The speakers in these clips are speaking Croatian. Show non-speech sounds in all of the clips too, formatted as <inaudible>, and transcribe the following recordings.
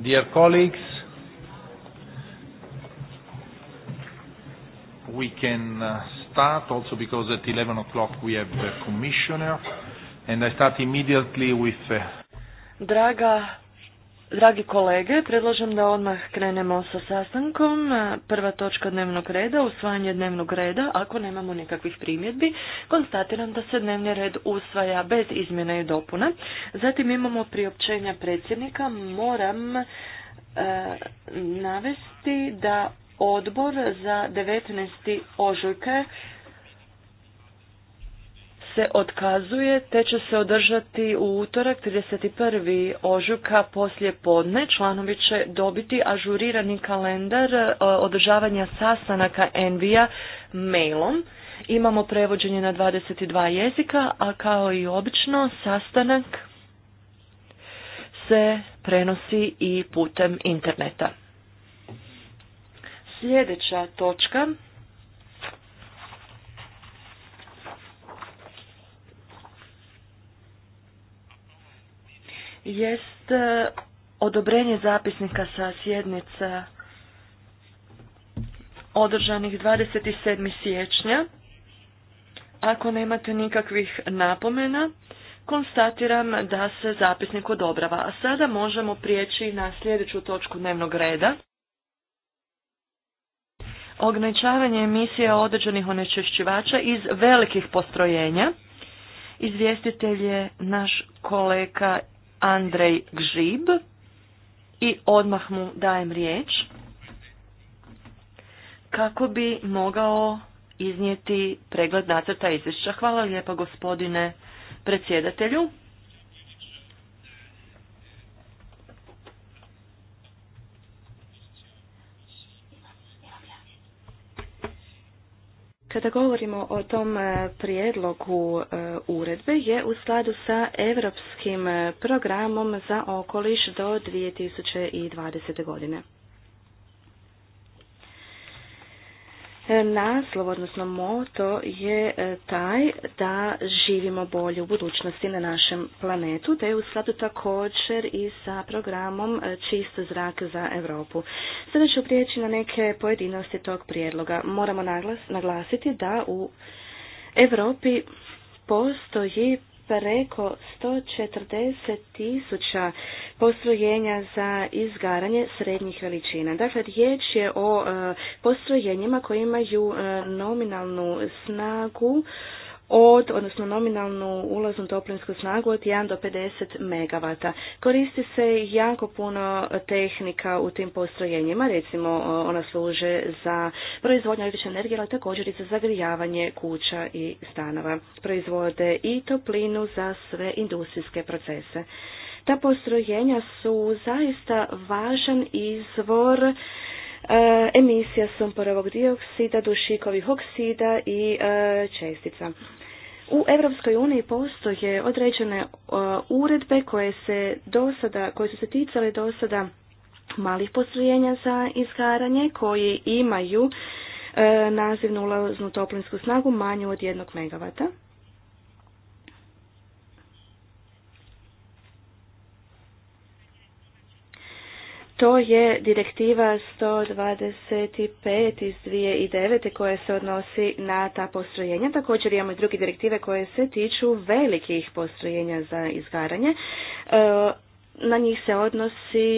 Dear colleagues, we can uh, start also because at 11 o'clock we have the commissioner and I start immediately with... Uh, Draga Dragi kolege, predlažem da odmah krenemo sa sastankom. Prva točka dnevnog reda, usvajanje dnevnog reda. Ako nemamo nikakvih primjedbi, konstatiram da se dnevni red usvaja bez izmjena i dopuna. Zatim imamo priopćenja predsjednika. Moram e, navesti da odbor za 19. ožujke se otkazuje te će se održati u utorak 31. ožujka poslije podne. Članovi će dobiti ažurirani kalendar e, održavanja sastanaka Envija mailom. Imamo prevođenje na 22 jezika, a kao i obično sastanak se prenosi i putem interneta. Sljedeća točka jest e, odobrenje zapisnika sa sjednica održanih 27. siječnja. Ako nemate nikakvih napomena, konstatiram da se zapisnik odobrava. A sada možemo prijeći na sljedeću točku dnevnog reda. Ograničavanje emisije određenih onečišćivača iz velikih postrojenja. Izvjestitelj je naš kolega Andrej Gžib i odmah mu dajem riječ kako bi mogao iznijeti pregled nacrta izvješća. Hvala lijepa gospodine predsjedatelju. kada govorimo o tom e, prijedlogu e, uredbe je u skladu sa europskim programom za okoliš do 2020. godine. Naslov, odnosno moto je e, taj da živimo bolje u budućnosti na našem planetu, te je u skladu također i sa programom e, Čisto zrak za Europu. Sada ću prijeći na neke pojedinosti tog prijedloga. Moramo naglasiti da u Europi postoji preko pa 140 tisuća postrojenja za izgaranje srednjih veličina. Dakle, riječ je o e, postrojenjima koji imaju e, nominalnu snagu od, odnosno nominalnu ulaznu toplinsku snagu od 1 do 50 MW. Koristi se jako puno tehnika u tim postrojenjima, recimo e, ona služe za proizvodnju električne energije, ali također i za zagrijavanje kuća i stanova. Proizvode i toplinu za sve industrijske procese. Ta postrojenja su zaista važan izvor E, emisija sumporovog dioksida, dušikovih oksida i e, čestica. U Europskoj uniji postoje određene e, uredbe koje se do koje su se ticale do sada malih postrojenja za izgaranje koji imaju nazivnu ulaznu toplinsku snagu manju od 1 megavata. To je direktiva 125 iz 2009. koja se odnosi na ta postrojenja. Također imamo i druge direktive koje se tiču velikih postrojenja za izgaranje. E, na njih se odnosi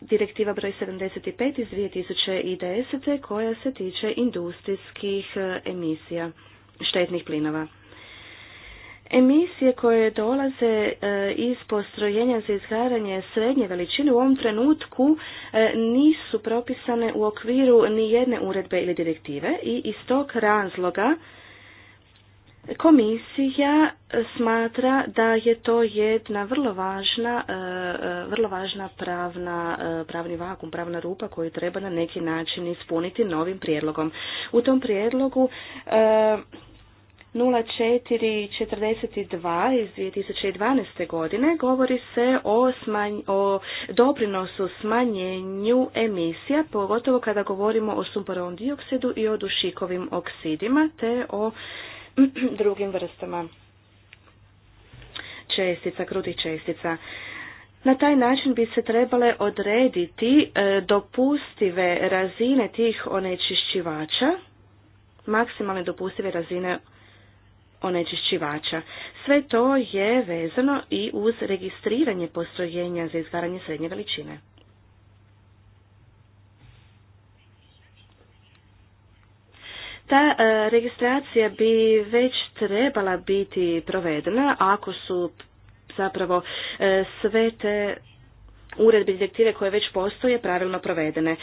direktiva broj 75 iz 2010. koja se tiče industrijskih e, emisija štetnih plinova. Emisije koje dolaze e, iz postrojenja za izgaranje srednje veličine u ovom trenutku e, nisu propisane u okviru ni jedne uredbe ili direktive i iz tog razloga Komisija smatra da je to jedna vrlo važna, e, vrlo važna pravna, pravni vakum, pravna rupa koju treba na neki način ispuniti novim prijedlogom. U tom prijedlogu 0442 iz 2012. godine govori se o, smanj, o doprinosu smanjenju emisija, pogotovo kada govorimo o sumporovom dioksidu i o dušikovim oksidima, te o <clears throat> drugim vrstama čestica, krutih čestica. Na taj način bi se trebale odrediti e, dopustive razine tih onečišćivača, maksimalne dopustive razine onečišćivača. Sve to je vezano i uz registriranje postrojenja za izgaranje srednje veličine. Ta e, registracija bi već trebala biti provedena ako su zapravo e, sve te uredbe direktive koje već postoje pravilno provedene.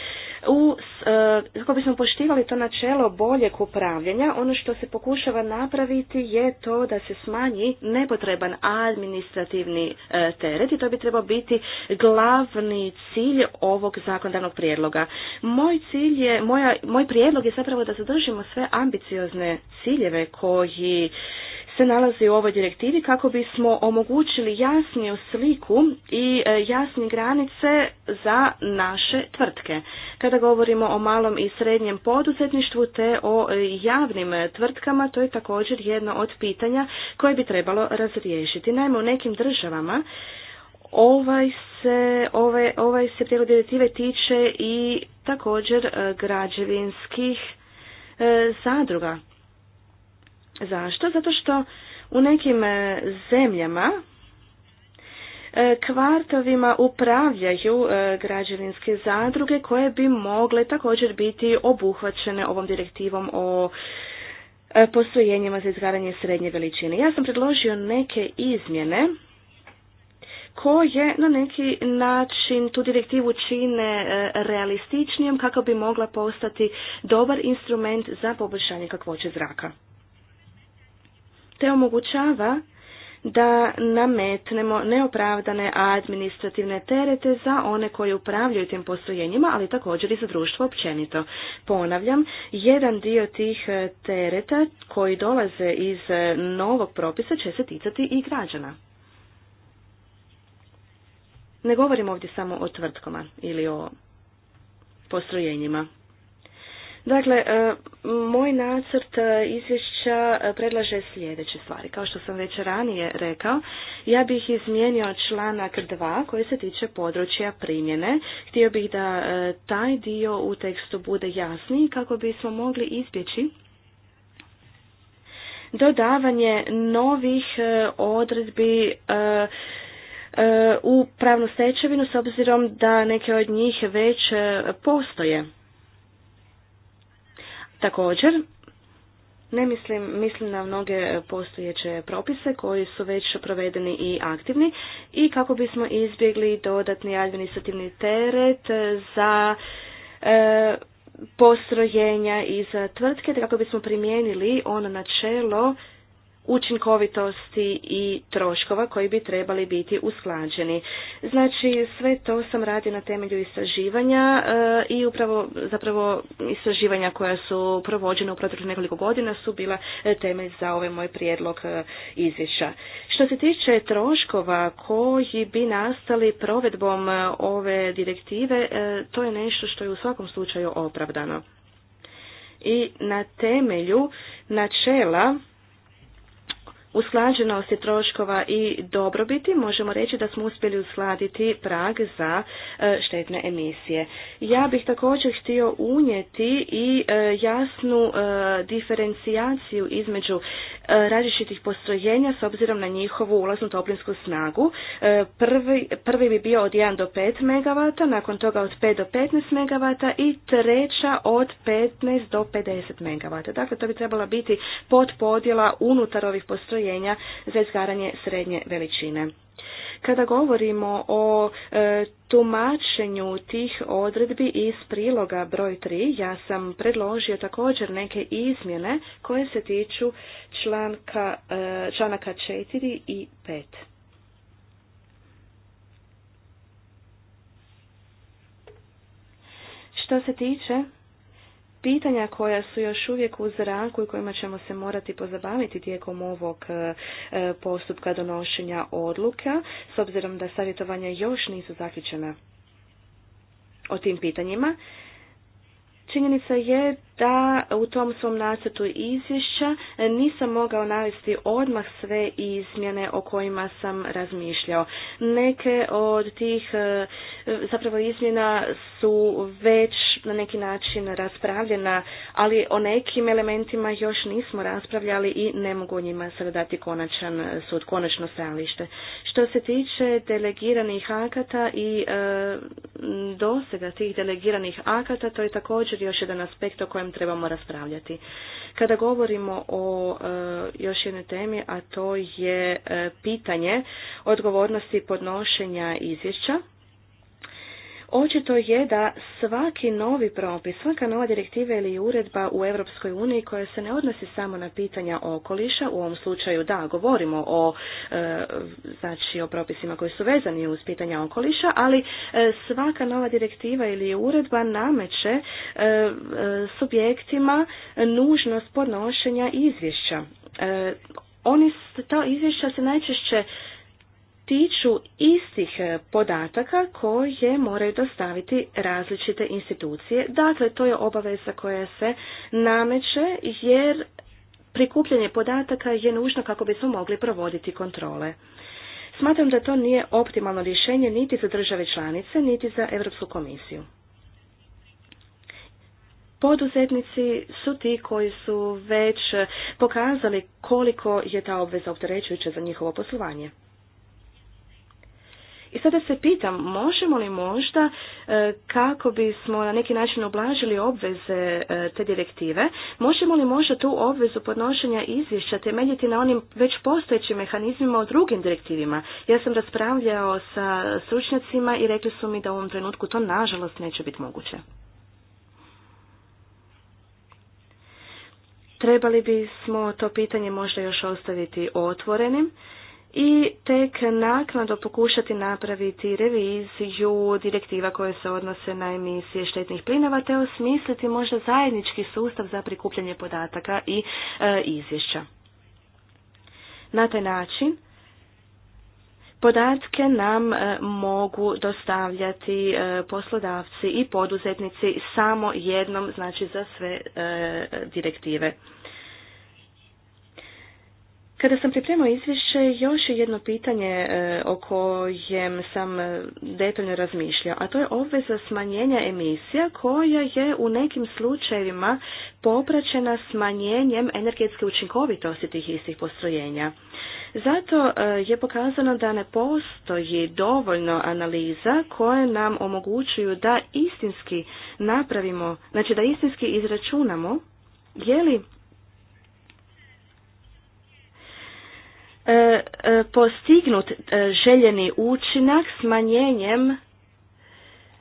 U, e, kako bismo poštivali to načelo boljeg upravljanja, ono što se pokušava napraviti je to da se smanji nepotreban administrativni e, teret i to bi trebao biti glavni cilj ovog zakonodavnog prijedloga. Moj cilj je, moja, moj prijedlog je zapravo da zadržimo sve ambiciozne ciljeve koji nalazi u ovoj direktivi kako bismo omogućili jasniju sliku i e, jasnije granice za naše tvrtke. Kada govorimo o malom i srednjem poduzetništvu te o e, javnim tvrtkama, to je također jedno od pitanja koje bi trebalo razriješiti. Naime, u nekim državama ovaj se, ovaj, ovaj se direktive tiče i također e, građevinskih zadruga Zašto? Zato što u nekim e, zemljama e, kvartovima upravljaju e, građevinske zadruge koje bi mogle također biti obuhvaćene ovom direktivom o posvojenjima za izgaranje srednje veličine. Ja sam predložio neke izmjene koje na neki način tu direktivu čine realističnijom kako bi mogla postati dobar instrument za poboljšanje kakvoće zraka te omogućava da nametnemo neopravdane administrativne terete za one koji upravljaju tim postrojenjima, ali također i za društvo općenito. Ponavljam, jedan dio tih e, tereta koji dolaze iz e, novog propisa će se ticati i građana. Ne govorim ovdje samo o tvrtkama ili o postrojenjima. Dakle, e, moj nacrt e, izvješća e, predlaže sljedeće stvari. Kao što sam već ranije rekao, ja bih izmijenio članak 2 koji se tiče područja primjene. Htio bih da taj dio u tekstu bude jasniji kako bismo mogli izbjeći dodavanje novih odredbi u pravnu stečevinu s obzirom da neke od njih već postoje. Također, ne mislim, mislim na mnoge postojeće propise koji su već provedeni i aktivni i kako bismo izbjegli dodatni administrativni teret za e, postrojenja i za tvrtke, kako bismo primijenili ono načelo učinkovitosti i troškova koji bi trebali biti usklađeni. Znači sve to sam radi na temelju istraživanja e, i upravo zapravo istraživanja koja su provođena u proteklih nekoliko godina su bila temelj za ovaj moj prijedlog e, izvješća. Što se tiče troškova koji bi nastali provedbom e, ove direktive, to je nešto što je u svakom slučaju opravdano. I na temelju načela usklađenosti troškova i dobrobiti možemo reći da smo uspjeli uskladiti prag za e, štetne emisije. Ja bih također htio unijeti i e, jasnu e, diferencijaciju između E, različitih postrojenja s obzirom na njihovu ulaznu toplinsku snagu. E, prvi, bi bio od 1 do 5 MW, nakon toga od 5 do 15 MW i treća od 15 do 50 MW. Dakle, to bi trebala biti podpodjela unutar ovih postrojenja za izgaranje srednje veličine. Kada govorimo o e, tumačenju tih odredbi iz priloga broj 3, ja sam predložio također neke izmjene koje se tiču članka, e, članaka 4 i 5. Što se tiče pitanja koja su još uvijek u zraku i kojima ćemo se morati pozabaviti tijekom ovog e, postupka donošenja odluka, s obzirom da savjetovanja još nisu zaključena o tim pitanjima. Činjenica je da u tom svom nacrtu izvješća nisam mogao navesti odmah sve izmjene o kojima sam razmišljao. Neke od tih e, zapravo izmjena su već na neki način raspravljena, ali o nekim elementima još nismo raspravljali i ne mogu njima sada dati konačan sud, konačno stajalište. Što se tiče delegiranih akata i e, dosega tih delegiranih akata, to je također još jedan aspekt o kojem kojem trebamo raspravljati. Kada govorimo o e, još jednoj temi, a to je e, pitanje odgovornosti podnošenja izvješća, Očito je da svaki novi propis, svaka nova direktiva ili uredba u Europskoj uniji koja se ne odnosi samo na pitanja okoliša, u ovom slučaju da, govorimo o e, znači o propisima koji su vezani uz pitanja okoliša, ali e, svaka nova direktiva ili uredba nameće e, subjektima nužnost podnošenja izvješća. Oni ta izvješća se najčešće tiču istih e, podataka koje moraju dostaviti različite institucije. Dakle, to je obaveza koja se nameće jer prikupljanje podataka je nužno kako bismo mogli provoditi kontrole. Smatram da to nije optimalno rješenje niti za države članice, niti za Europsku komisiju. Poduzetnici su ti koji su već pokazali koliko je ta obveza opterećujuća za njihovo poslovanje. I sada se pitam, možemo li možda e, kako bismo na neki način oblažili obveze e, te direktive, možemo li možda tu obvezu podnošenja izvješća temeljiti na onim već postojećim mehanizmima o drugim direktivima? Ja sam raspravljao sa stručnjacima i rekli su mi da u ovom trenutku to nažalost neće biti moguće. Trebali bismo to pitanje možda još ostaviti otvorenim i tek naknado pokušati napraviti reviziju direktiva koje se odnose na emisije štetnih plinova te osmisliti možda zajednički sustav za prikupljanje podataka i e, izvješća. Na taj način Podatke nam e, mogu dostavljati e, poslodavci i poduzetnici samo jednom, znači za sve direktive. Kada sam pripremao izvješće, još je jedno pitanje e, o kojem sam e, detaljno razmišljao, a to je obveza smanjenja emisija koja je u nekim slučajevima popraćena smanjenjem energetske učinkovitosti tih istih postrojenja. Zato e, je pokazano da ne postoji dovoljno analiza koje nam omogućuju da istinski napravimo, znači da istinski izračunamo je li E, e, postignut e, željeni učinak smanjenjem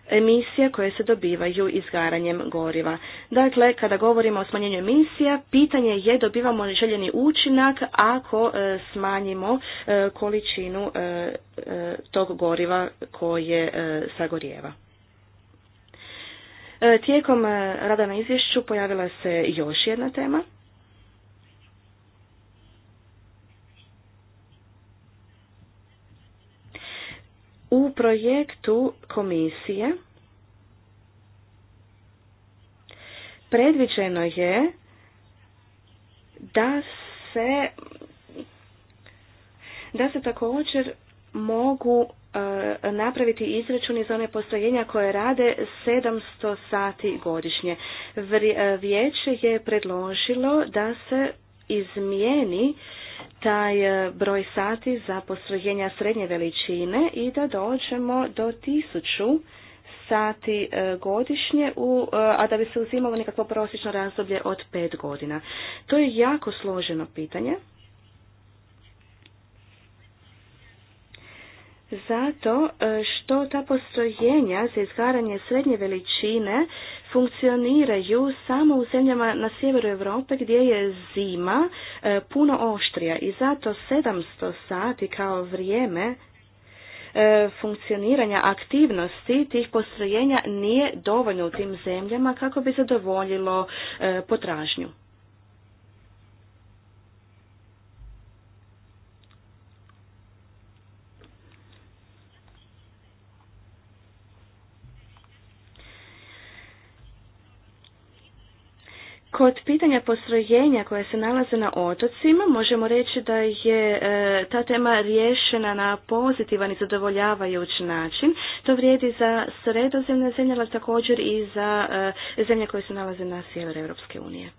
emisija koje se dobivaju izgaranjem goriva. Dakle, kada govorimo o smanjenju emisija, pitanje je dobivamo li željeni učinak ako smanjimo količinu tog goriva koje sagorijeva. Tijekom rada na izvješću pojavila se još jedna tema U projektu komisije predviđeno je da se da se također mogu e, napraviti izračuni za one postrojenja koje rade 700 sati godišnje. E, vijeće je predložilo da se izmijeni taj e, broj sati za postrojenja srednje veličine i da dođemo do tisuću sati e, godišnje, u, e, a da bi se uzimalo nekakvo prosječno razdoblje od pet godina. To je jako složeno pitanje. Zato što ta postrojenja za izgaranje srednje veličine funkcioniraju samo u zemljama na sjeveru Europe gdje je zima e, puno oštrija i zato 700 sati kao vrijeme e, funkcioniranja aktivnosti tih postrojenja nije dovoljno u tim zemljama kako bi zadovoljilo e, potražnju. Kod pitanja postrojenja koje se nalaze na otocima možemo reći da je e, ta tema riješena na pozitivan i zadovoljavajući način. To vrijedi za sredozemne zemlje, ali također i za e, zemlje koje se nalaze na sjeveru Europske unije.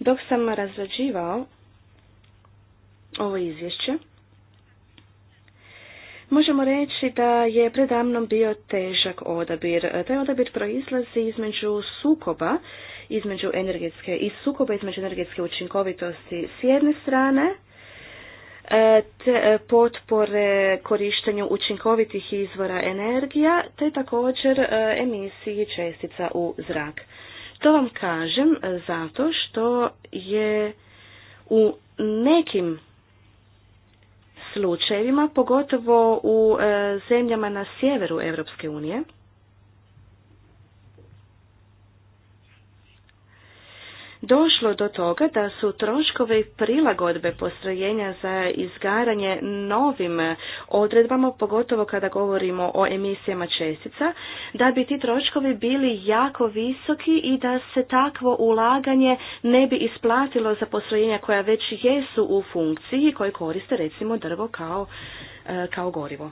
Dok sam razrađivao ovo izvješće, Možemo reći da je predamnom bio težak odabir. Taj odabir proizlazi između sukoba, između energetske i sukoba između energetske učinkovitosti s jedne strane, e, te potpore korištenju učinkovitih izvora energija, te također e, emisiji čestica u zrak. To vam kažem zato što je u nekim slučajevima, pogotovo u e, zemljama na sjeveru Europske unije, došlo do toga da su troškovi prilagodbe postrojenja za izgaranje novim odredbama, pogotovo kada govorimo o emisijama čestica, da bi ti troškovi bili jako visoki i da se takvo ulaganje ne bi isplatilo za postrojenja koja već jesu u funkciji i koje koriste recimo drvo kao, e, kao gorivo.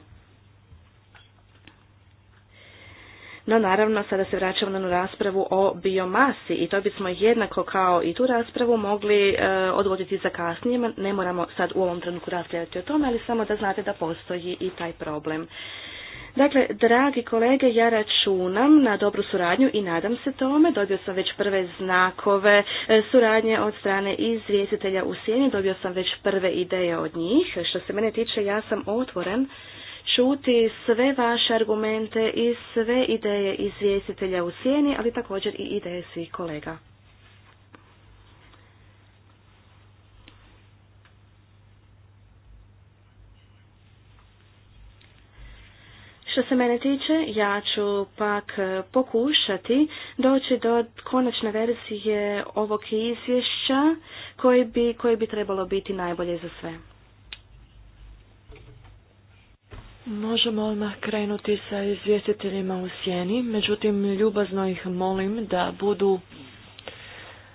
No naravno sada se vraćamo na raspravu o biomasi i to bismo jednako kao i tu raspravu mogli e, odvoditi za kasnije. Ne moramo sad u ovom trenutku raspravljati o tome, ali samo da znate da postoji i taj problem. Dakle, dragi kolege, ja računam na dobru suradnju i nadam se tome. Dobio sam već prve znakove e, suradnje od strane izvjestitelja u sjeni, dobio sam već prve ideje od njih. E, što se mene tiče, ja sam otvoren čuti sve vaše argumente i sve ideje izvjestitelja u sjeni, ali također i ideje svih kolega. Što se mene tiče, ja ću pak e, pokušati doći do konačne verzije ovog izvješća koje bi, koje bi trebalo biti najbolje za sve. Možemo odmah krenuti sa izvjestiteljima u sjeni, međutim ljubazno ih molim da budu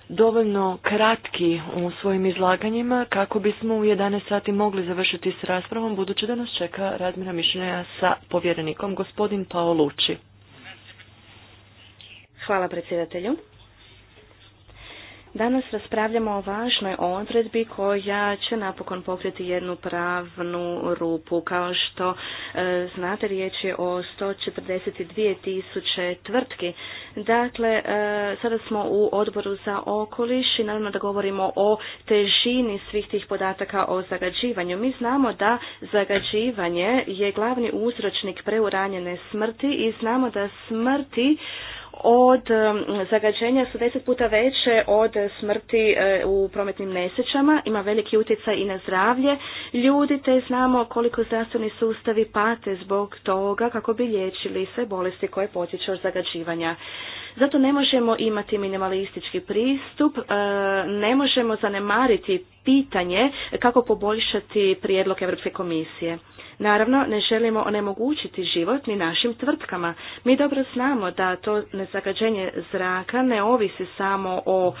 dovoljno kratki u svojim izlaganjima kako bismo u 11 sati mogli završiti s raspravom budući da nas čeka razmjena mišljenja sa povjerenikom gospodin Paolucci. Hvala predsjedatelju. Danas raspravljamo o važnoj odredbi koja će napokon pokriti jednu pravnu rupu. Kao što e, znate, riječ je o 142 tisuće tvrtki. Dakle, e, sada smo u odboru za okoliš i naravno da govorimo o težini svih tih podataka o zagađivanju. Mi znamo da zagađivanje je glavni uzročnik preuranjene smrti i znamo da smrti od zagađenja su deset puta veće od smrti e, u prometnim nesrećama, ima veliki utjecaj i na zdravlje ljudi, te znamo koliko zdravstveni sustavi pate zbog toga kako bi liječili sve bolesti koje potječu od zagađivanja. Zato ne možemo imati minimalistički pristup, e, ne možemo zanemariti pitanje kako poboljšati prijedlog Europske komisije. Naravno, ne želimo onemogućiti život ni našim tvrtkama. Mi dobro znamo da to nezagađenje zraka ne ovisi samo o e,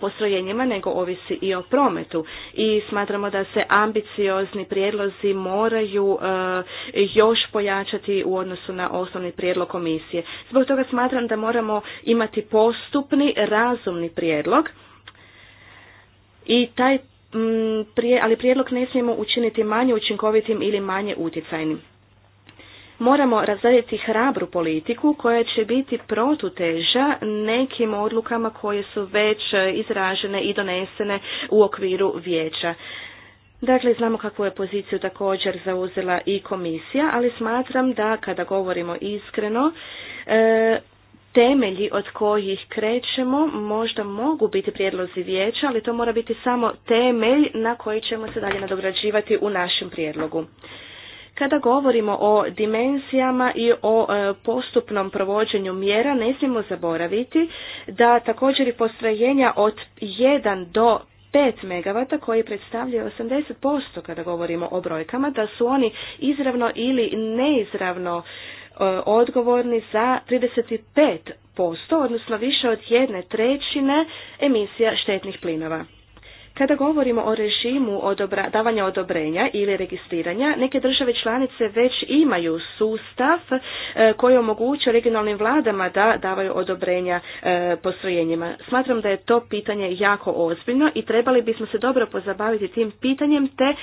postrojenjima, nego ovisi i o prometu. I smatramo da se ambiciozni prijedlozi moraju e, još pojačati u odnosu na osnovni prijedlog komisije. Zbog toga smatram da moramo imati postupni, razumni prijedlog i taj Mm, ali prijedlog ne smijemo učiniti manje učinkovitim ili manje utjecajnim. Moramo razraditi hrabru politiku koja će biti protuteža nekim odlukama koje su već izražene i donesene u okviru vijeća. Dakle, znamo kakvu je poziciju također zauzela i komisija, ali smatram da kada govorimo iskreno, e, temelji od kojih krećemo možda mogu biti prijedlozi vijeća, ali to mora biti samo temelj na koji ćemo se dalje nadograđivati u našem prijedlogu. Kada govorimo o dimenzijama i o e, postupnom provođenju mjera, ne smijemo zaboraviti da također i postrojenja od 1 do 5 MW koji predstavljaju 80% kada govorimo o brojkama, da su oni izravno ili neizravno E, odgovorni za 35%, odnosno više od jedne trećine emisija štetnih plinova. Kada govorimo o režimu davanja odobrenja ili registriranja, neke države članice već imaju sustav e, koji omogućuje regionalnim vladama da davaju odobrenja e, postrojenjima. Smatram da je to pitanje jako ozbiljno i trebali bismo se dobro pozabaviti tim pitanjem te e,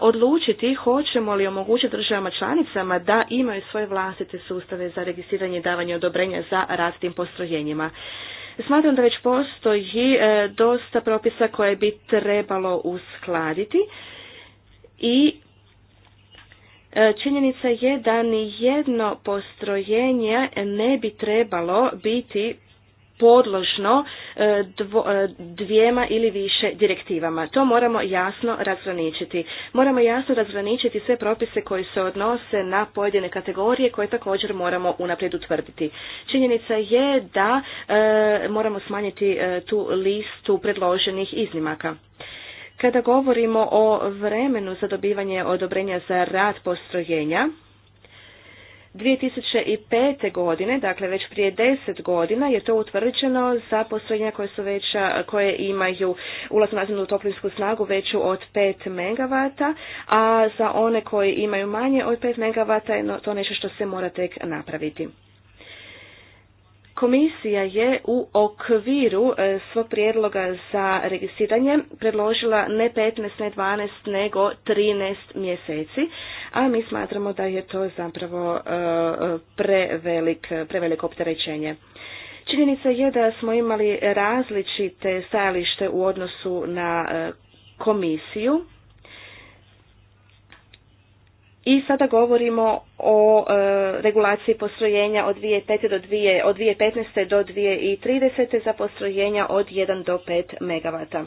odlučiti hoćemo li omogućiti državama članicama da imaju svoje vlastite sustave za registriranje i davanje odobrenja za rad tim postrojenjima. Smatram da već postoji e, dosta propisa koje bi trebalo uskladiti i e, Činjenica je da ni jedno postrojenje ne bi trebalo biti podložno e, e, dvijema ili više direktivama. To moramo jasno razgraničiti. Moramo jasno razgraničiti sve propise koji se odnose na pojedine kategorije koje također moramo unaprijed utvrditi. Činjenica je da e, moramo smanjiti tu listu predloženih iznimaka. Kada govorimo o vremenu za dobivanje odobrenja za rad postrojenja, 2005. godine, dakle već prije 10 godina je to utvrđeno za postrojenja koje su veća, koje imaju ulaznu nazivnu toplinsku snagu veću od 5 MW, a za one koji imaju manje od 5 MW je to nešto što se mora tek napraviti. Komisija je u okviru e, svog prijedloga za registriranje predložila ne 15, ne 12, nego 13 mjeseci, a mi smatramo da je to zapravo e, prevelik, preveliko opterećenje. Činjenica je da smo imali različite stajalište u odnosu na e, komisiju i sada govorimo o e, regulaciji postrojenja od 2005. do 2, od 2015. do 2030. za postrojenja od 1 do 5 MW.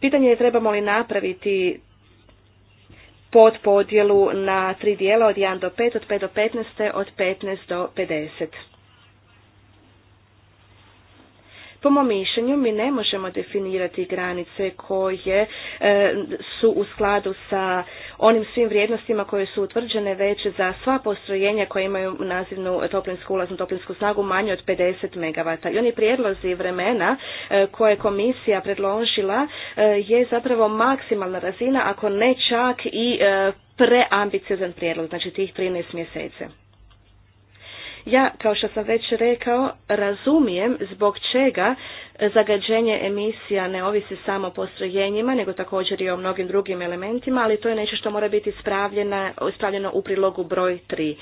Pitanje je trebamo li napraviti pod podjelu na tri dijela od 1 do 5, od 5 do 15, od 15 do 50. Po mom mišljenju mi ne možemo definirati granice koje e, su u skladu sa onim svim vrijednostima koje su utvrđene već za sva postrojenja koje imaju nazivnu toplinsku ulaznu toplinsku snagu manje od 50 MW. I oni prijedlozi vremena e, koje je komisija predložila e, je zapravo maksimalna razina ako ne čak i preambiciozan prijedlog, znači tih 13 mjeseci. Ja, kao što sam već rekao, razumijem zbog čega zagađenje emisija ne ovisi samo o postrojenjima, nego također i o mnogim drugim elementima, ali to je nešto što mora biti ispravljeno u prilogu broj 3.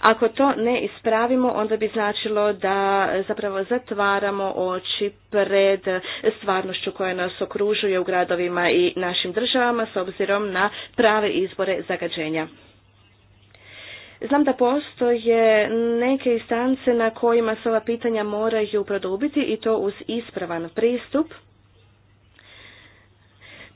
Ako to ne ispravimo, onda bi značilo da zapravo zatvaramo oči pred stvarnošću koja nas okružuje u gradovima i našim državama s obzirom na prave izbore zagađenja. Znam da postoje neke instance na kojima se ova pitanja moraju produbiti i to uz ispravan pristup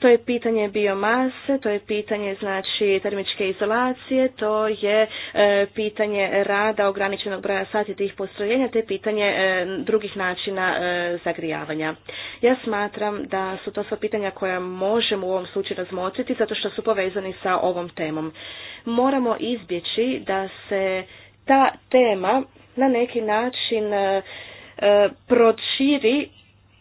to je pitanje biomase, to je pitanje znači termičke izolacije, to je e, pitanje rada ograničenog broja sati tih postrojenja, te pitanje e, drugih načina e, zagrijavanja. Ja smatram da su to sva pitanja koja možemo u ovom slučaju razmotriti zato što su povezani sa ovom temom. Moramo izbjeći da se ta tema na neki način proširi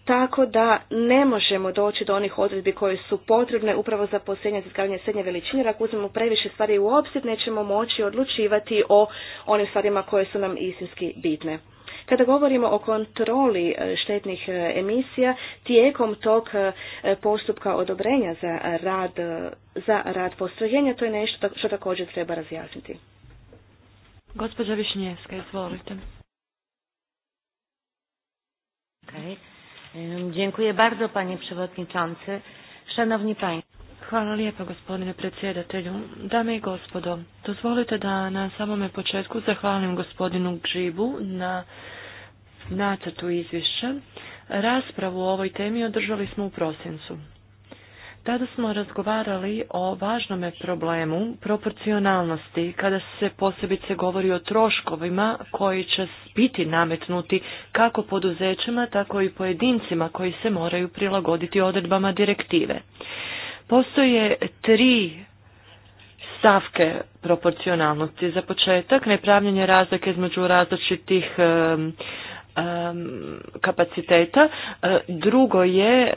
tako da ne možemo doći do onih odredbi koje su potrebne upravo za posljednje zatkaranje srednje veličine. ako uzmemo previše stvari u obzir, nećemo moći odlučivati o onim stvarima koje su nam istinski bitne. Kada govorimo o kontroli e, štetnih e, emisija, tijekom tog e, postupka odobrenja za rad, za rad postrojenja, to je nešto što također treba razjasniti. Gospođa Višnjevska, izvolite. Okay. Dziękuję bardzo, panie przewodniczący. Szanowni państwo. Hvala lijepa gospodine predsjedatelju. Dame i gospodo, dozvolite da na samome početku zahvalim gospodinu Gžibu na nacrtu izvješća. Raspravu o ovoj temi održali smo u prosincu. Tada smo razgovarali o važnome problemu proporcionalnosti kada se posebice govori o troškovima koji će biti nametnuti kako poduzećima tako i pojedincima koji se moraju prilagoditi odredbama direktive. Postoje tri stavke proporcionalnosti. Za početak, nepravljanje razlike između različitih kapaciteta. E, drugo je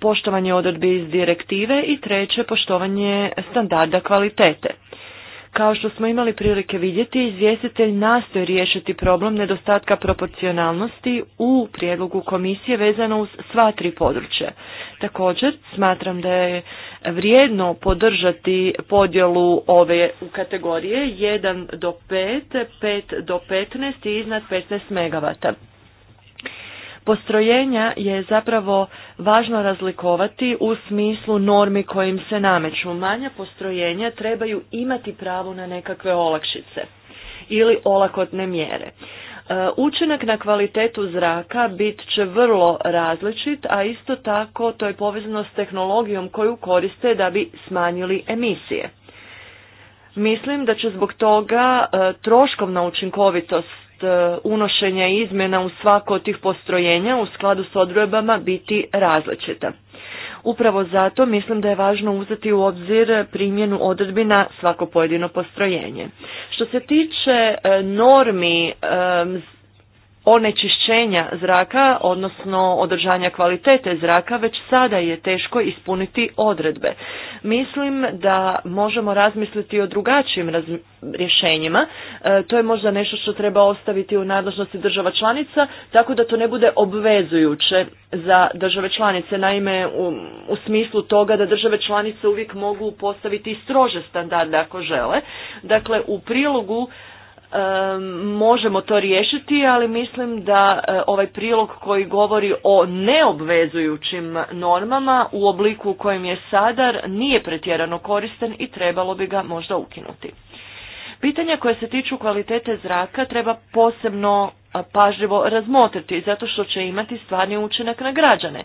poštovanje odredbi iz direktive i treće poštovanje standarda kvalitete. Kao što smo imali prilike vidjeti, izvjestitelj nastoji riješiti problem nedostatka proporcionalnosti u prijedlogu komisije vezano uz sva tri područja. Također, smatram da je vrijedno podržati podjelu ove u kategorije 1 do 5, 5 do 15 i iznad 15 MW postrojenja je zapravo važno razlikovati u smislu normi kojim se nameću. Manja postrojenja trebaju imati pravo na nekakve olakšice ili olakotne mjere. E, učinak na kvalitetu zraka bit će vrlo različit, a isto tako to je povezano s tehnologijom koju koriste da bi smanjili emisije. Mislim da će zbog toga e, troškovna učinkovitost E, unošenja izmjena u svako od tih postrojenja u skladu s odredbama biti različita. Upravo zato mislim da je važno uzeti u obzir primjenu odredbi na svako pojedino postrojenje. Što se tiče e, normi e, onečišćenja zraka, odnosno održanja kvalitete zraka, već sada je teško ispuniti odredbe. Mislim da možemo razmisliti o drugačijim rješenjima. E, to je možda nešto što treba ostaviti u nadležnosti država članica, tako da to ne bude obvezujuće za države članice. Naime, u, u smislu toga da države članice uvijek mogu postaviti strože standarde ako žele. Dakle, u prilogu možemo to riješiti, ali mislim da e, ovaj prilog koji govori o neobvezujućim normama u obliku u kojem je sadar nije pretjerano koristen i trebalo bi ga možda ukinuti. Pitanja koje se tiču kvalitete zraka treba posebno pažljivo razmotriti zato što će imati stvarni učinak na građane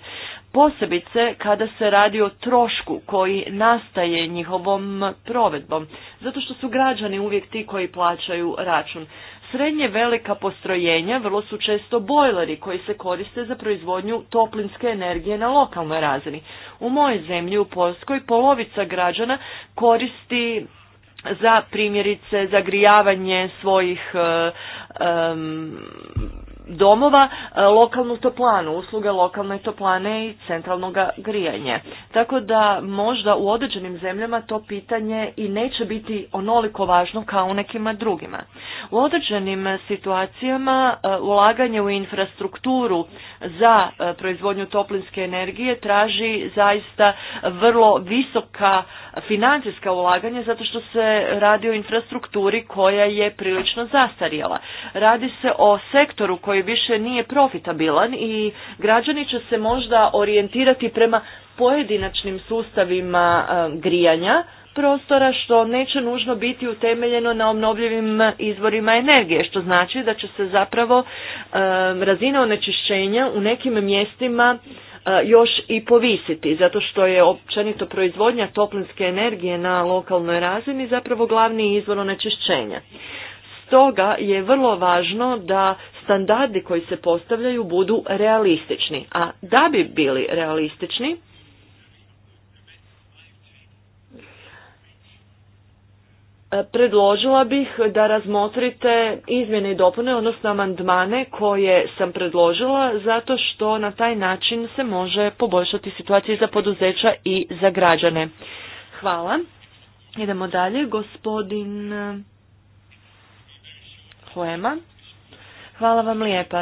posebice kada se radi o trošku koji nastaje njihovom provedbom, zato što su građani uvijek ti koji plaćaju račun. Srednje velika postrojenja vrlo su često bojleri koji se koriste za proizvodnju toplinske energije na lokalnoj razini. U mojoj zemlji u Poljskoj polovica građana koristi za primjerice zagrijavanje svojih eh, domova e, lokalnu toplanu, usluge lokalne toplane i centralnog grijanja. Tako da možda u određenim zemljama to pitanje i neće biti onoliko važno kao u nekima drugima. U određenim situacijama e, ulaganje u infrastrukturu za e, proizvodnju toplinske energije traži zaista vrlo visoka financijska ulaganja zato što se radi o infrastrukturi koja je prilično zastarjela. Radi se o sektoru koji koji više nije profitabilan i građani će se možda orijentirati prema pojedinačnim sustavima e, grijanja prostora što neće nužno biti utemeljeno na obnovljivim izvorima energije, što znači da će se zapravo e, razina onečišćenja u nekim mjestima e, još i povisiti, zato što je općenito proizvodnja toplinske energije na lokalnoj razini zapravo glavni izvor onečišćenja. Stoga je vrlo važno da standardi koji se postavljaju budu realistični. A da bi bili realistični, predložila bih da razmotrite izmjene i dopune, odnosno amandmane koje sam predložila, zato što na taj način se može poboljšati situacija za poduzeća i za građane. Hvala. Idemo dalje. Gospodin eh, Hoema. Hvala vam lijepa.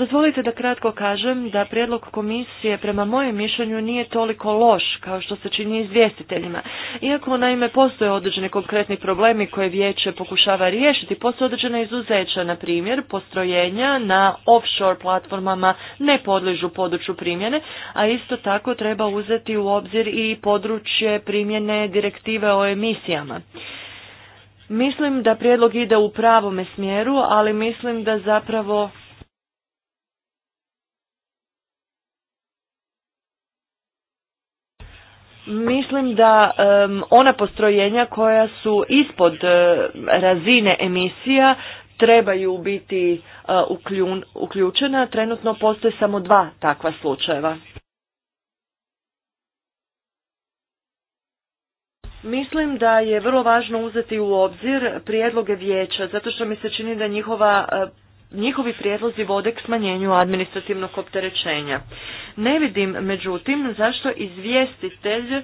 Dozvolite da kratko kažem da prijedlog komisije prema mojem mišljenju nije toliko loš kao što se čini izvjestiteljima. Iako naime postoje određeni konkretni problemi koje vijeće pokušava riješiti, postoje određena izuzeća, na primjer postrojenja na offshore platformama ne podližu području primjene, a isto tako treba uzeti u obzir i područje primjene direktive o emisijama. Mislim da prijedlog ide u pravome smjeru, ali mislim da zapravo Mislim da ona postrojenja koja su ispod e, razine emisija trebaju biti uh, uključena. Trenutno postoje samo dva takva slučajeva. Mislim da je vrlo važno uzeti u obzir prijedloge vijeća, zato što mi se čini da njihova e, njihovi prijedlozi vode k smanjenju administrativnog opterećenja. Ne vidim, međutim, zašto izvijestitelj e,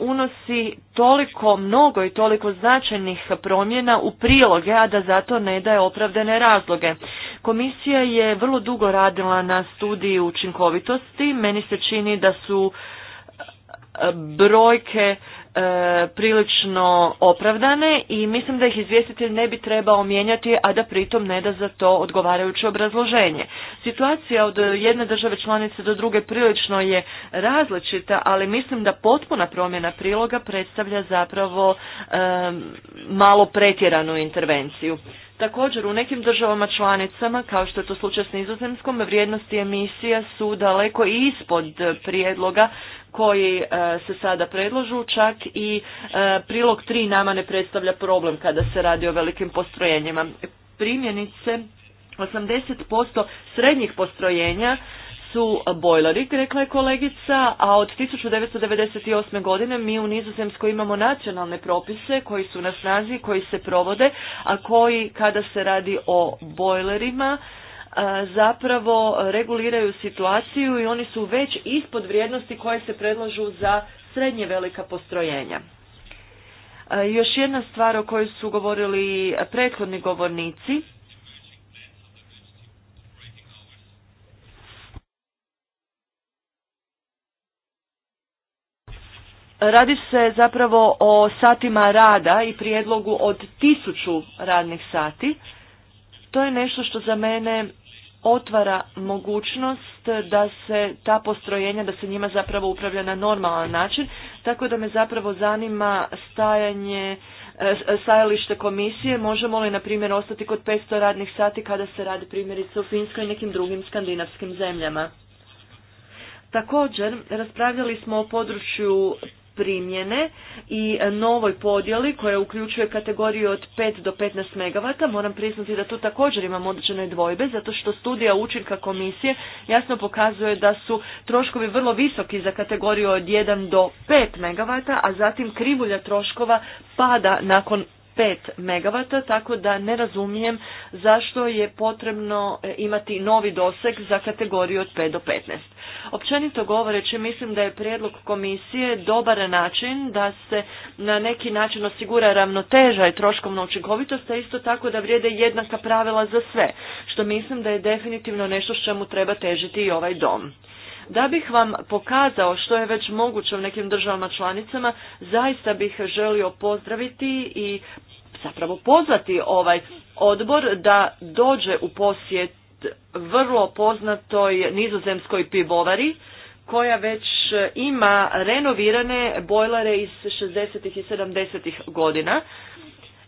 unosi toliko mnogo i toliko značajnih promjena u priloge, a da zato ne daje opravdane razloge. Komisija je vrlo dugo radila na studiji učinkovitosti. Meni se čini da su e, brojke E, prilično opravdane i mislim da ih izvjestitelj ne bi trebao mijenjati, a da pritom ne da za to odgovarajuće obrazloženje. Situacija od jedne države članice do druge prilično je različita, ali mislim da potpuna promjena priloga predstavlja zapravo e, malo pretjeranu intervenciju. Također u nekim državama članicama, kao što je to slučaj s nizozemskom, vrijednosti emisija su daleko ispod prijedloga koji e, se sada predlažu, čak i e, prilog 3 nama ne predstavlja problem kada se radi o velikim postrojenjima. Primjenice 80% srednjih postrojenja su bojleri, rekla je kolegica, a od 1998. godine mi u Nizozemskoj imamo nacionalne propise koji su na snazi, koji se provode, a koji kada se radi o bojlerima zapravo reguliraju situaciju i oni su već ispod vrijednosti koje se predlažu za srednje velika postrojenja. Još jedna stvar o kojoj su govorili prethodni govornici, Radi se zapravo o satima rada i prijedlogu od tisuću radnih sati. To je nešto što za mene otvara mogućnost da se ta postrojenja, da se njima zapravo upravlja na normalan način, tako da me zapravo zanima stajanje, e, stajalište komisije, možemo li na primjer ostati kod 500 radnih sati kada se radi primjerice u Finskoj i nekim drugim skandinavskim zemljama. Također, raspravljali smo o području primjene i novoj podjeli koja uključuje kategoriju od 5 do 15 megavata. Moram priznati da tu također imam određene dvojbe zato što studija učinka komisije jasno pokazuje da su troškovi vrlo visoki za kategoriju od 1 do 5 MW, a zatim krivulja troškova pada nakon 5 MW, tako da ne razumijem zašto je potrebno e, imati novi doseg za kategoriju od 5 do 15. Općenito govoreći, mislim da je prijedlog komisije dobar način da se na neki način osigura ravnoteža i troškovna učinkovitost, a isto tako da vrijede jednaka pravila za sve, što mislim da je definitivno nešto s čemu treba težiti i ovaj dom. Da bih vam pokazao što je već moguće u nekim državama članicama, zaista bih želio pozdraviti i zapravo pozvati ovaj odbor da dođe u posjet vrlo poznatoj nizozemskoj pivovari koja već ima renovirane bojlare iz 60. i 70. godina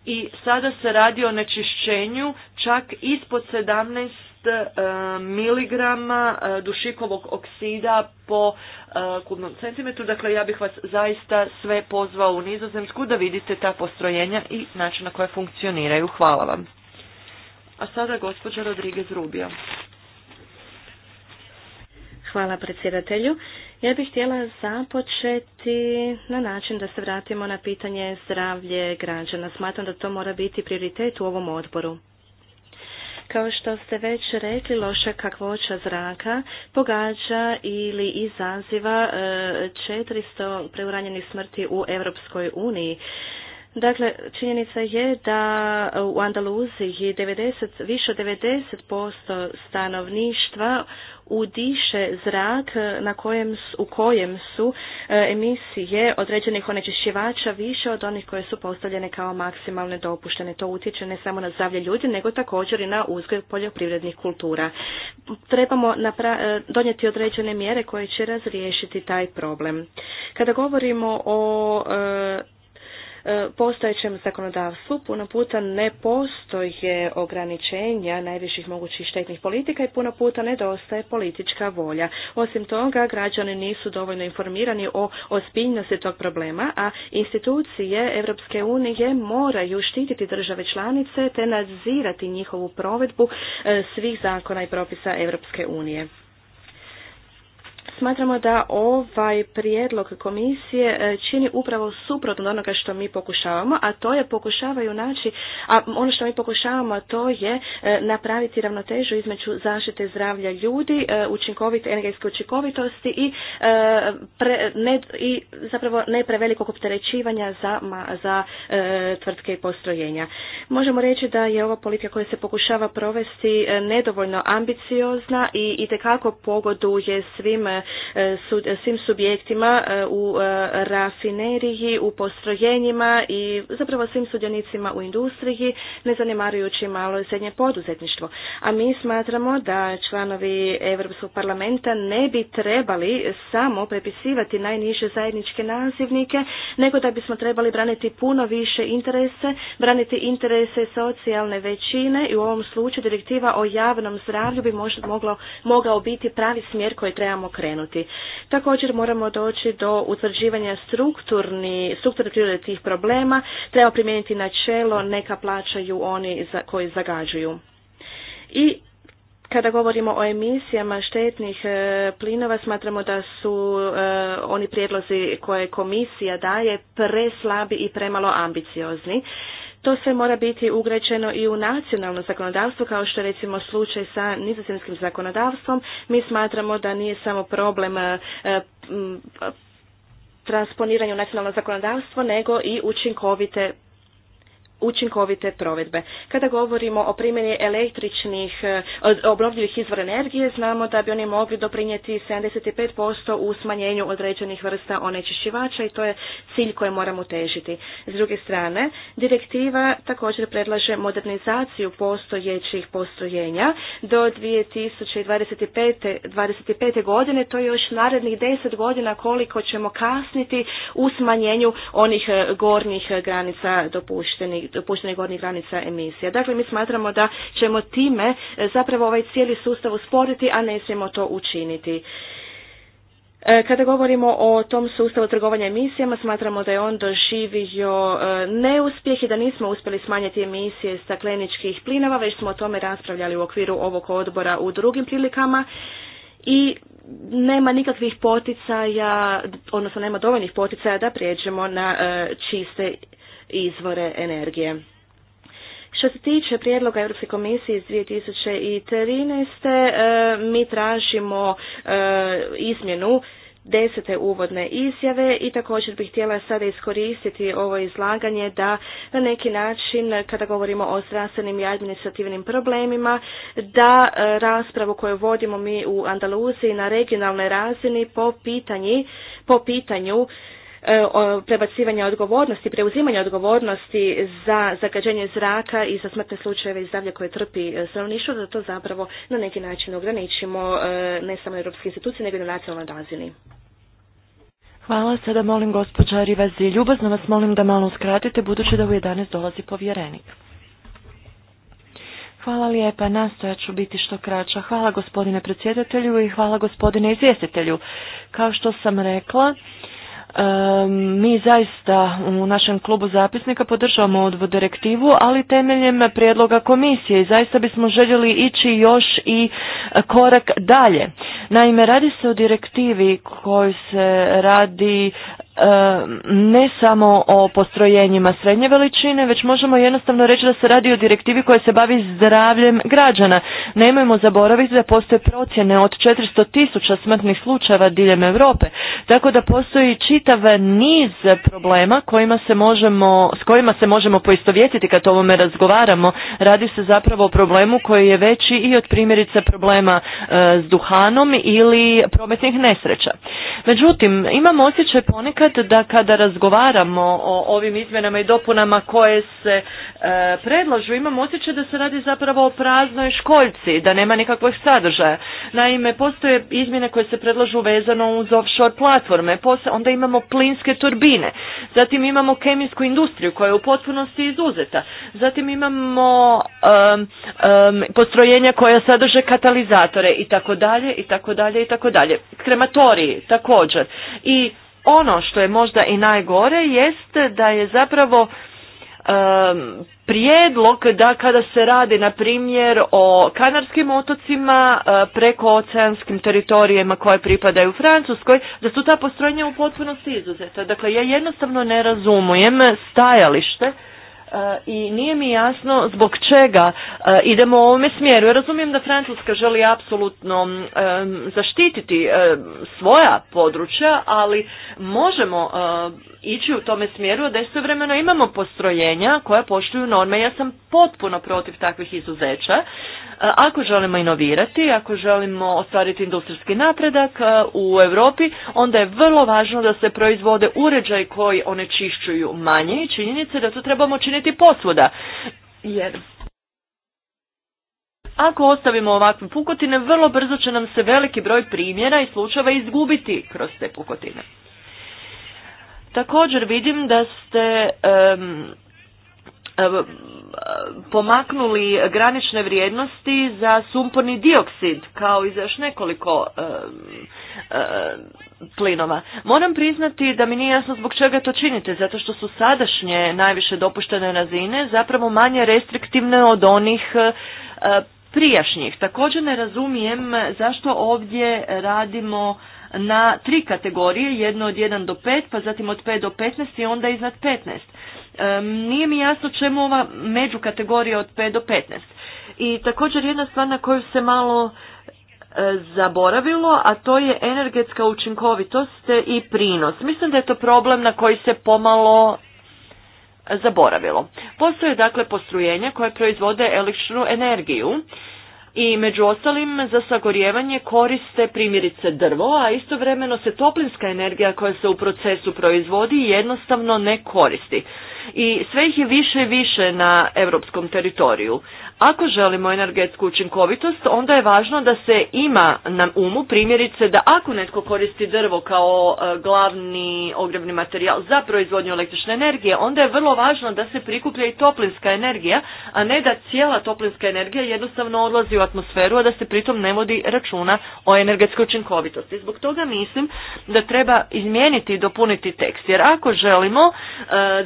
i sada se radi o nečišćenju čak ispod 17 E, miligrama e, dušikovog oksida po e, kubnom centimetru. Dakle, ja bih vas zaista sve pozvao u nizozemsku da vidite ta postrojenja i način na koje funkcioniraju. Hvala vam. A sada gospođa Rodriguez Rubio. Hvala predsjedatelju. Ja bih htjela započeti na način da se vratimo na pitanje zdravlje građana. Smatram da to mora biti prioritet u ovom odboru. Kao što ste već rekli, loša kakvoća zraka pogađa ili izaziva 400 e, preuranjenih smrti u Europskoj uniji. Dakle, činjenica je da u Andaluziji 90, više od 90% stanovništva udiše zrak na kojem, u kojem su e, emisije određenih onečišćivača više od onih koje su postavljene kao maksimalne dopuštene. To utječe ne samo na zdravlje ljudi, nego također i na uzgoj poljoprivrednih kultura. Trebamo e, donijeti određene mjere koje će razriješiti taj problem. Kada govorimo o e, E, postojećem zakonodavstvu puno puta ne postoje ograničenja najviših mogućih štetnih politika i puno puta nedostaje politička volja. Osim toga, građani nisu dovoljno informirani o ozbiljnosti tog problema, a institucije Europske unije moraju štititi države članice te nadzirati njihovu provedbu e, svih zakona i propisa Europske unije. Smatramo da ovaj prijedlog komisije e, čini upravo suprotno onoga što mi pokušavamo, a to je pokušavaju naći, a ono što mi pokušavamo to je e, napraviti ravnotežu između zaštite zdravlja ljudi, e, učinkovite energetske učinkovitosti i, pre, ne, i zapravo ne prevelikog opterećivanja za, za tvrtke i postrojenja. Možemo reći da je ova politika koja se pokušava provesti nedovoljno ambiciozna i itekako pogoduje svim E, e, svim subjektima e, u rafineriji, u postrojenjima i zapravo svim sudionicima u industriji, ne zanemarujući malo i srednje poduzetništvo. A mi smatramo da članovi Europskog parlamenta ne bi trebali samo prepisivati najniže zajedničke nazivnike, nego da bismo trebali braniti puno više interese, braniti interese socijalne većine i u ovom slučaju direktiva o javnom zdravlju bi možda mogao biti pravi smjer koji trebamo krenuti. Također moramo doći do utvrđivanja strukturni, strukturne prirode tih problema, treba primijeniti načelo neka plaćaju oni za, koji zagađuju. I kada govorimo o emisijama štetnih e, plinova, smatramo da su e, oni prijedlozi koje komisija daje preslabi i premalo ambiciozni. To sve mora biti ugrađeno i u nacionalno zakonodavstvo, kao što je recimo slučaj sa nizozemskim zakonodavstvom. Mi smatramo da nije samo problem e, transponiranja u nacionalno zakonodavstvo, nego i učinkovite učinkovite provedbe. Kada govorimo o primjeni električnih e, obnovljivih izvora energije, znamo da bi oni mogli doprinijeti 75% u smanjenju određenih vrsta onečišćivača i to je cilj koji moramo težiti. S druge strane, direktiva također predlaže modernizaciju postojećih postrojenja do 2025. 25. godine, to je još narednih 10 godina koliko ćemo kasniti u smanjenju onih e, gornjih granica dopuštenih puštenih gornjih granica emisija. Dakle, mi smatramo da ćemo time e, zapravo ovaj cijeli sustav usporiti, a ne smijemo to učiniti. E, kada govorimo o tom sustavu trgovanja emisijama, smatramo da je on doživio e, neuspjeh i da nismo uspjeli smanjiti emisije stakleničkih plinova, već smo o tome raspravljali u okviru ovog odbora u drugim prilikama i nema nikakvih poticaja, odnosno nema dovoljnih poticaja da prijeđemo na čiste izvore energije. Što se tiče prijedloga Europske komisije iz 2013. E, mi tražimo e, izmjenu desete uvodne izjave i također bih htjela sada iskoristiti ovo izlaganje da na neki način kada govorimo o zdravstvenim i administrativnim problemima da e, raspravu koju vodimo mi u Andaluziji na regionalnoj razini po, pitanji, po pitanju E, prebacivanja odgovornosti, preuzimanja odgovornosti za zagađenje zraka i za smrtne slučajeve i zdravlje koje trpi e, stanovništvo, da to zapravo na neki način ograničimo e, ne samo europske institucije, nego i na nacionalnoj razini. Hvala, sada molim gospođa Rivazi. Ljubazno vas molim da malo skratite budući da u 11 dolazi povjerenik. Hvala lijepa, nastojat ću biti što kraća. Hvala gospodine predsjedatelju i hvala gospodine izvjestitelju. Kao što sam rekla, mi zaista u našem klubu zapisnika podržavamo odvu direktivu, ali temeljem prijedloga komisije i zaista bismo željeli ići još i korak dalje. Naime, radi se o direktivi koju se radi E, ne samo o postrojenjima srednje veličine, već možemo jednostavno reći da se radi o direktivi koja se bavi zdravljem građana. Nemojmo zaboraviti da postoje procjene od 400 tisuća smrtnih slučajeva diljem Europe, tako da postoji čitav niz problema kojima se možemo, s kojima se možemo poistovjetiti kad o ovome razgovaramo. Radi se zapravo o problemu koji je veći i od primjerice problema e, s duhanom ili prometnih nesreća. Međutim, imamo osjećaj ponekad da kada razgovaramo o ovim izmjenama i dopunama koje se e, predlažu, imamo osjećaj da se radi zapravo o praznoj školjci, da nema nikakvog sadržaja. Naime, postoje izmjene koje se predlažu vezano uz offshore platforme, Posle, onda imamo plinske turbine, zatim imamo kemijsku industriju koja je u potpunosti izuzeta, zatim imamo um, postrojenja koja sadrže katalizatore i tako dalje i tako dalje i tako dalje. Krematoriji također. I ono što je možda i najgore jest da je zapravo prijedlog da kada se radi na primjer o kanarskim otocima e, preko oceanskim teritorijama koje pripadaju Francuskoj, da su ta postrojenja u potpunosti izuzeta. Dakle, ja jednostavno ne razumujem stajalište i nije mi jasno zbog čega e, idemo u ovome smjeru. Ja razumijem da Francuska želi apsolutno e, zaštititi e, svoja područja, ali možemo ići u tome smjeru, a da vremeno imamo postrojenja koja poštuju norme. Ja sam potpuno protiv takvih izuzeća. Ako želimo inovirati, ako želimo ostvariti industrijski napredak u Europi, onda je vrlo važno da se proizvode uređaj koji onečišćuju manje i činjenice da to trebamo činiti posvuda. Jer ako ostavimo ovakve pukotine, vrlo brzo će nam se veliki broj primjera i slučajeva izgubiti kroz te pukotine. Također vidim da ste E, e, pomaknuli granične vrijednosti za sumporni dioksid kao i za još nekoliko e, plinova. Moram priznati da mi nije jasno zbog čega to činite, zato što su sadašnje najviše dopuštene razine zapravo manje restriktivne od onih prijašnjih. Također ne razumijem zašto ovdje radimo na tri kategorije, jedno od 1 do 5, pa zatim od 5 do 15 i onda iznad 15. Nije mi jasno čemu ova kategorija od 5 do 15. I također jedna stvar na koju se malo e, zaboravilo, a to je energetska učinkovitost i prinos. Mislim da je to problem na koji se pomalo zaboravilo. Postoje dakle postrojenja koje proizvode električnu energiju i među ostalim za sagorjevanje koriste primjerice drvo, a istovremeno se toplinska energija koja se u procesu proizvodi jednostavno ne koristi i sve ih je više i više na europskom teritoriju. Ako želimo energetsku učinkovitost, onda je važno da se ima na umu primjerice da ako netko koristi drvo kao e, glavni ogrebni materijal za proizvodnju električne energije, onda je vrlo važno da se prikuplja i toplinska energija, a ne da cijela toplinska energija jednostavno odlazi u atmosferu, a da se pritom ne vodi računa o energetskoj učinkovitosti. Zbog toga mislim da treba izmijeniti i dopuniti tekst, jer ako želimo e,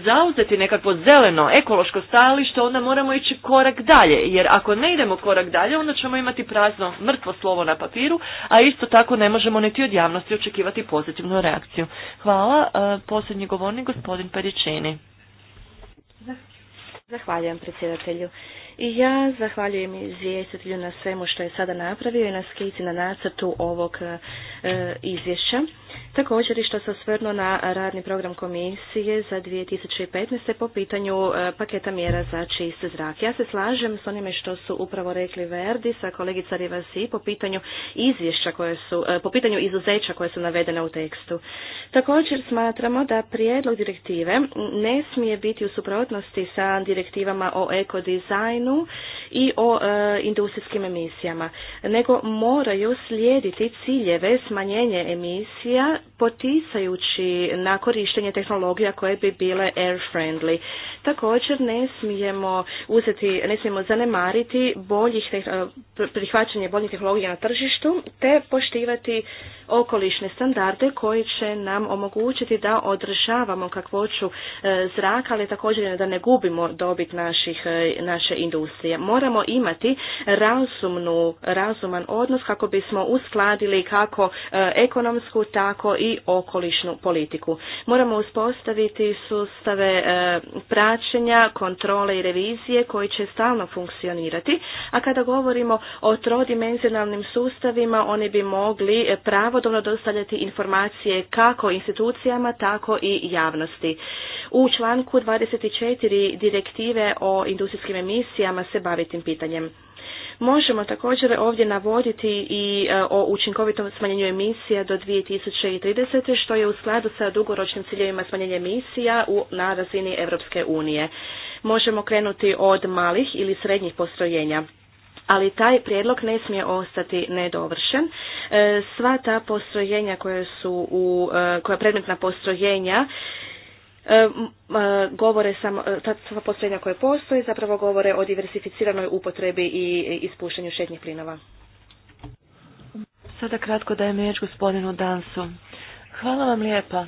zauzeti zauzeti nekakvo zeleno, ekološko stajalište, onda moramo ići korak dalje. Jer ako ne idemo korak dalje, onda ćemo imati prazno mrtvo slovo na papiru, a isto tako ne možemo niti od javnosti očekivati pozitivnu reakciju. Hvala. E, posljednji govornik, gospodin Peričini. Zahvaljujem predsjedatelju. I ja zahvaljujem izvjestitelju na svemu što je sada napravio i na skici na nacrtu ovog e, izvješća. Također i što se osvrnuo na radni program komisije za 2015. po pitanju e, paketa mjera za čist zrak. Ja se slažem s onime što su upravo rekli Verdi sa kolegica Rivasi po pitanju izvješća koje su, e, po pitanju izuzeća koje su navedene u tekstu. Također smatramo da prijedlog direktive ne smije biti u suprotnosti sa direktivama o ekodizajnu i o e, industrijskim emisijama, nego moraju slijediti ciljeve smanjenje emisija zemalja poticajući na korištenje tehnologija koje bi bile air friendly. Također ne smijemo uzeti, ne smijemo zanemariti boljih, eh, prihvaćanje boljih tehnologija na tržištu te poštivati okolišne standarde koji će nam omogućiti da održavamo kakvoću eh, zraka, ali također da ne gubimo dobit naših, eh, naše industrije. Moramo imati razumnu, razuman odnos kako bismo uskladili kako ekonomsku, tako tako i okolišnu politiku. Moramo uspostaviti sustave e, praćenja, kontrole i revizije koji će stalno funkcionirati, a kada govorimo o trodimenzionalnim sustavima, oni bi mogli pravodobno dostavljati informacije kako institucijama, tako i javnosti. U članku 24 direktive o industrijskim emisijama se bavi tim pitanjem. Možemo također ovdje navoditi i e, o učinkovitom smanjenju emisija do 2030. što je u skladu sa dugoročnim ciljevima smanjenja emisija u, na razini Europske unije. Možemo krenuti od malih ili srednjih postrojenja ali taj prijedlog ne smije ostati nedovršen. E, sva ta postrojenja koja su u, e, koja predmetna postrojenja E, e, govore samo, e, ta sva postrojenja koje postoje zapravo govore o diversificiranoj upotrebi i ispuštanju šetnih plinova. Sada kratko dajem riječ gospodinu Dansu. Hvala vam lijepa.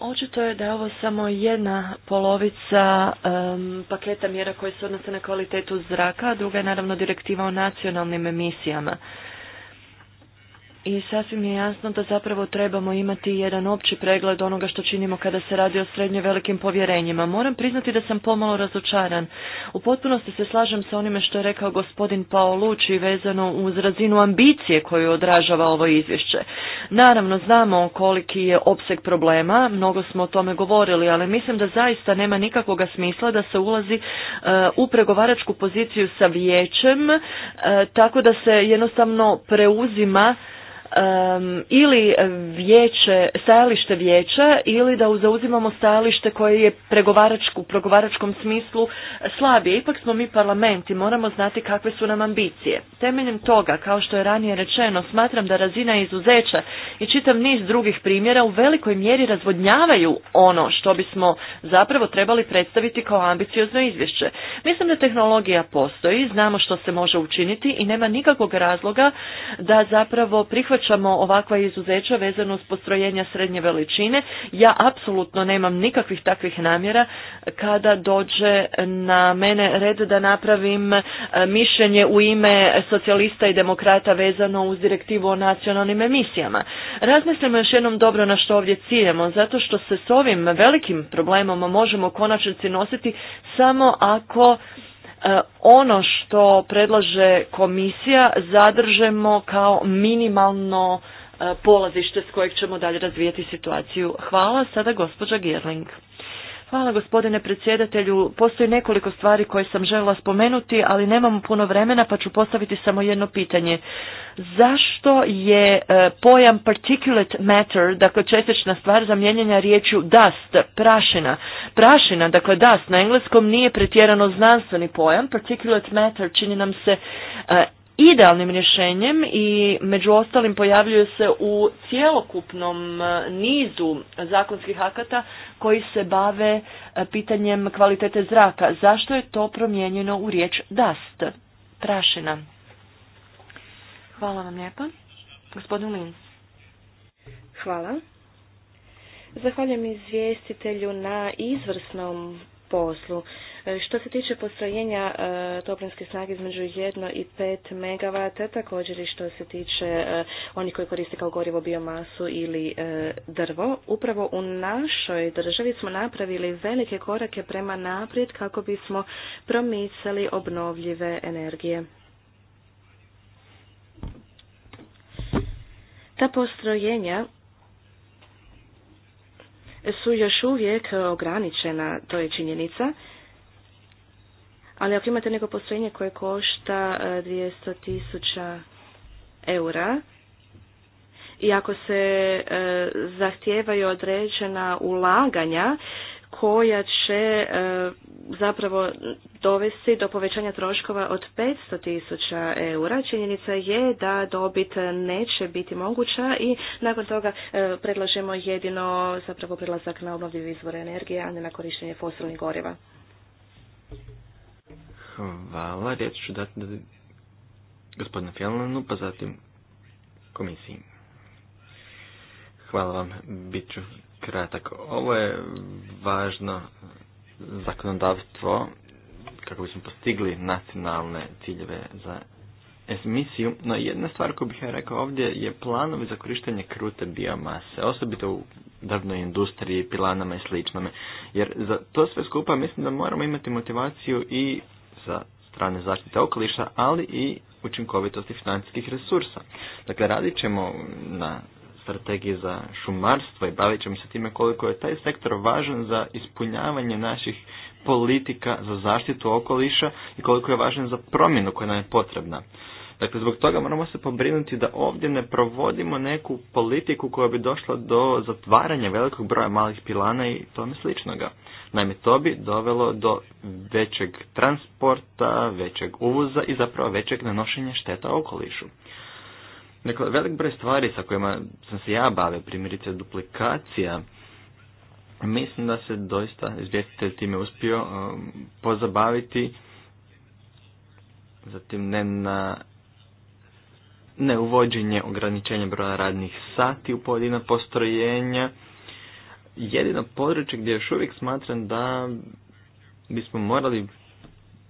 Očito je da je ovo samo jedna polovica paketa mjera koje se odnose na kvalitetu zraka, a druga je naravno direktiva o nacionalnim emisijama i sasvim je jasno da zapravo trebamo imati jedan opći pregled onoga što činimo kada se radi o srednje velikim povjerenjima. Moram priznati da sam pomalo razočaran. U potpunosti se slažem sa onime što je rekao gospodin i vezano uz razinu ambicije koju odražava ovo izvješće. Naravno, znamo koliki je opseg problema, mnogo smo o tome govorili, ali mislim da zaista nema nikakvoga smisla da se ulazi e, u pregovaračku poziciju sa vijećem, e, tako da se jednostavno preuzima um, ili vijeće, stajalište vijeća ili da zauzimamo stajalište koje je pregovaračku, u pregovaračkom smislu slabije. Ipak smo mi parlament i moramo znati kakve su nam ambicije. Temeljem toga, kao što je ranije rečeno, smatram da razina izuzeća i čitav niz drugih primjera u velikoj mjeri razvodnjavaju ono što bismo zapravo trebali predstaviti kao ambiciozno izvješće. Mislim da tehnologija postoji, znamo što se može učiniti i nema nikakvog razloga da zapravo prihvaćamo prihvaćamo ovakva izuzeća vezano uz postrojenja srednje veličine. Ja apsolutno nemam nikakvih takvih namjera kada dođe na mene red da napravim e, mišljenje u ime socijalista i demokrata vezano uz direktivu o nacionalnim emisijama. Razmislimo još jednom dobro na što ovdje ciljamo, zato što se s ovim velikim problemom možemo u konačnici nositi samo ako E, ono što predlaže komisija zadržemo kao minimalno e, polazište s kojeg ćemo dalje razvijati situaciju. Hvala, sada gospođa Gerling. Hvala gospodine predsjedatelju. Postoji nekoliko stvari koje sam željela spomenuti, ali nemamo puno vremena pa ću postaviti samo jedno pitanje. Zašto je e, pojam particulate matter, dakle četečna stvar zamijenjena riječju dust, prašina? Prašina, dakle dust na engleskom nije pretjerano znanstveni pojam. Particulate matter čini nam se e, idealnim rješenjem i među ostalim pojavljuje se u cjelokupnom e, nizu zakonskih akata koji se bave e, pitanjem kvalitete zraka. Zašto je to promijenjeno u riječ dust? Prašina. Hvala vam lijepa. Gospodin Lins. Hvala. Zahvaljujem izvjestitelju na izvrsnom poslu. E, što se tiče postrojenja e, toplinske snage između 1 i 5 MW, također i što se tiče e, onih koji koriste kao gorivo biomasu ili drvo, upravo u našoj državi smo napravili velike korake prema naprijed kako bismo promicali obnovljive energije. Ta postrojenja su još uvijek ograničena, to je činjenica, ali ako imate neko postrojenje koje košta 200 e, tisuća eura i ako se e, zahtijevaju određena ulaganja koja će e, zapravo dovesti do povećanja troškova od 500 tisuća eura. Činjenica je da dobit neće biti moguća i nakon toga predlažemo jedino zapravo prilazak na obnovljive izvore energije, a ne na korištenje fosilnih goriva. Hvala. Riječ ću dati gospodinu Fjelanu, pa zatim komisiji. Hvala vam, bit ću kratak. Ovo je važno zakonodavstvo kako bismo postigli nacionalne ciljeve za emisiju, no jedna stvar koju bih ja rekao ovdje je planovi za korištenje krute biomase, osobito u drvnoj industriji, pilanama i sličnome. Jer za to sve skupa mislim da moramo imati motivaciju i sa strane zaštite okoliša, ali i učinkovitosti financijskih resursa. Dakle, radit ćemo na strategiji za šumarstvo i bavit ćemo se time koliko je taj sektor važan za ispunjavanje naših politika za zaštitu okoliša i koliko je važan za promjenu koja nam je potrebna. Dakle, zbog toga moramo se pobrinuti da ovdje ne provodimo neku politiku koja bi došla do zatvaranja velikog broja malih pilana i tome sličnoga. Naime, to bi dovelo do većeg transporta, većeg uvoza i zapravo većeg nanošenja šteta okolišu. Dakle, velik broj stvari sa kojima sam se ja bavio, primjerice duplikacija, mislim da se doista izvjestitelj time uspio um, pozabaviti, zatim ne na neuvođenje ograničenja broja radnih sati u pojedina postrojenja, jedino područje gdje još uvijek smatram da bismo morali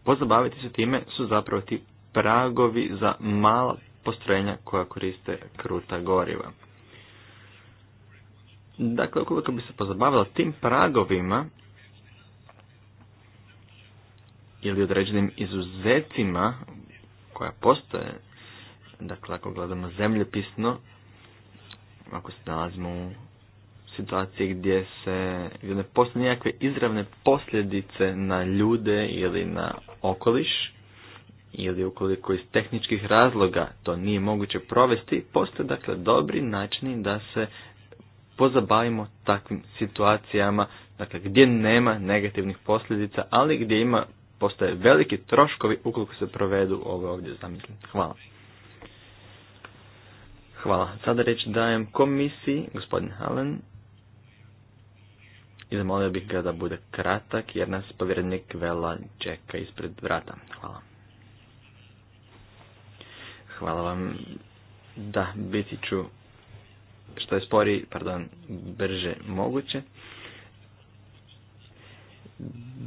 pozabaviti se time su zapravo ti pragovi za mala postrojenja koja koriste kruta goriva. Dakle, ukoliko bi se pozabavila tim pragovima ili određenim izuzetima koja postoje, dakle, ako gledamo zemljepisno, ako se nalazimo u situacije gdje se ne postoje nekakve izravne posljedice na ljude ili na okoliš ili ukoliko iz tehničkih razloga to nije moguće provesti, postoje dakle dobri načini da se pozabavimo takvim situacijama, dakle gdje nema negativnih posljedica, ali gdje ima postoje veliki troškovi ukoliko se provedu ove ovdje zamislim. Hvala. Hvala. Sada reći dajem komisiji, gospodin Halen i zamolio bih ga da bude kratak jer nas povjerenik Vela čeka ispred vrata. Hvala. Hvala vam. Da, biti ću što je spori, pardon, brže moguće.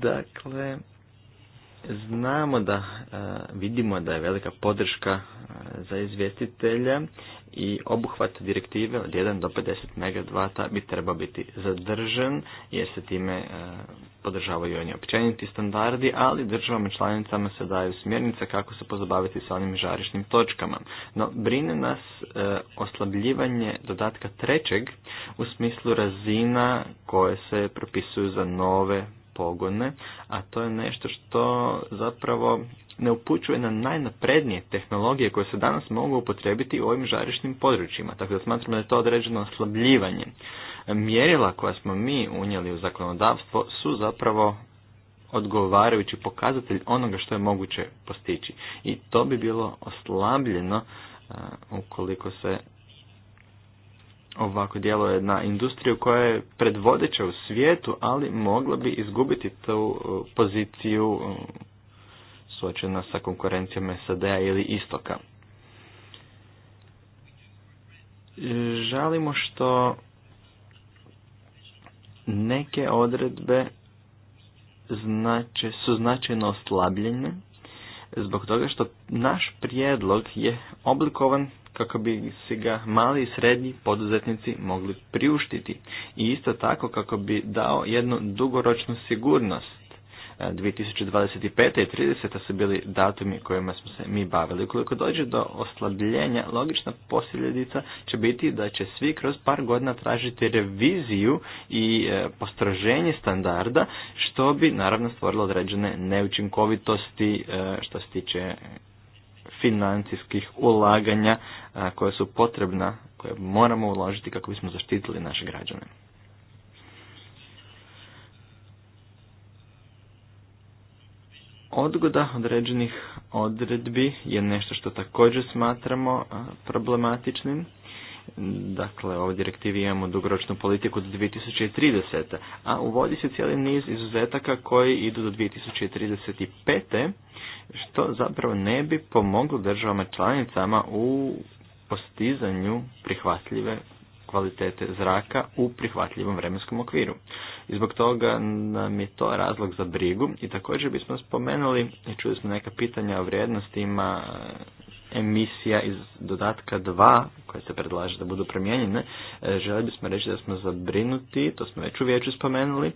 Dakle, Znamo da e, vidimo da je velika podrška e, za izvjestitelje i obuhvat direktive od 1 do 50 MW bi trebao biti zadržan jer se time e, podržavaju oni općeniti standardi, ali državama članicama se daju smjernice kako se pozabaviti sa onim žarišnim točkama. No, brine nas oslabljivanje dodatka trećeg u smislu razina koje se propisuju za nove pogone, a to je nešto što zapravo ne upućuje na najnaprednije tehnologije koje se danas mogu upotrebiti u ovim žarišnim područjima. Tako da smatramo da je to određeno oslabljivanje. Mjerila koja smo mi unijeli u zakonodavstvo su zapravo odgovarajući pokazatelj onoga što je moguće postići. I to bi bilo oslabljeno ukoliko se ovako djeluje na industriju koja je predvodeća u svijetu, ali mogla bi izgubiti tu uh, poziciju uh, suočena sa konkurencijom SAD-a ili Istoka. Žalimo što neke odredbe znače, su značajno oslabljene zbog toga što naš prijedlog je oblikovan kako bi si ga mali i srednji poduzetnici mogli priuštiti i isto tako kako bi dao jednu dugoročnu sigurnost. 2025. E, i 30. su bili datumi kojima smo se mi bavili. Ukoliko dođe do oslabljenja, logična posljedica će biti da će svi kroz par godina tražiti reviziju i e, postroženje standarda, što bi naravno stvorilo određene neučinkovitosti e, što se tiče financijskih ulaganja koja su potrebna, koje moramo uložiti kako bismo zaštitili naše građane. Odgoda određenih odredbi je nešto što također smatramo problematičnim. Dakle, ovdje direktivi imamo dugoročnu politiku do 2030. A uvodi se cijeli niz izuzetaka koji idu do 2035 što zapravo ne bi pomoglo državama članicama u postizanju prihvatljive kvalitete zraka u prihvatljivom vremenskom okviru. I zbog toga nam je to razlog za brigu i također bismo spomenuli, čuli smo neka pitanja o vrijednostima emisija iz dodatka 2 koje se predlaže da budu promijenjene, e, želi bismo reći da smo zabrinuti, to smo već u vijeću spomenuli, e,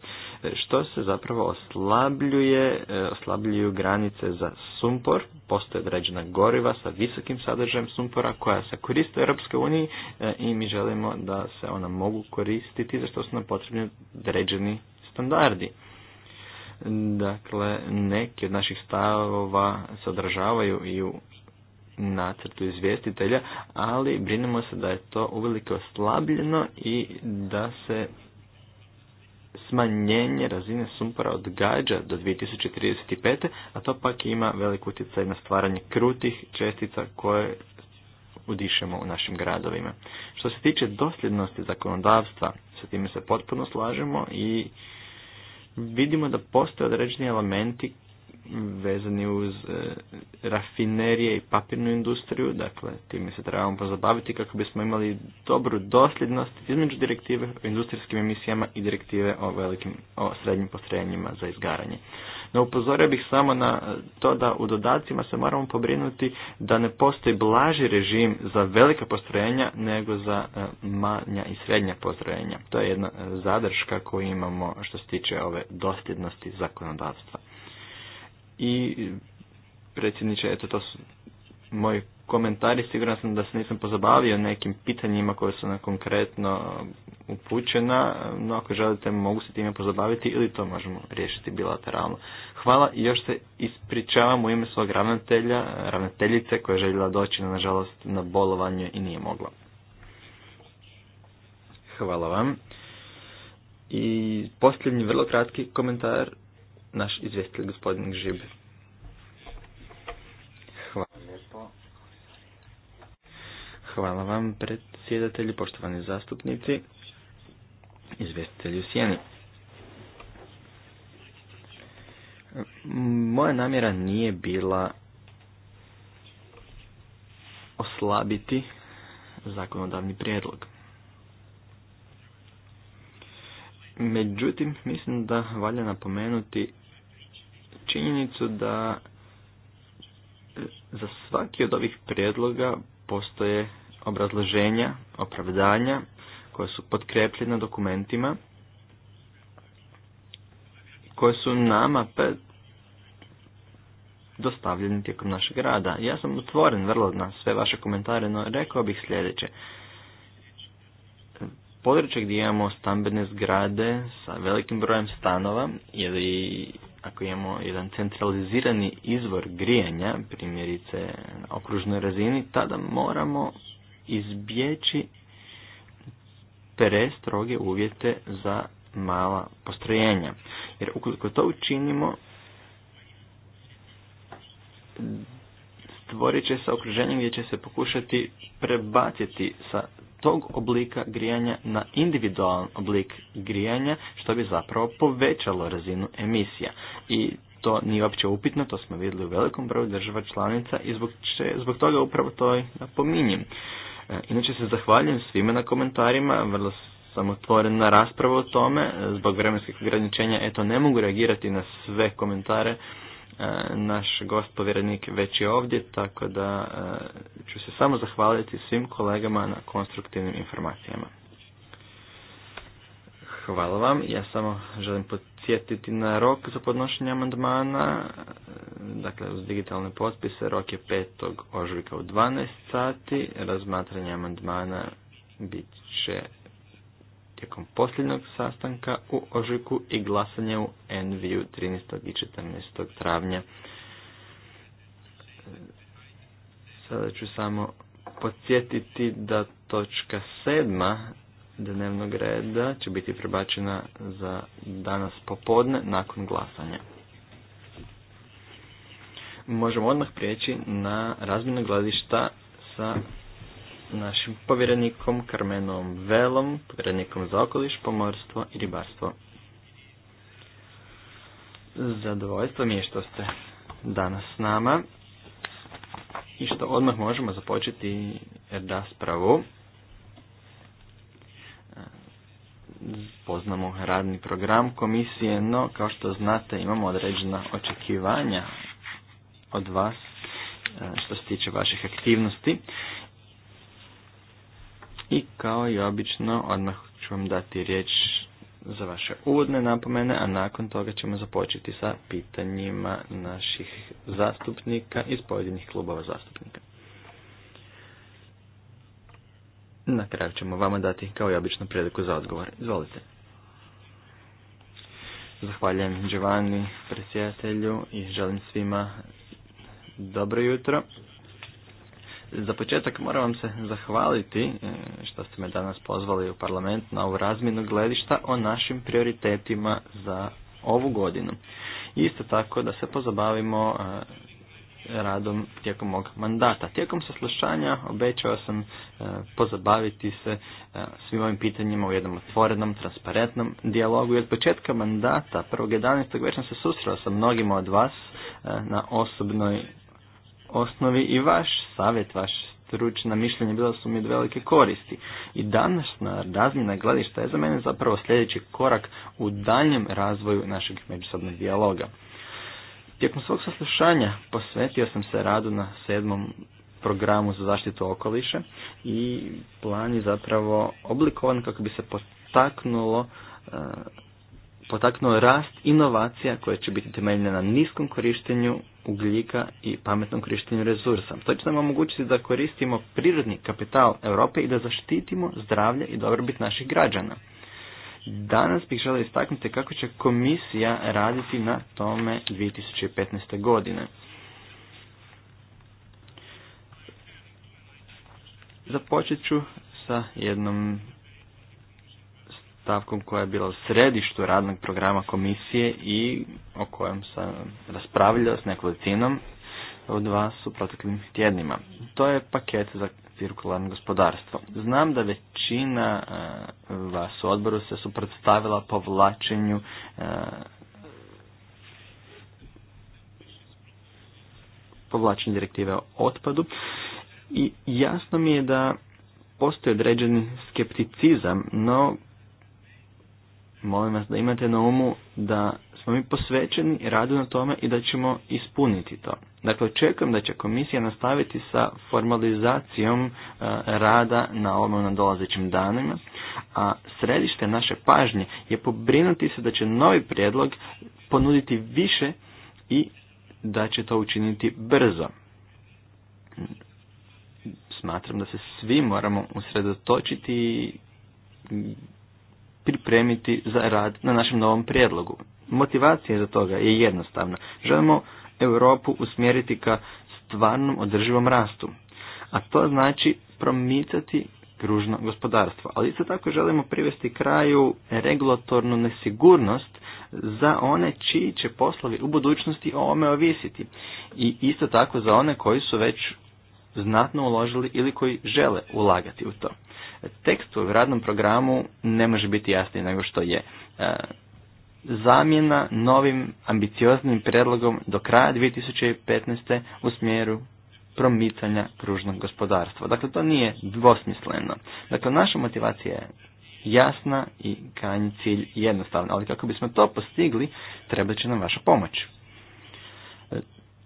što se zapravo oslabljuje, e, oslabljuju granice za sumpor, postoje određena goriva sa visokim sadržajem sumpora koja se koriste u Europskoj uniji i mi želimo da se ona mogu koristiti za što su nam potrebni određeni standardi. Dakle, neki od naših stavova sadržavaju i u nacrtu izvjestitelja, ali brinemo se da je to uveliko oslabljeno i da se smanjenje razine sumpora odgađa do 2035. a to pak ima velik utjecaj na stvaranje krutih čestica koje udišemo u našim gradovima. Što se tiče dosljednosti zakonodavstva, sa time se potpuno slažemo i vidimo da postoje određeni elementi vezani uz e, rafinerije i papirnu industriju, dakle time se trebamo pozabaviti kako bismo imali dobru dosljednost između direktive o industrijskim emisijama i direktive o velikim o srednjim postrojenjima za izgaranje. No upozorio bih samo na to da u dodacima se moramo pobrinuti da ne postoji blaži režim za velika postrojenja nego za e, manja i srednja postrojenja. To je jedna e, zadrška koju imamo što se tiče ove dosljednosti zakonodavstva. I predsjedniče, eto to su moji komentari. Siguran sam da se nisam pozabavio nekim pitanjima koje su na konkretno upućena, no ako želite mogu se time pozabaviti ili to možemo riješiti bilateralno. Hvala i još se ispričavam u ime svog ravnatelja, ravnateljice koja je željela doći na nažalost na bolovanje i nije mogla. Hvala vam. I posljednji vrlo kratki komentar naš izvjestitelj gospodin Žib. Hvala Hvala vam predsjedatelji, poštovani zastupnici, izvjestitelji u Sjeni. Moja namjera nije bila oslabiti zakonodavni prijedlog. Međutim, mislim da valja napomenuti činjenicu da za svaki od ovih prijedloga postoje obrazloženja, opravdanja koje su podkrepljene dokumentima koje su nama dostavljeni tijekom našeg rada. Ja sam otvoren vrlo na sve vaše komentare, no rekao bih sljedeće. Područje gdje imamo stambene zgrade sa velikim brojem stanova ili ako imamo jedan centralizirani izvor grijanja, primjerice na okružnoj razini, tada moramo izbjeći prestroge uvjete za mala postrojenja. Jer ukoliko to učinimo, stvorit će se okruženje gdje će se pokušati prebaciti sa tog oblika grijanja na individualan oblik grijanja, što bi zapravo povećalo razinu emisija. I to nije uopće upitno, to smo vidjeli u velikom broju država članica i zbog, zbog toga upravo to i napominjem. E, inače se zahvaljujem svima na komentarima, vrlo sam otvoren na raspravu o tome, zbog vremenskih ograničenja, eto ne mogu reagirati na sve komentare, E, naš gost povjerenik već je ovdje, tako da e, ću se samo zahvaliti svim kolegama na konstruktivnim informacijama. Hvala vam. Ja samo želim podsjetiti na rok za podnošenje amandmana. E, dakle, uz digitalne potpise rok je 5. ožujka u 12 sati. Razmatranje amandmana bit će tijekom posljednjeg sastanka u ožujku i glasanje u NVU 13. i 14. travnja. Sada ću samo podsjetiti da točka sedma dnevnog reda će biti prebačena za danas popodne nakon glasanja. Možemo odmah prijeći na razmjenu gledišta sa našim povjerenikom Karmenom Velom, povjerenikom za okoliš, pomorstvo i ribarstvo. Zadovoljstvo mi je što ste danas s nama i što odmah možemo započeti raspravu. Poznamo radni program komisije, no kao što znate imamo određena očekivanja od vas e, što se tiče vaših aktivnosti i kao i obično, odmah ću vam dati riječ za vaše uvodne napomene, a nakon toga ćemo započeti sa pitanjima naših zastupnika iz pojedinih klubova zastupnika. Na kraju ćemo vama dati kao i obično priliku za odgovor. Izvolite. Zahvaljujem Giovanni, predsjedatelju i želim svima dobro jutro. Za početak moram vam se zahvaliti e, što ste me danas pozvali u parlament na ovu razminu gledišta o našim prioritetima za ovu godinu. Isto tako da se pozabavimo e, radom tijekom mog mandata. Tijekom saslušanja obećao sam e, pozabaviti se svim ovim pitanjima u jednom otvorenom, transparentnom dijalogu. I od početka mandata, 1.11. već sam se susreo sa mnogima od vas na osobnoj osnovi i vaš savjet, vaš stručna mišljenje bila su mi od velike koristi. I današnja razmjena gledišta je za mene zapravo sljedeći korak u daljem razvoju našeg međusobnog dijaloga. Tijekom svog saslušanja posvetio sam se radu na sedmom programu za zaštitu okoliša i plan je zapravo oblikovan kako bi se potaknulo e, potaknuo rast inovacija koje će biti temeljene na niskom korištenju ugljika i pametnom korištenju resursa. To će nam omogućiti da koristimo prirodni kapital Europe i da zaštitimo zdravlje i dobrobit naših građana. Danas bih želio istaknuti kako će komisija raditi na tome 2015. godine. Započet ću sa jednom stavkom koja je bila u središtu radnog programa komisije i o kojem sam raspravljao s nekolicinom od vas u proteklim tjednima. To je paket za cirkularno gospodarstvo. Znam da većina eh, vas u odboru se suprotstavila povlačenju eh, povlačenju direktive o otpadu i jasno mi je da postoji određeni skepticizam, no molim vas da imate na umu da smo mi posvećeni radu na tome i da ćemo ispuniti to. Dakle, očekujem da će komisija nastaviti sa formalizacijom e, rada na ovom nadolazećim danima, a središte naše pažnje je pobrinuti se da će novi prijedlog ponuditi više i da će to učiniti brzo. Smatram da se svi moramo usredotočiti pripremiti za rad na našem novom prijedlogu. Motivacija za toga je jednostavna. Želimo Europu usmjeriti ka stvarnom održivom rastu. A to znači promicati kružno gospodarstvo. Ali isto tako želimo privesti kraju regulatornu nesigurnost za one čiji će poslovi u budućnosti o ome ovisiti. I isto tako za one koji su već znatno uložili ili koji žele ulagati u to tekst u radnom programu ne može biti jasniji nego što je. E, zamjena novim ambicioznim predlogom do kraja 2015. u smjeru promicanja kružnog gospodarstva. Dakle, to nije dvosmisleno. Dakle, naša motivacija je jasna i kanji cilj jednostavna, ali kako bismo to postigli, treba će nam vaša pomoć. E,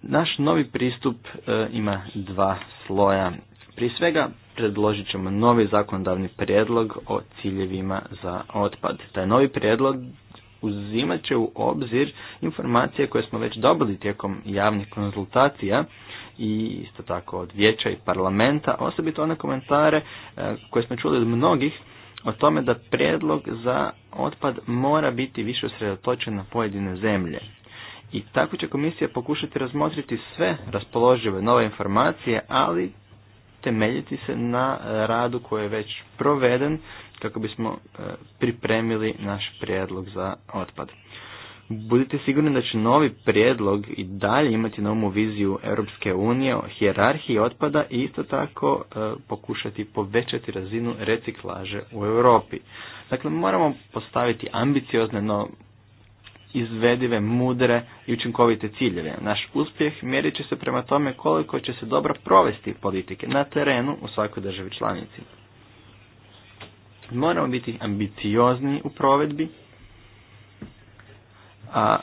naš novi pristup e, ima dva sloja. Prije svega predložit ćemo novi zakonodavni prijedlog o ciljevima za otpad. Taj novi prijedlog uzimat će u obzir informacije koje smo već dobili tijekom javnih konzultacija i isto tako od vijeća i parlamenta, osobito one komentare e, koje smo čuli od mnogih o tome da prijedlog za otpad mora biti više usredotočen na pojedine zemlje. I tako će komisija pokušati razmotriti sve raspoložive nove informacije, ali temeljiti se na e, radu koji je već proveden kako bismo e, pripremili naš prijedlog za otpad. Budite sigurni da će novi prijedlog i dalje imati na viziju Europske unije o hijerarhiji otpada i isto tako e, pokušati povećati razinu reciklaže u Europi. Dakle, moramo postaviti ambiciozne, no izvedive, mudre i učinkovite ciljeve. Naš uspjeh mjerit će se prema tome koliko će se dobro provesti politike na terenu u svakoj državi članici. Moramo biti ambiciozni u provedbi, a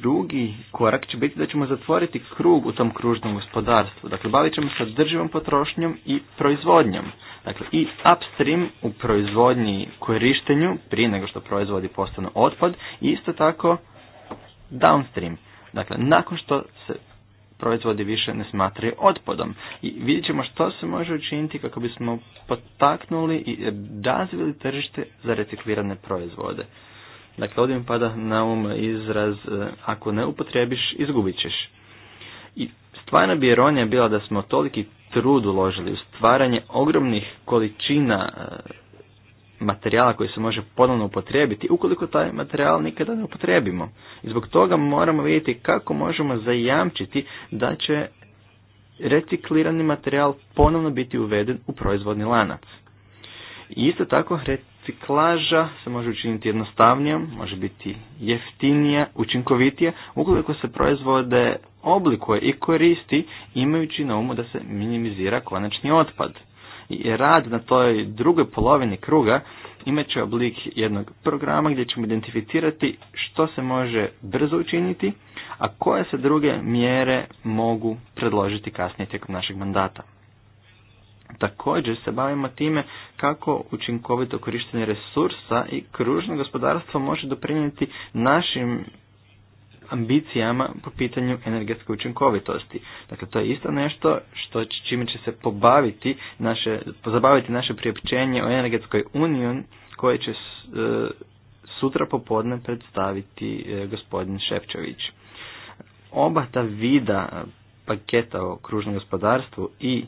drugi korak će biti da ćemo zatvoriti krug u tom kružnom gospodarstvu. Dakle, bavit ćemo se drživom potrošnjom i proizvodnjom. Dakle, i upstream u proizvodnji korištenju, prije nego što proizvodi postanu otpad, i isto tako downstream. Dakle, nakon što se proizvodi više ne smatraju otpadom. I vidjet ćemo što se može učiniti kako bismo potaknuli i razvili tržište za reciklirane proizvode. Dakle, ovdje mi pada na um izraz e, ako ne upotrebiš, izgubit ćeš. I stvarna bi ironija bila da smo toliki trud uložili u stvaranje ogromnih količina e, materijala koji se može ponovno upotrijebiti ukoliko taj materijal nikada ne upotrijebimo. I zbog toga moramo vidjeti kako možemo zajamčiti da će reciklirani materijal ponovno biti uveden u proizvodni lanac. I isto tako reciklaža se može učiniti jednostavnijom, može biti jeftinija, učinkovitija, ukoliko se proizvode oblikuje i koristi imajući na umu da se minimizira konačni otpad rad na toj drugoj polovini kruga imat će oblik jednog programa gdje ćemo identificirati što se može brzo učiniti, a koje se druge mjere mogu predložiti kasnije tijekom našeg mandata. Također se bavimo time kako učinkovito korištenje resursa i kružno gospodarstvo može doprinijeti našim ambicijama po pitanju energetske učinkovitosti. Dakle, to je isto nešto što čime će se pobaviti naše, pozabaviti naše priopćenje o energetskoj uniji koje će e, sutra popodne predstaviti e, gospodin Šepčević. Oba ta vida paketa o kružnom gospodarstvu i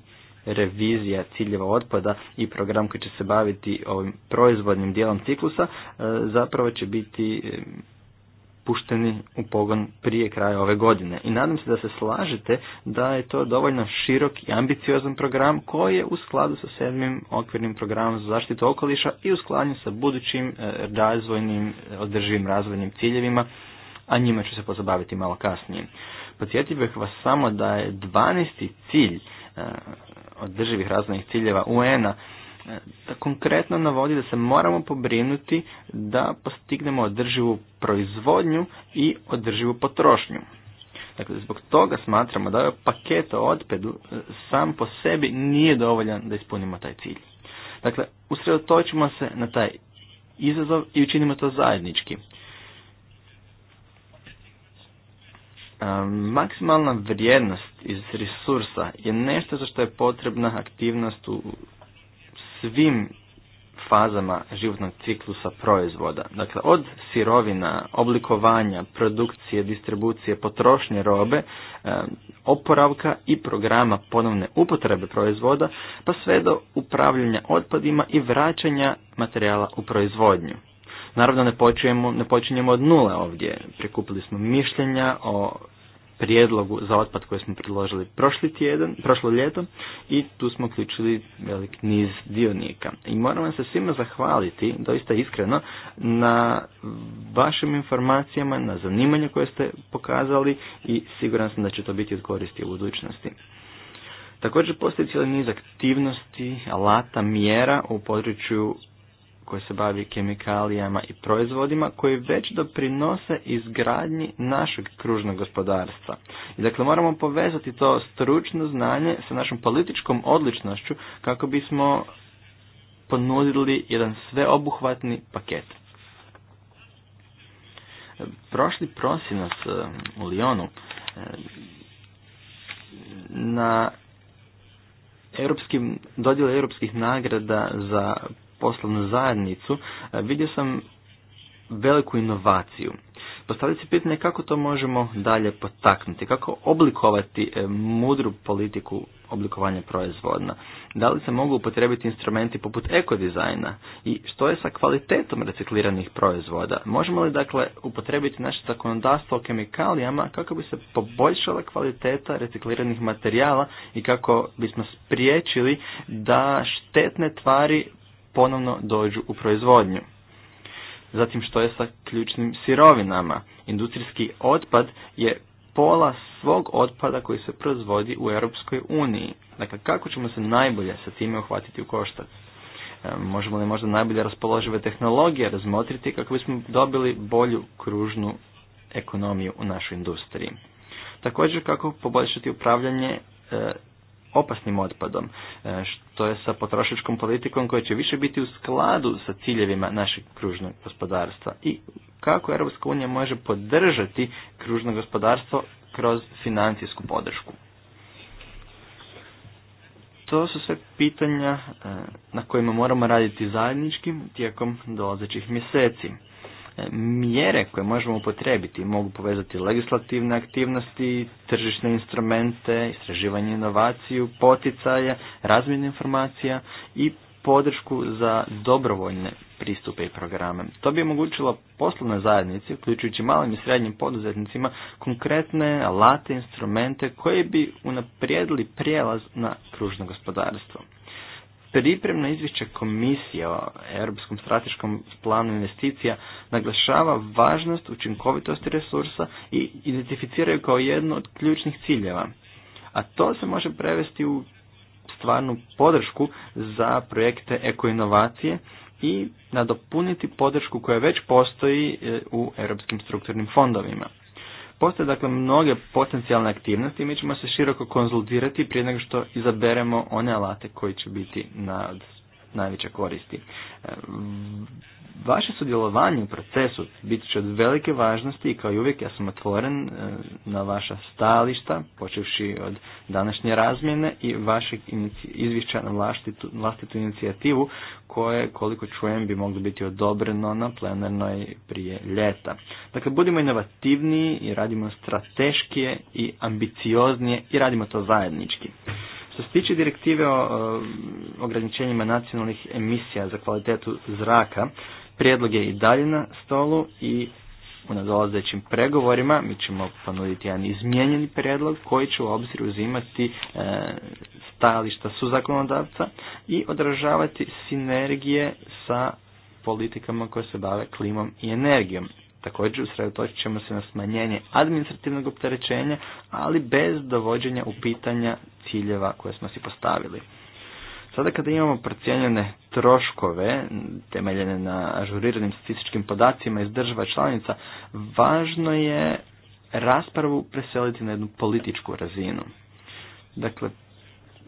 revizija ciljeva otpada i program koji će se baviti ovim proizvodnim dijelom ciklusa e, zapravo će biti pušteni u pogon prije kraja ove godine. I nadam se da se slažete da je to dovoljno širok i ambiciozan program koji je u skladu sa sedmim okvirnim programom za zaštitu okoliša i u skladu sa budućim e, razvojnim, e, održivim razvojnim ciljevima, a njima ću se pozabaviti malo kasnije. Podsjetio bih vas samo da je 12. cilj e, održivih razvojnih ciljeva UN-a E, konkretno navodi da se moramo pobrinuti da postignemo održivu proizvodnju i održivu potrošnju. Dakle, zbog toga smatramo da ovaj paket e, sam po sebi nije dovoljan da ispunimo taj cilj. Dakle, usredotočimo se na taj izazov i učinimo to zajednički. E, maksimalna vrijednost iz resursa je nešto za što je potrebna aktivnost u svim fazama životnog ciklusa proizvoda. Dakle, od sirovina, oblikovanja, produkcije, distribucije, potrošnje robe, e, oporavka i programa ponovne upotrebe proizvoda, pa sve do upravljanja otpadima i vraćanja materijala u proizvodnju. Naravno, ne počinjemo, od nule ovdje. Prikupili smo mišljenja o prijedlogu za otpad koji smo predložili prošli tjedan, prošlo ljeto i tu smo uključili velik niz dionika. I moram vam se svima zahvaliti, doista iskreno, na vašim informacijama, na zanimanju koje ste pokazali i siguran sam da će to biti od koristi u budućnosti. Također postoji cijeli niz aktivnosti, alata, mjera u području koji se bavi kemikalijama i proizvodima koji već doprinose izgradnji našeg kružnog gospodarstva. I dakle moramo povezati to stručno znanje sa našom političkom odličnošću kako bismo ponudili jedan sveobuhvatni paket. Prošli prosinac e, u Lijonu e, na europskim, dodjela europskih nagrada za poslovnu zajednicu, e, vidio sam veliku inovaciju. Postavlja se pitanje kako to možemo dalje potaknuti, kako oblikovati e, mudru politiku oblikovanja proizvodna. Da li se mogu upotrebiti instrumenti poput ekodizajna i što je sa kvalitetom recikliranih proizvoda? Možemo li dakle upotrebiti naše zakonodavstvo o kemikalijama kako bi se poboljšala kvaliteta recikliranih materijala i kako bismo spriječili da štetne tvari ponovno dođu u proizvodnju. Zatim što je sa ključnim sirovinama? Industrijski otpad je pola svog otpada koji se proizvodi u Europskoj uniji. Dakle, kako ćemo se najbolje sa time uhvatiti u koštac? E, možemo li možda najbolje raspoložive tehnologije razmotriti kako bismo dobili bolju kružnu ekonomiju u našoj industriji? Također kako poboljšati upravljanje e, opasnim otpadom, e, što je sa potrošačkom politikom koja će više biti u skladu sa ciljevima našeg kružnog gospodarstva i kako Europska unija može podržati kružno gospodarstvo kroz financijsku podršku. To su sve pitanja e, na kojima moramo raditi zajedničkim tijekom dolazećih mjeseci mjere koje možemo upotrebiti mogu povezati legislativne aktivnosti, tržišne instrumente, istraživanje inovaciju, poticaje, razmjenu informacija i podršku za dobrovoljne pristupe i programe. To bi omogućilo poslovnoj zajednici, uključujući malim i srednjim poduzetnicima, konkretne alate, instrumente koji bi unaprijedili prijelaz na kružno gospodarstvo. Pripremno izvješće komisije o Europskom strateškom planu investicija naglašava važnost učinkovitosti resursa i identificiraju kao jednu od ključnih ciljeva. A to se može prevesti u stvarnu podršku za projekte ekoinovacije i nadopuniti podršku koja već postoji e, u europskim strukturnim fondovima. Postoje dakle mnoge potencijalne aktivnosti i mi ćemo se široko konzultirati prije nego što izaberemo one alate koji će biti na najveće koristi. Vaše sudjelovanje u procesu bit će od velike važnosti i kao i uvijek ja sam otvoren e, na vaša stajališta, počevši od današnje razmjene i vašeg izvješća na vlastitu, vlastitu inicijativu koje, koliko čujem, bi moglo biti odobreno na plenarnoj prije ljeta. Dakle, budimo inovativniji i radimo strateškije i ambicioznije i radimo to zajednički. Što se tiče direktive o e, ograničenjima nacionalnih emisija za kvalitetu zraka, Prijedlog je i dalje na stolu i u nadolazećim pregovorima mi ćemo ponuditi jedan izmijenjeni prijedlog koji će u obzir uzimati e, stajališta suzakonodavca i odražavati sinergije sa politikama koje se bave klimom i energijom. Također usredotočit ćemo se na smanjenje administrativnog opterećenja, ali bez dovođenja u pitanja ciljeva koje smo si postavili. Sada kada imamo procijenjene troškove temeljene na ažuriranim statističkim podacima iz država članica, važno je raspravu preseliti na jednu političku razinu. Dakle,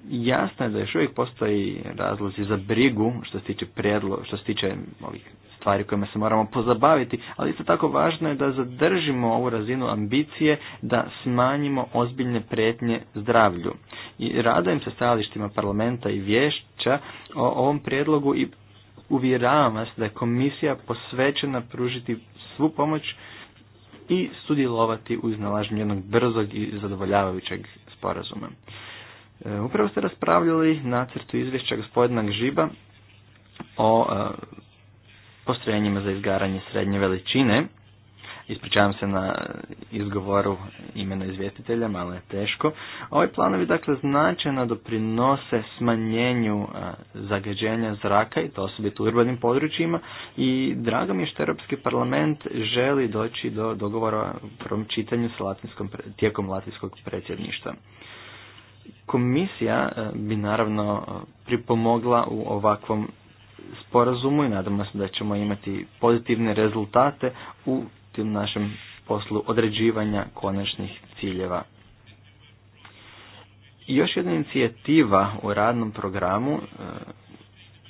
jasno je da još uvijek postoji razlozi za brigu što se tiče prijedlo, što se tiče ovih stvari kojima se moramo pozabaviti, ali isto tako važno je da zadržimo ovu razinu ambicije da smanjimo ozbiljne prijetnje zdravlju. I radujem se stajalištima parlamenta i vješća o ovom prijedlogu i uvjeravam vas da je komisija posvećena pružiti svu pomoć i sudjelovati u iznalaženju jednog brzog i zadovoljavajućeg sporazuma. E, upravo ste raspravljali nacrtu izvješća gospodina Žiba o e, postrojenjima za izgaranje srednje veličine. Ispričavam se na izgovoru imena izvjestitelja, malo je teško. Ovi planovi dakle značajno doprinose smanjenju zagađenja zraka i to osobito u urbanim područjima i drago mi je što Europski parlament želi doći do dogovora u prvom čitanju sa latinskom, tijekom latinskog predsjedništva. Komisija bi naravno pripomogla u ovakvom sporazumu i nadamo se da ćemo imati pozitivne rezultate u tim našem poslu određivanja konačnih ciljeva. još jedna inicijativa u radnom programu e,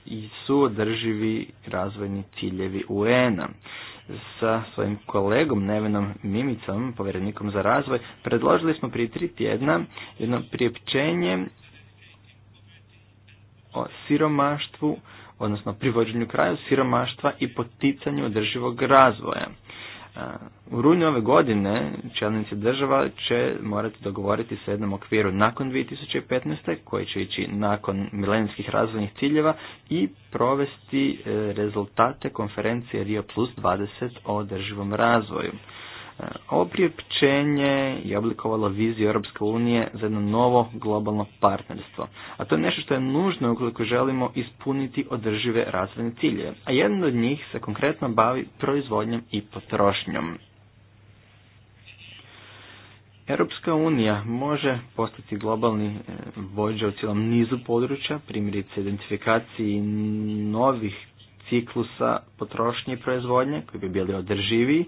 i su održivi razvojni ciljevi UN-a. Sa svojim kolegom Nevenom Mimicom, povjerenikom za razvoj, predložili smo prije tri tjedna jedno priopćenje o siromaštvu odnosno privođenju kraju siromaštva i poticanju održivog razvoja. E, u rujnu ove godine čelnici država će morati dogovoriti sa jednom okviru nakon 2015. koji će ići nakon milenijskih razvojnih ciljeva i provesti e, rezultate konferencije Rio Plus 20 o održivom razvoju. Eh, Ovo je oblikovalo viziju Europske unije za jedno novo globalno partnerstvo. A to je nešto što je nužno ukoliko želimo ispuniti održive razvojne cilje. A jedan od njih se konkretno bavi proizvodnjom i potrošnjom. Europska unija može postati globalni eh, vođa u cijelom nizu područja, primjerice identifikaciji novih ciklusa potrošnje i proizvodnje koji bi bili održiviji,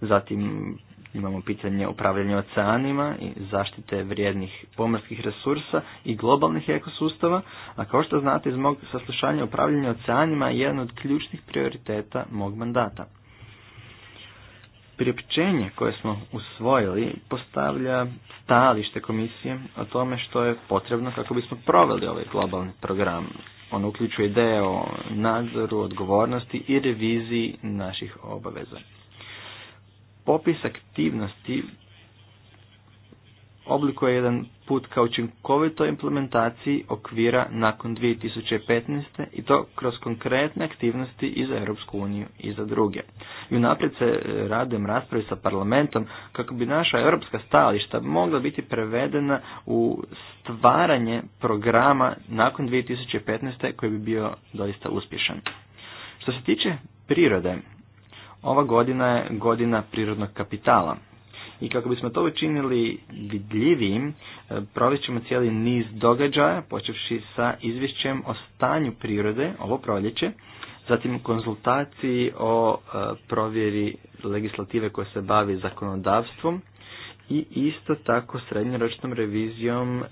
Zatim imamo pitanje upravljanja oceanima i zaštite vrijednih pomorskih resursa i globalnih ekosustava, a kao što znate iz mog saslušanja upravljanja oceanima je jedan od ključnih prioriteta mog mandata. Priopćenje koje smo usvojili postavlja stajalište komisije o tome što je potrebno kako bismo proveli ovaj globalni program. On uključuje ideje o nadzoru, odgovornosti i reviziji naših obaveza popis aktivnosti oblikuje jedan put ka učinkovitoj implementaciji okvira nakon 2015. i to kroz konkretne aktivnosti i za Europsku uniju i za druge. I unaprijed se e, radujem raspravi sa parlamentom kako bi naša europska stajališta mogla biti prevedena u stvaranje programa nakon 2015. koji bi bio doista uspješan. Što se tiče prirode, ova godina je godina prirodnog kapitala. I kako bismo to učinili vidljivijim, e, provjet ćemo cijeli niz događaja, počevši sa izvješćem o stanju prirode, ovo proljeće, zatim konzultaciji o e, provjeri legislative koja se bavi zakonodavstvom i isto tako srednjoročnom revizijom e,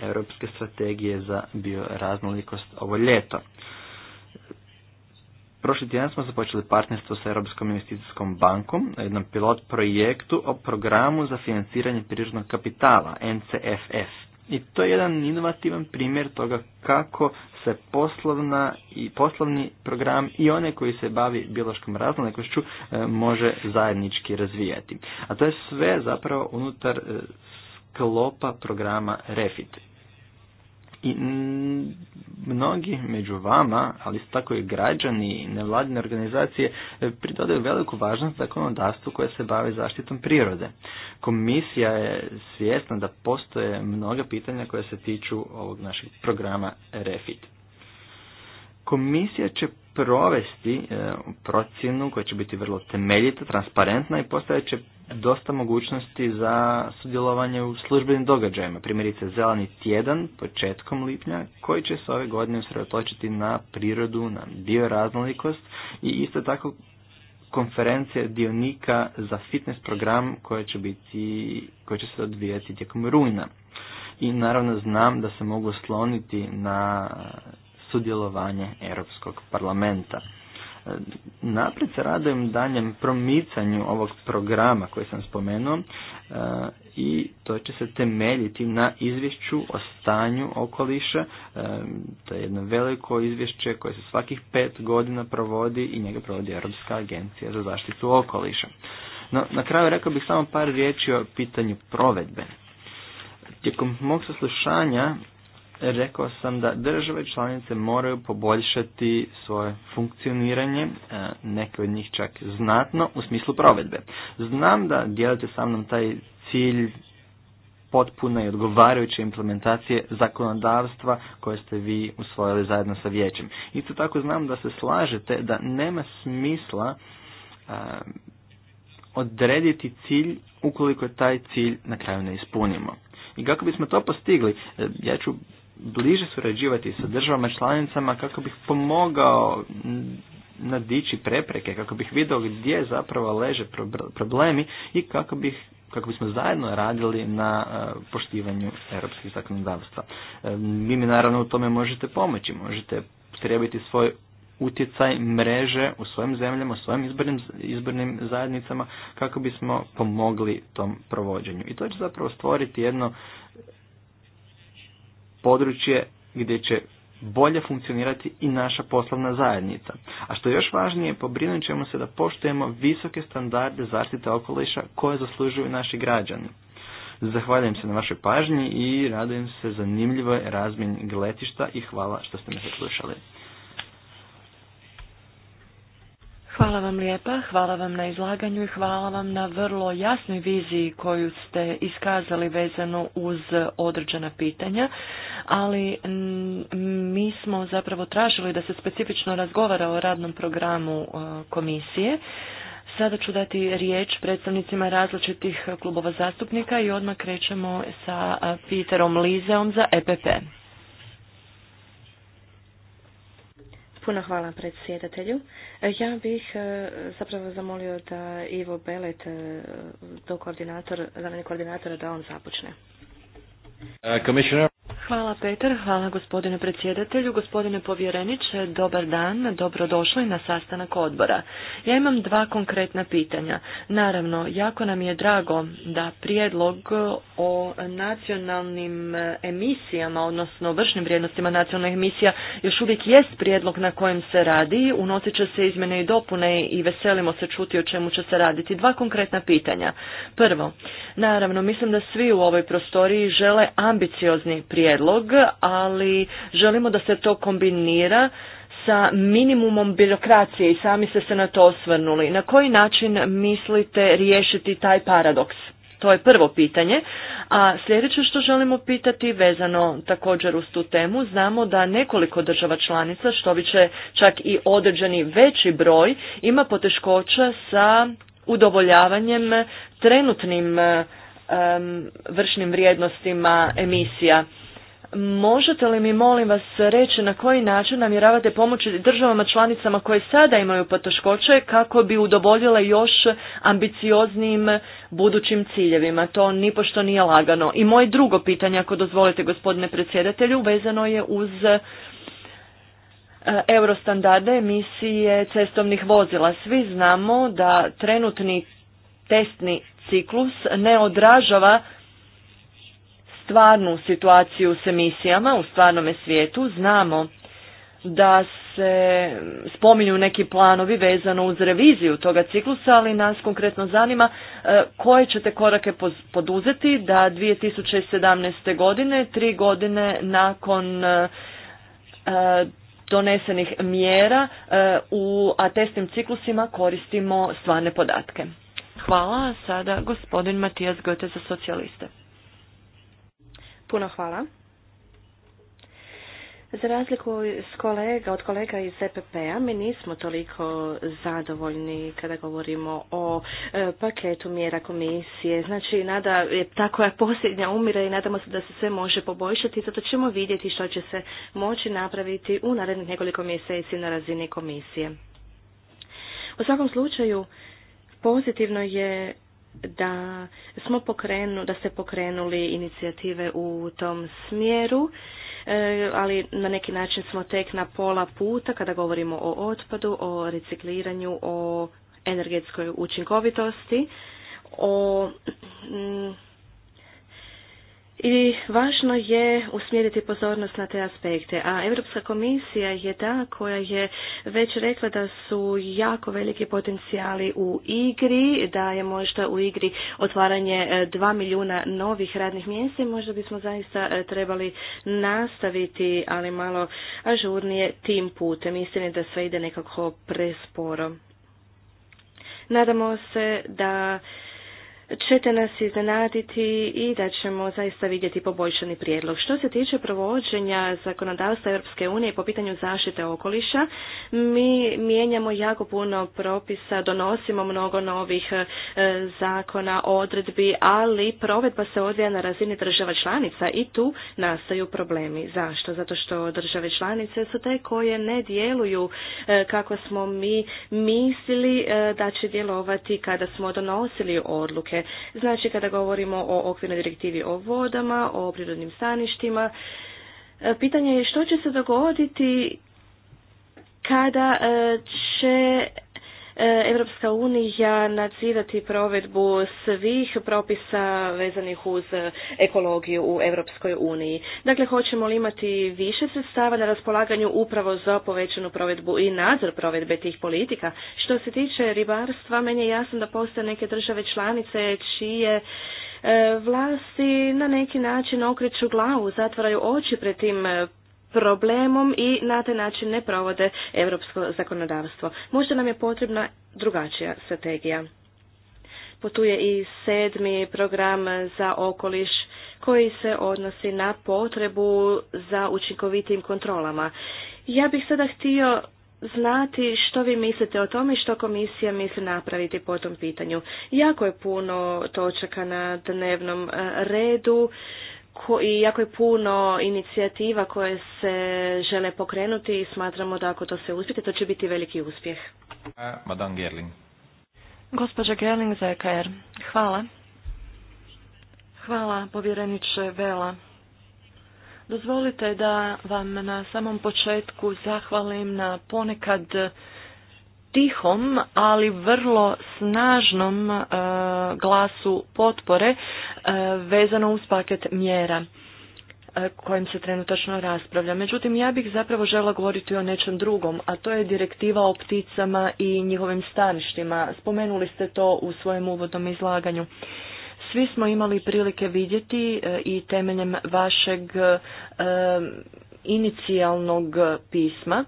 Europske strategije za bioraznolikost ovo ljeto. Prošli tjedan smo započeli partnerstvo sa Europskom investicijskom bankom na jednom pilot projektu o programu za financiranje prirodnog kapitala, NCFF. I to je jedan inovativan primjer toga kako se poslovna i poslovni program i one koji se bavi biološkom raznolikošću e, može zajednički razvijati. A to je sve zapravo unutar e, sklopa programa REFIT. I mnogi među vama, ali isto tako i građani i nevladine organizacije, e, pridodaju veliku važnost zakonodavstvu koje se bavi zaštitom prirode. Komisija je svjesna da postoje mnoga pitanja koja se tiču ovog našeg programa REFIT. Komisija će provesti e, procjenu koja će biti vrlo temeljita, transparentna i postavit će dosta mogućnosti za sudjelovanje u službenim događajima, primjerice Zeleni tjedan početkom lipnja koji će se ove godine usredotočiti na prirodu, na bioraznolikost i isto tako konferencija dionika za fitness program koje će, biti, koje će se odvijati tijekom rujna. I naravno znam da se mogu sloniti na sudjelovanje Europskog parlamenta. Naprijed se radujem danjem promicanju ovog programa koji sam spomenuo e, i to će se temeljiti na izvješću o stanju okoliša. E, to je jedno veliko izvješće koje se svakih pet godina provodi i njega provodi Europska agencija za zaštitu okoliša. No, na kraju rekao bih samo par riječi o pitanju provedbe. Tijekom mog saslušanja rekao sam da države članice moraju poboljšati svoje funkcioniranje, e, neke od njih čak znatno, u smislu provedbe. Znam da dijelite sa mnom taj cilj potpuna i odgovarajuće implementacije zakonodavstva koje ste vi usvojili zajedno sa vijećem. Isto tako znam da se slažete da nema smisla e, odrediti cilj ukoliko taj cilj na kraju ne ispunimo. I kako bismo to postigli, e, ja ću bliže surađivati sa državama članicama kako bih pomogao nadići prepreke, kako bih vidio gdje zapravo leže problemi i kako bih kako bismo zajedno radili na e, poštivanju europskih zakonodavstva. E, vi mi naravno u tome možete pomoći, možete trebiti svoj utjecaj mreže u svojim zemljama, u svojim izbornim, izbornim zajednicama kako bismo pomogli tom provođenju. I to će zapravo stvoriti jedno područje gdje će bolje funkcionirati i naša poslovna zajednica. A što je još važnije, pobrinut ćemo se da poštujemo visoke standarde zaštite okoliša koje zaslužuju naši građani. Zahvaljujem se na vašoj pažnji i radujem se zanimljivoj razmjeni gletišta i hvala što ste me slušali. Hvala vam lijepa, hvala vam na izlaganju i hvala vam na vrlo jasnoj viziji koju ste iskazali vezano uz određena pitanja, ali mm, mi smo zapravo tražili da se specifično razgovara o radnom programu e, komisije. Sada ću dati riječ predstavnicima različitih klubova zastupnika i odmah krećemo sa e, Peterom Lizeom za EPP. Puno hvala predsjedatelju. E, ja bih e, zapravo zamolio da Ivo Belet, e, do koordinator, koordinatora, da on započne. Uh, Hvala Petar, hvala gospodine predsjedatelju, gospodine povjereniče, dobar dan, dobrodošli na sastanak odbora. Ja imam dva konkretna pitanja. Naravno, jako nam je drago da prijedlog o nacionalnim emisijama, odnosno vršnim vrijednostima nacionalnih emisija, još uvijek jest prijedlog na kojem se radi, unosit će se izmjene i dopune i veselimo se čuti o čemu će se raditi. Dva konkretna pitanja. Prvo, naravno, mislim da svi u ovoj prostoriji žele ambiciozni prijedlog, ali želimo da se to kombinira sa minimumom birokracije i sami ste se na to osvrnuli. Na koji način mislite riješiti taj paradoks? To je prvo pitanje. A sljedeće što želimo pitati vezano također uz tu temu, znamo da nekoliko država članica, što bi će čak i određeni veći broj, ima poteškoća sa udovoljavanjem trenutnim vršnim vrijednostima emisija Možete li mi molim vas reći na koji način namjeravate pomoći državama članicama koje sada imaju poteškoće kako bi udovoljile još ambicioznijim budućim ciljevima? To nipošto nije lagano. I moje drugo pitanje, ako dozvolite gospodine predsjedatelju, vezano je uz e, eurostandarde emisije cestovnih vozila. Svi znamo da trenutni testni ciklus ne odražava stvarnu situaciju s emisijama u stvarnome svijetu, znamo da se spominju neki planovi vezano uz reviziju toga ciklusa, ali nas konkretno zanima e, koje ćete korake poduzeti da 2017. godine, tri godine nakon e, e, donesenih mjera u atestnim ciklusima koristimo stvarne podatke. Hvala, sada gospodin Matijas Goethe za socijaliste. Puno hvala. Za razliku kolega, od kolega iz EPP-a, mi nismo toliko zadovoljni kada govorimo o e, paketu mjera komisije. Znači, nada je ta koja posljednja umira i nadamo se da se sve može poboljšati, zato ćemo vidjeti što će se moći napraviti u narednih nekoliko mjeseci na razini komisije. U svakom slučaju, pozitivno je da smo pokrenu, da ste pokrenuli inicijative u tom smjeru, e, ali na neki način smo tek na pola puta kada govorimo o otpadu, o recikliranju, o energetskoj učinkovitosti, o i važno je usmjeriti pozornost na te aspekte. A Europska komisija je ta koja je već rekla da su jako veliki potencijali u igri, da je možda u igri otvaranje e, dva milijuna novih radnih mjesta i možda bismo zaista e, trebali nastaviti, ali malo ažurnije tim putem. Mislim da sve ide nekako presporo. Nadamo se da ćete nas iznenaditi i da ćemo zaista vidjeti poboljšani prijedlog. Što se tiče provođenja zakonodavstva Europske unije po pitanju zaštite okoliša, mi mijenjamo jako puno propisa, donosimo mnogo novih e, zakona, odredbi, ali provedba se odvija na razini država članica i tu nastaju problemi. Zašto? Zato što države članice su te koje ne djeluju e, kako smo mi mislili e, da će djelovati kada smo donosili odluke Znači kada govorimo o okvirnoj direktivi o vodama, o prirodnim staništima, e, pitanje je što će se dogoditi kada e, će Europska unija nadzirati provedbu svih propisa vezanih uz ekologiju u Europskoj uniji. Dakle, hoćemo li imati više sredstava na raspolaganju upravo za povećanu provedbu i nadzor provedbe tih politika? Što se tiče ribarstva, meni je jasno da postoje neke države članice čije e, vlasti na neki način okreću glavu, zatvaraju oči pred tim problemom i na taj način ne provode europsko zakonodavstvo. Možda nam je potrebna drugačija strategija. Tu je i sedmi program za okoliš koji se odnosi na potrebu za učinkovitim kontrolama. Ja bih sada htio znati što vi mislite o tome i što komisija misli napraviti po tom pitanju. Jako je puno točaka na dnevnom e, redu i jako je puno inicijativa koje se žele pokrenuti i smatramo da ako to se uspite, to će biti veliki uspjeh. Madame Gerling. Gospođa Gerling za e Hvala. Hvala, povjereniče Vela. Dozvolite da vam na samom početku zahvalim na ponekad tihom, ali vrlo snažnom e, glasu potpore e, vezano uz paket mjera e, kojim se trenutačno raspravlja. Međutim, ja bih zapravo žela govoriti o nečem drugom, a to je direktiva o pticama i njihovim staništima. Spomenuli ste to u svojem uvodnom izlaganju. Svi smo imali prilike vidjeti i temeljem vašeg inicijalnog pisma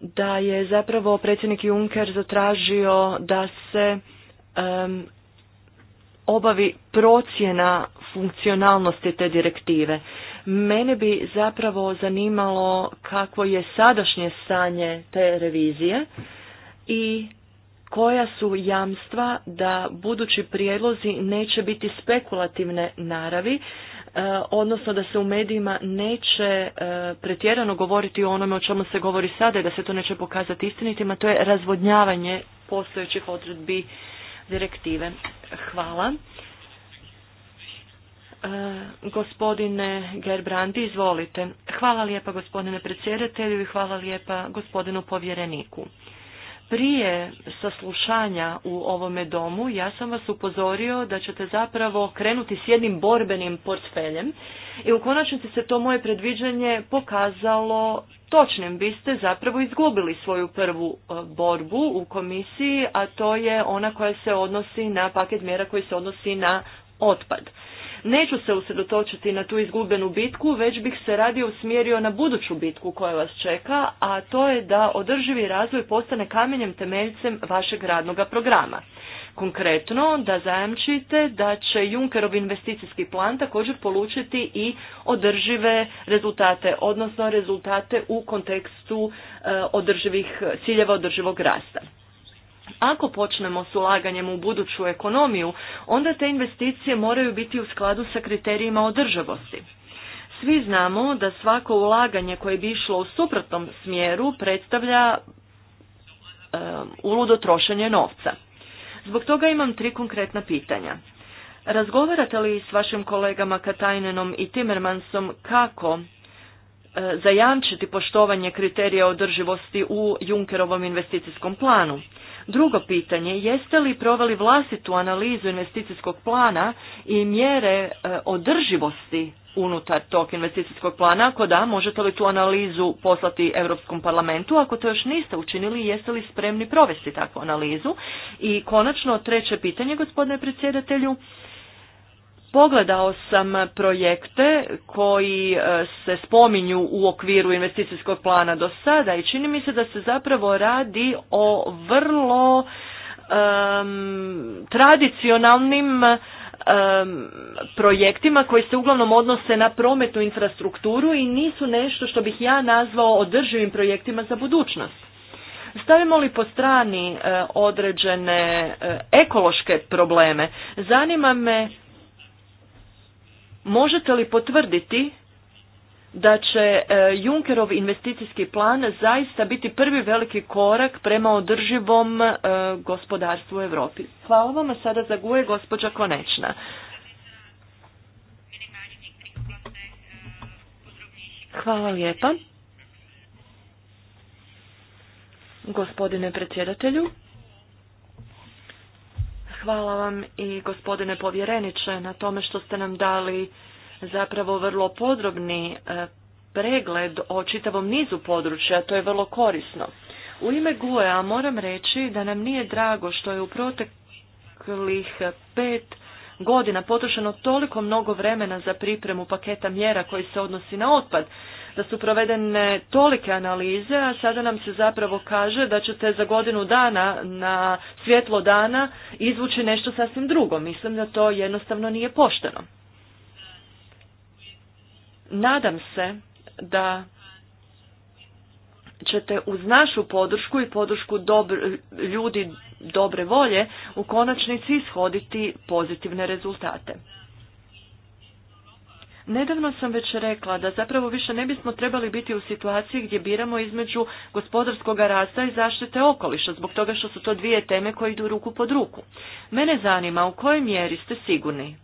da je zapravo predsjednik Juncker zatražio da se obavi procjena funkcionalnosti te direktive. Mene bi zapravo zanimalo kakvo je sadašnje stanje te revizije i koja su jamstva da budući prijedlozi neće biti spekulativne naravi E, odnosno da se u medijima neće e, pretjerano govoriti o onome o čemu se govori sada i da se to neće pokazati istinitima, to je razvodnjavanje postojećih odredbi direktive. Hvala. E, gospodine Gerbrandi, izvolite. Hvala lijepa gospodine predsjedatelju i hvala lijepa gospodinu povjereniku prije saslušanja u ovome domu ja sam vas upozorio da ćete zapravo krenuti s jednim borbenim portfeljem i u konačnici se to moje predviđanje pokazalo točnim. Vi ste zapravo izgubili svoju prvu e, borbu u komisiji, a to je ona koja se odnosi na paket mjera koji se odnosi na otpad. Neću se usredotočiti na tu izgubenu bitku, već bih se radije usmjerio na buduću bitku koja vas čeka, a to je da održivi razvoj postane kamenjem temeljcem vašeg radnog programa. Konkretno, da zajamčite da će Junkerov investicijski plan također polučiti i održive rezultate, odnosno rezultate u kontekstu e, održivih ciljeva održivog rasta. Ako počnemo s ulaganjem u buduću ekonomiju, onda te investicije moraju biti u skladu sa kriterijima održavosti. Svi znamo da svako ulaganje koje bi išlo u suprotnom smjeru predstavlja e, uludo trošenje novca. Zbog toga imam tri konkretna pitanja. Razgovarate li s vašim kolegama Katajnenom i Timmermansom kako e, zajamčiti poštovanje kriterija održivosti u Junkerovom investicijskom planu? Drugo pitanje, jeste li proveli vlastitu analizu investicijskog plana i mjere e, održivosti unutar tog investicijskog plana? Ako da, možete li tu analizu poslati Europskom parlamentu? Ako to još niste učinili, jeste li spremni provesti takvu analizu? I konačno, treće pitanje, gospodine predsjedatelju, Pogledao sam projekte koji e, se spominju u okviru investicijskog plana do sada i čini mi se da se zapravo radi o vrlo um, tradicionalnim projektima koji se uglavnom odnose na prometnu infrastrukturu i nisu nešto što bih ja nazvao održivim projektima za budućnost. Stavimo li po strani e, određene e, ekološke probleme, zanima me Možete li potvrditi da će e, junkerov investicijski plan zaista biti prvi veliki korak prema održivom e, gospodarstvu u Europi? Hvala vam, a sada zaguje gospođa Konečna. Hvala lijepa. Gospodine predsjedatelju. Hvala vam i gospodine povjereniče na tome što ste nam dali zapravo vrlo podrobni e, pregled o čitavom nizu područja, to je vrlo korisno. U ime GUE-a moram reći da nam nije drago što je u proteklih pet godina potrošeno toliko mnogo vremena za pripremu paketa mjera koji se odnosi na otpad, da su provedene tolike analize, a sada nam se zapravo kaže da ćete za godinu dana na svjetlo dana izvući nešto sasvim drugo. Mislim da to jednostavno nije pošteno. Nadam se da ćete uz našu podršku i podršku dobro, ljudi dobre volje u konačnici ishoditi pozitivne rezultate. Nedavno sam već rekla da zapravo više ne bismo trebali biti u situaciji gdje biramo između gospodarskog rasta i zaštite okoliša, zbog toga što su to dvije teme koje idu ruku pod ruku. Mene zanima u kojoj mjeri ste sigurni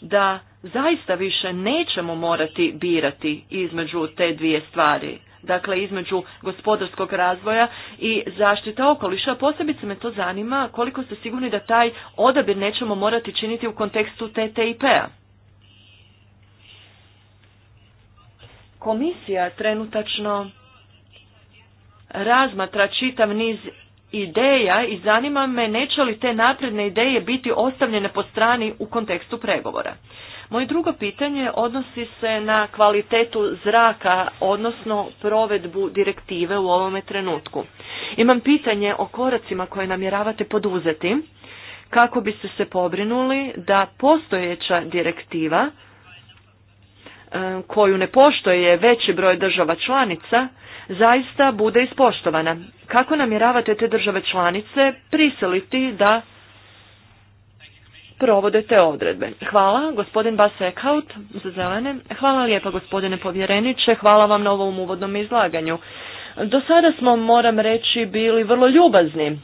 da zaista više nećemo morati birati između te dvije stvari dakle između gospodarskog razvoja i zaštita okoliša. Posebice me to zanima koliko ste sigurni da taj odabir nećemo morati činiti u kontekstu TTIP-a. Komisija trenutačno razmatra čitav niz ideja i zanima me neće li te napredne ideje biti ostavljene po strani u kontekstu pregovora. Moje drugo pitanje odnosi se na kvalitetu zraka, odnosno provedbu direktive u ovome trenutku. Imam pitanje o koracima koje namjeravate poduzeti kako biste se pobrinuli da postojeća direktiva e, koju ne poštoje veći broj država članica, zaista bude ispoštovana. Kako namjeravate te države članice prisiliti da provode te odredbe. Hvala, gospodin Bas Ekaut za zelene. Hvala lijepa, gospodine povjereniče. Hvala vam na ovom uvodnom izlaganju. Do sada smo, moram reći, bili vrlo ljubazni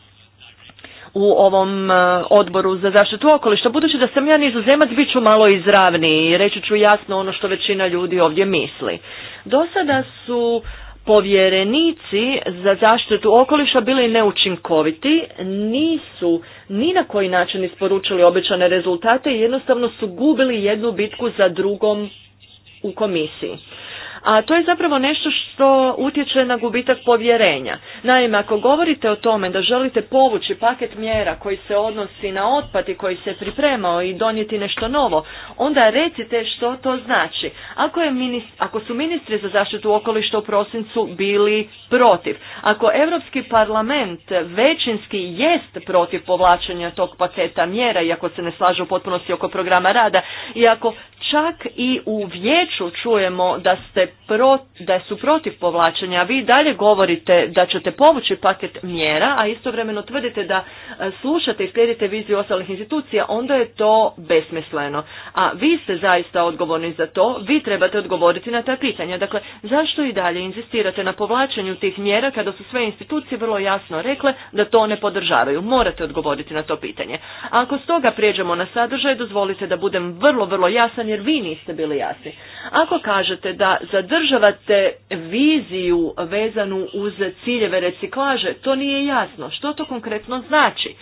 u ovom e, odboru za zaštitu okoliša. Budući da sam ja nizozemac, bit ću malo izravniji i reći ću jasno ono što većina ljudi ovdje misli. Do sada su povjerenici za zaštitu okoliša bili neučinkoviti, nisu ni na koji način isporučili obećane rezultate i jednostavno su gubili jednu bitku za drugom u komisiji a to je zapravo nešto što utječe na gubitak povjerenja. Naime, ako govorite o tome da želite povući paket mjera koji se odnosi na otpad i koji se pripremao i donijeti nešto novo, onda recite što to znači. Ako, je ako su ministri za zaštitu okolišta u prosincu bili protiv, ako Europski parlament većinski jest protiv povlačenja tog paketa mjera, iako se ne slaže u potpunosti oko programa rada, i ako čak i u vijeću čujemo da ste pro da su protiv povlačenja, a vi dalje govorite da ćete povući paket mjera, a istovremeno tvrdite da e, slušate i slijedite viziju ostalih institucija, onda je to besmisleno. A vi ste zaista odgovorni za to, vi trebate odgovoriti na ta pitanja. Dakle, zašto i dalje inzistirate na povlačenju tih mjera kada su sve institucije vrlo jasno rekle da to ne podržavaju? Morate odgovoriti na to pitanje. ako stoga prijeđemo na sadržaj, dozvolite da budem vrlo, vrlo jasan jer vi niste bili jasni. Ako kažete da za zadržavate viziju vezanu uz ciljeve reciklaže, to nije jasno. Što to konkretno znači?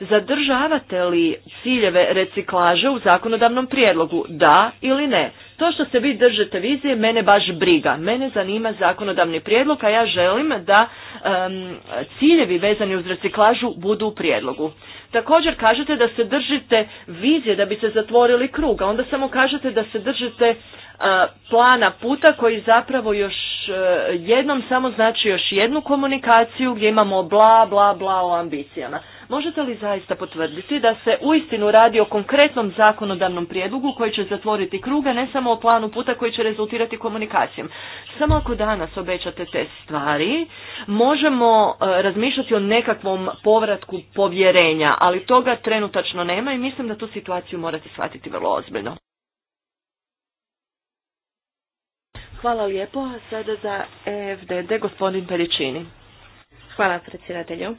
Zadržavate li ciljeve reciklaže u zakonodavnom prijedlogu, da ili ne? To što se vi držite vizije, mene baš briga. Mene zanima zakonodavni prijedlog, a ja želim da ciljevi vezani uz reciklažu budu u prijedlogu. Također kažete da se držite vizije da bi se zatvorili krug, onda samo kažete da se držite e, plana puta koji zapravo još e, jednom samo znači još jednu komunikaciju gdje imamo bla bla bla o ambicijama. Možete li zaista potvrditi da se uistinu radi o konkretnom zakonodavnom prijedlogu koji će zatvoriti kruga, ne samo o planu puta koji će rezultirati komunikacijom? Samo ako danas obećate te stvari, možemo e, razmišljati o nekakvom povratku povjerenja, ali toga trenutačno nema i mislim da tu situaciju morate shvatiti vrlo ozbiljno. Hvala lijepo. Sada za EFDD gospodin Peričini. Hvala predsjedatelju.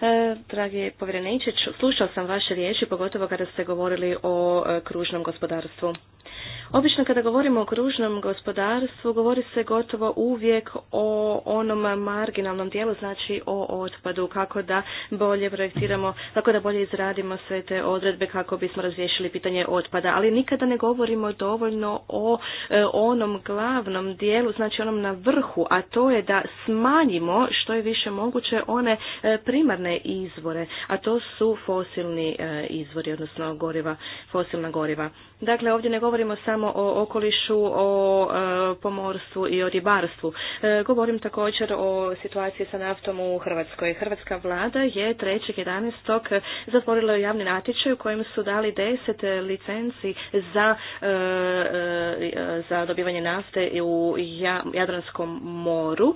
E, dragi povjereniče, slušao sam vaše riječi, pogotovo kada ste govorili o e, kružnom gospodarstvu. Obično kada govorimo o kružnom gospodarstvu, govori se gotovo uvijek o onom marginalnom dijelu, znači o otpadu, kako da bolje projektiramo, kako da bolje izradimo sve te odredbe, kako bismo razriješili pitanje otpada. Ali nikada ne govorimo dovoljno o e, onom glavnom dijelu, znači onom na vrhu, a to je da smanjimo što je više moguće one primarne izvore, a to su fosilni e, izvori, odnosno goriva, fosilna goriva. Dakle, ovdje ne govorimo samo o okolišu, o e, pomorstvu i o ribarstvu. E, govorim također o situaciji sa naftom u Hrvatskoj. Hrvatska vlada je 3.11. zatvorila javni natječaj u kojem su dali 10 licenci za, za dobivanje nafte u Jadranskom moru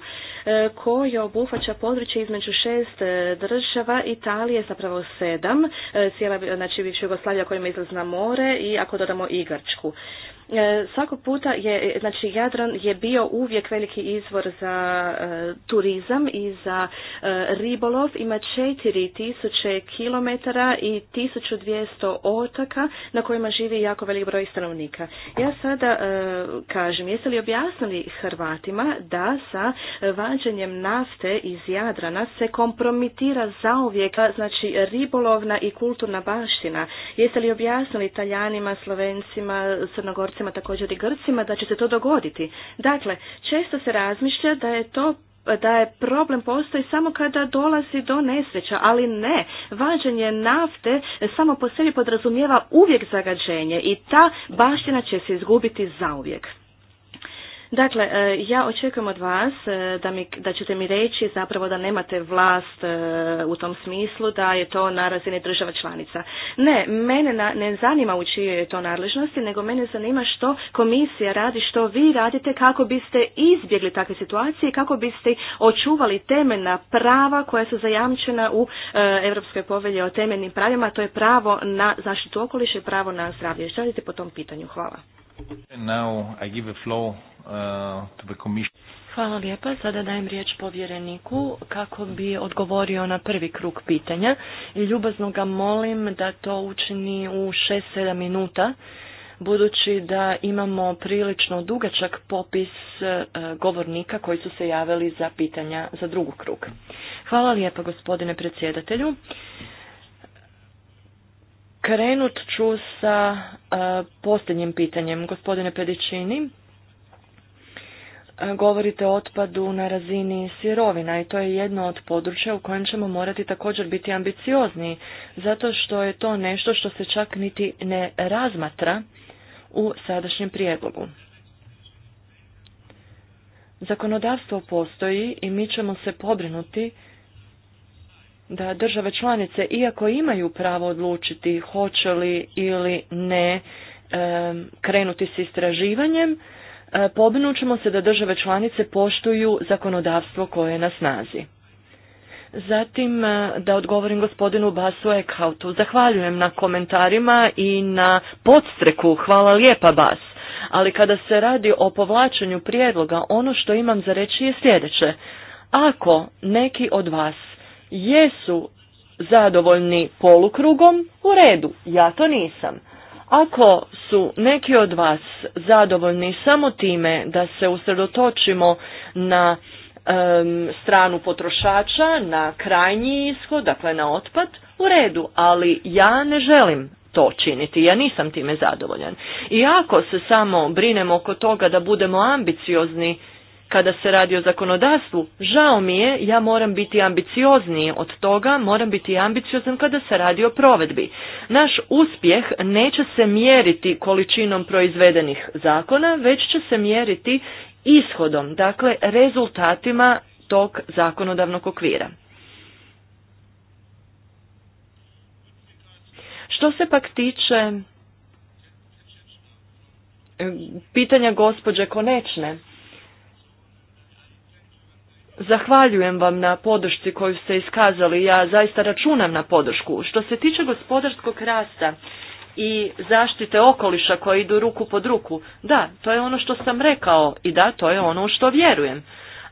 koje obuhvaća područje između šest država država Italije, zapravo sedam, e, cijela, znači više Jugoslavija koja izlaz na more i ako dodamo i Grčku. E, svakog puta je, znači Jadran je bio uvijek veliki izvor za e, turizam i za e, ribolov. Ima 4000 km i 1200 otaka na kojima živi jako velik broj stanovnika. Ja sada kažem, jeste li objasnili Hrvatima da sa vađenjem nafte iz Jadrana se kompromitira zauvijek, znači ribolovna i kulturna baština? Jeste li objasnili Italijanima, Slovencima, Crnogorcima, također i Grcima, da će se to dogoditi. Dakle, često se razmišlja da je to da je problem postoji samo kada dolazi do nesreća, ali ne. Vađenje nafte samo po sebi podrazumijeva uvijek zagađenje i ta baština će se izgubiti zauvijek. Dakle, e, ja očekujem od vas e, da, mi, da ćete mi reći zapravo da nemate vlast e, u tom smislu, da je to na razini država članica. Ne, mene ne zanima u čijoj je to nadležnosti, nego mene zanima što komisija radi, što vi radite kako biste izbjegli takve situacije, kako biste očuvali temeljna prava koja su zajamčena u Europskoj povelji o temeljnim pravima, to je pravo na zaštitu okoliša i pravo na zdravlje. Što radite po tom pitanju? Hvala. Uh, Hvala lijepa. Sada dajem riječ povjereniku kako bi odgovorio na prvi krug pitanja. I ljubazno ga molim da to učini u 6-7 minuta, budući da imamo prilično dugačak popis e, govornika koji su se javili za pitanja za drugu krug. Hvala lijepa gospodine predsjedatelju. Krenut ću sa e, posljednjim pitanjem. Gospodine Pedičini, e, govorite o otpadu na razini sirovina i to je jedno od područja u kojem ćemo morati također biti ambiciozni, zato što je to nešto što se čak niti ne razmatra u sadašnjem prijedlogu. Zakonodavstvo postoji i mi ćemo se pobrinuti da države članice, iako imaju pravo odlučiti hoće li ili ne krenuti s istraživanjem, eh, pobrinut ćemo se da države članice poštuju zakonodavstvo koje je na snazi. Zatim eh, da odgovorim gospodinu Basu Ekhautu. Zahvaljujem na komentarima i na podstreku. Hvala lijepa Bas. Ali kada se radi o povlačenju prijedloga, ono što imam za reći je sljedeće. Ako neki od vas jesu zadovoljni polukrugom, u redu, ja to nisam. Ako su neki od vas zadovoljni samo time da se usredotočimo na stranu potrošača, na krajnji ishod, dakle na otpad, u redu, ali ja ne želim to činiti, ja nisam time zadovoljan. I ako se samo brinemo oko toga da budemo ambiciozni kada se radi o zakonodavstvu, žao mi je, ja moram biti ambiciozniji od toga, moram biti ambiciozan kada se radi o provedbi. Naš uspjeh neće se mjeriti količinom proizvedenih zakona, već će se mjeriti ishodom, dakle rezultatima tog zakonodavnog okvira. Što se pak tiče e, pitanja gospođe Konečne, Zahvaljujem vam na podršci koju ste iskazali, ja zaista računam na podršku. Što se tiče gospodarskog rasta i zaštite okoliša koji idu ruku pod ruku, da, to je ono što sam rekao i da, to je ono što vjerujem.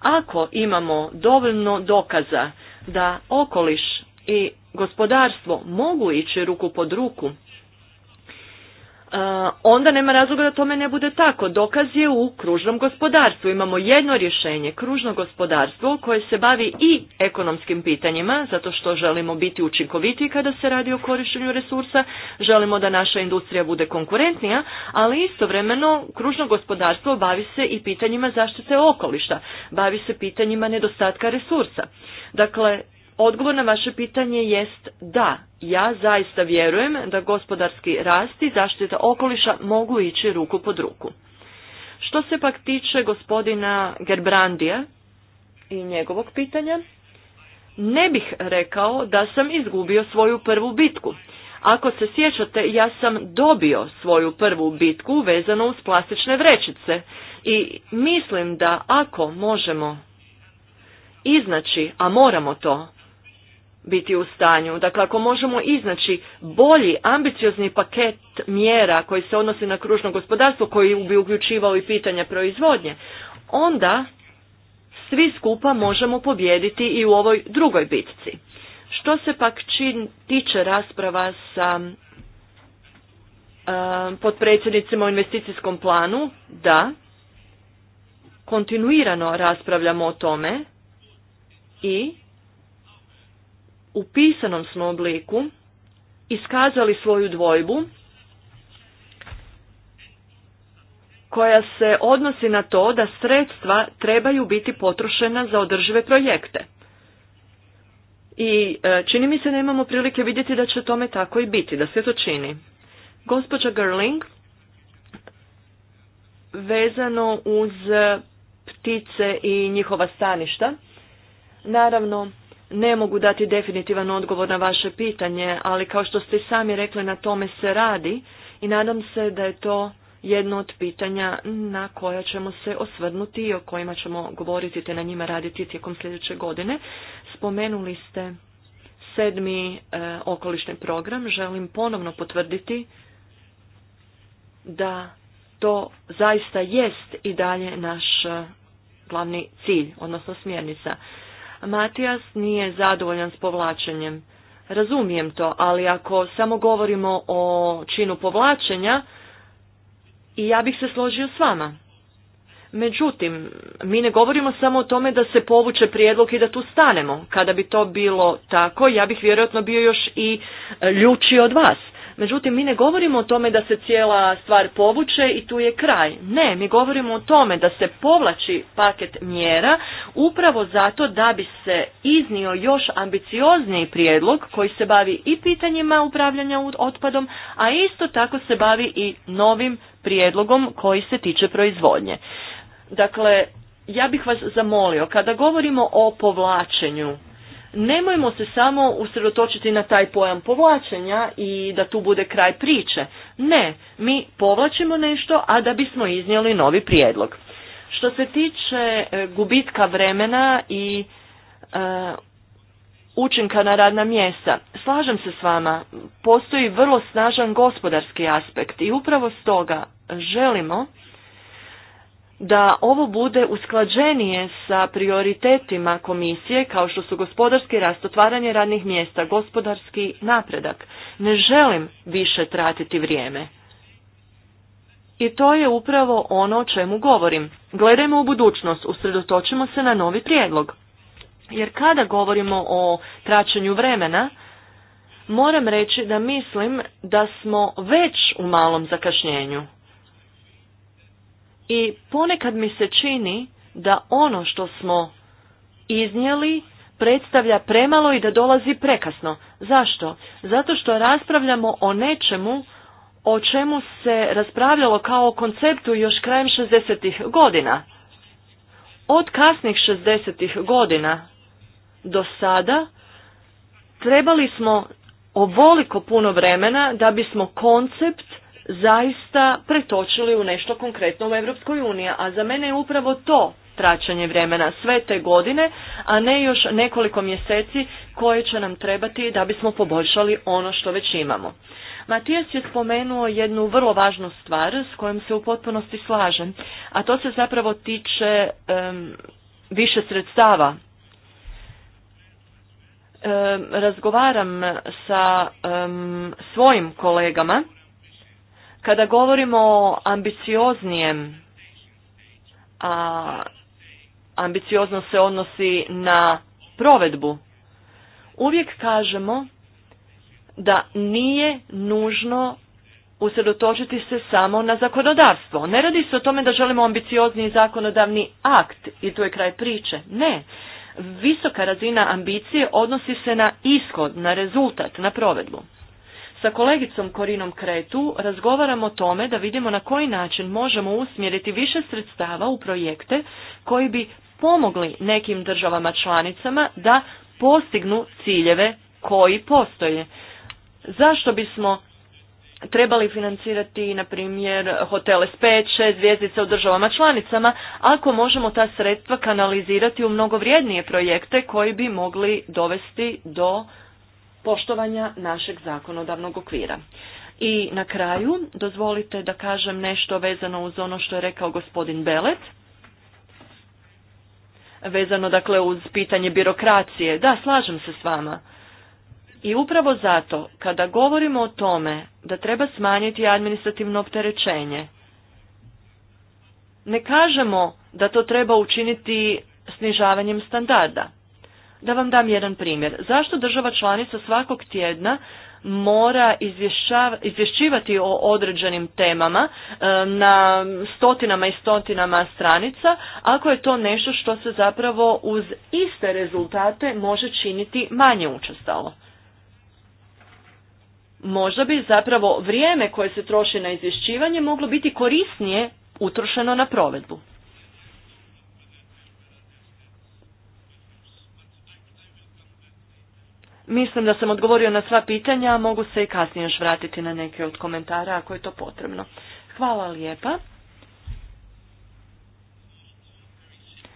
Ako imamo dovoljno dokaza da okoliš i gospodarstvo mogu ići ruku pod ruku, E, onda nema razloga da tome ne bude tako. Dokaz je u kružnom gospodarstvu. Imamo jedno rješenje, kružno gospodarstvo koje se bavi i ekonomskim pitanjima, zato što želimo biti učinkoviti kada se radi o korištenju resursa, želimo da naša industrija bude konkurentnija, ali istovremeno kružno gospodarstvo bavi se i pitanjima zaštite okolišta, bavi se pitanjima nedostatka resursa. Dakle, Odgovor na vaše pitanje jest da, ja zaista vjerujem da gospodarski rast i zaštita okoliša mogu ići ruku pod ruku. Što se pak tiče gospodina Gerbrandija i njegovog pitanja, ne bih rekao da sam izgubio svoju prvu bitku. Ako se sjećate, ja sam dobio svoju prvu bitku vezano uz plastične vrećice i mislim da ako možemo iznaći, a moramo to, biti u stanju. Dakle, ako možemo iznaći bolji, ambiciozni paket mjera koji se odnosi na kružno gospodarstvo, koji bi uključivao i pitanja proizvodnje, onda svi skupa možemo pobjediti i u ovoj drugoj bitci. Što se pak čin, tiče rasprava sa uh, potpredsjednicima o investicijskom planu, da kontinuirano raspravljamo o tome i u pisanom smo obliku iskazali svoju dvojbu koja se odnosi na to da sredstva trebaju biti potrošena za održive projekte. I e, čini mi se da imamo prilike vidjeti da će tome tako i biti, da se to čini. Gospođa Gerling, vezano uz ptice i njihova staništa, naravno ne mogu dati definitivan odgovor na vaše pitanje, ali kao što ste sami rekli na tome se radi i nadam se da je to jedno od pitanja na koja ćemo se osvrnuti i o kojima ćemo govoriti te na njima raditi tijekom sljedeće godine. Spomenuli ste sedmi e, okolišni program. Želim ponovno potvrditi da to zaista jest i dalje naš e, glavni cilj, odnosno smjernica. Matijas nije zadovoljan s povlačenjem. Razumijem to, ali ako samo govorimo o činu povlačenja, i ja bih se složio s vama. Međutim, mi ne govorimo samo o tome da se povuče prijedlog i da tu stanemo. Kada bi to bilo tako, ja bih vjerojatno bio još i e, ljuči od vas. Međutim, mi ne govorimo o tome da se cijela stvar povuče i tu je kraj. Ne, mi govorimo o tome da se povlači paket mjera upravo zato da bi se iznio još ambiciozniji prijedlog koji se bavi i pitanjima upravljanja otpadom, a isto tako se bavi i novim prijedlogom koji se tiče proizvodnje. Dakle, ja bih vas zamolio, kada govorimo o povlačenju nemojmo se samo usredotočiti na taj pojam povlačenja i da tu bude kraj priče. Ne, mi povlačimo nešto, a da bismo iznijeli novi prijedlog. Što se tiče e, gubitka vremena i e, učinka na radna mjesta, slažem se s vama, postoji vrlo snažan gospodarski aspekt i upravo stoga želimo da ovo bude usklađenije sa prioritetima komisije kao što su gospodarski rast, otvaranje radnih mjesta, gospodarski napredak. Ne želim više tratiti vrijeme. I to je upravo ono o čemu govorim. Gledajmo u budućnost, usredotočimo se na novi prijedlog. Jer kada govorimo o traćenju vremena, moram reći da mislim da smo već u malom zakašnjenju. I ponekad mi se čini da ono što smo iznijeli predstavlja premalo i da dolazi prekasno. Zašto? Zato što raspravljamo o nečemu o čemu se raspravljalo kao o konceptu još krajem 60. godina. Od kasnih 60. godina do sada trebali smo ovoliko puno vremena da bismo koncept zaista pretočili u nešto konkretno u Europskoj uniji, a za mene je upravo to traćanje vremena sve te godine, a ne još nekoliko mjeseci koje će nam trebati da bismo poboljšali ono što već imamo. Matijas je spomenuo jednu vrlo važnu stvar s kojom se u potpunosti slažem, a to se zapravo tiče više sredstava razgovaram sa svojim kolegama kada govorimo o ambicioznijem, a ambiciozno se odnosi na provedbu, uvijek kažemo da nije nužno usredotočiti se samo na zakonodavstvo. Ne radi se o tome da želimo ambiciozniji zakonodavni akt i tu je kraj priče. Ne. Visoka razina ambicije odnosi se na ishod, na rezultat, na provedbu. Sa kolegicom Korinom Kretu razgovaramo o tome da vidimo na koji način možemo usmjeriti više sredstava u projekte koji bi pomogli nekim državama članicama da postignu ciljeve koji postoje. Zašto bismo trebali financirati, na primjer, hotele s 5-6 zvijezdice u državama članicama, ako možemo ta sredstva kanalizirati u mnogo vrijednije projekte koji bi mogli dovesti do poštovanja našeg zakonodavnog okvira. I na kraju dozvolite da kažem nešto vezano uz ono što je rekao gospodin Belet. Vezano dakle uz pitanje birokracije. Da, slažem se s vama. I upravo zato, kada govorimo o tome da treba smanjiti administrativno opterećenje, ne kažemo da to treba učiniti snižavanjem standarda. Da vam dam jedan primjer. Zašto država članica svakog tjedna mora izvješćivati o određenim temama na stotinama i stotinama stranica, ako je to nešto što se zapravo uz iste rezultate može činiti manje učestalo. Možda bi zapravo vrijeme koje se troši na izvješćivanje moglo biti korisnije utrošeno na provedbu. Mislim da sam odgovorio na sva pitanja, a mogu se i kasnije još vratiti na neke od komentara ako je to potrebno. Hvala lijepa.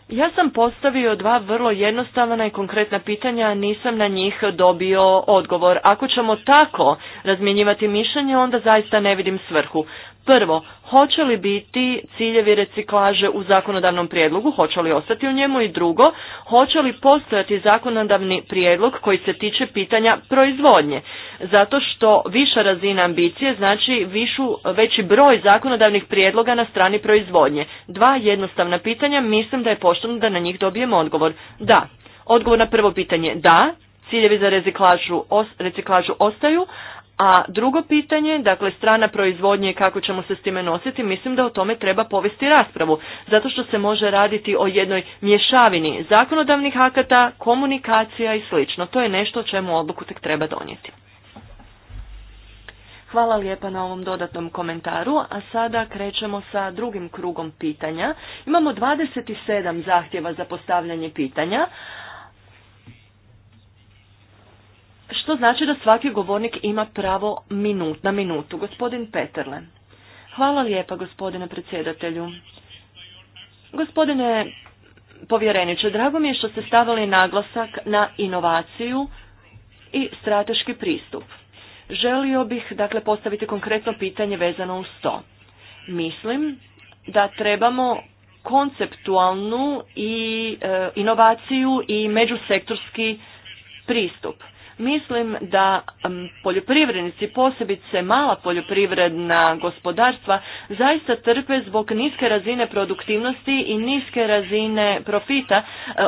Ja sam postavio dva vrlo jednostavna i konkretna pitanja, a nisam na njih dobio odgovor. Ako ćemo tako razmjenjivati mišljenje, onda zaista ne vidim svrhu. Prvo, hoće li biti ciljevi reciklaže u zakonodavnom prijedlogu, hoće li ostati u njemu i drugo, hoće li postojati zakonodavni prijedlog koji se tiče pitanja proizvodnje, zato što viša razina ambicije znači višu, veći broj zakonodavnih prijedloga na strani proizvodnje. Dva jednostavna pitanja, mislim da je pošteno da na njih dobijemo odgovor. Da. Odgovor na prvo pitanje, da, ciljevi za reciklažu, reciklažu ostaju, a drugo pitanje, dakle strana proizvodnje i kako ćemo se s time nositi, mislim da o tome treba povesti raspravu, zato što se može raditi o jednoj mješavini zakonodavnih akata, komunikacija i slično. To je nešto o čemu odluku tek treba donijeti. Hvala lijepa na ovom dodatnom komentaru, a sada krećemo sa drugim krugom pitanja. Imamo 27 zahtjeva za postavljanje pitanja, što znači da svaki govornik ima pravo minut, na minutu. Gospodin Peterle. Hvala lijepa gospodine predsjedatelju. Gospodine povjereniče, drago mi je što ste stavili naglasak na inovaciju i strateški pristup. Želio bih dakle postaviti konkretno pitanje vezano uz to. Mislim da trebamo konceptualnu i e, inovaciju i međusektorski pristup. Mislim da poljoprivrednici, posebice mala poljoprivredna gospodarstva, zaista trpe zbog niske razine produktivnosti i niske razine profita, e,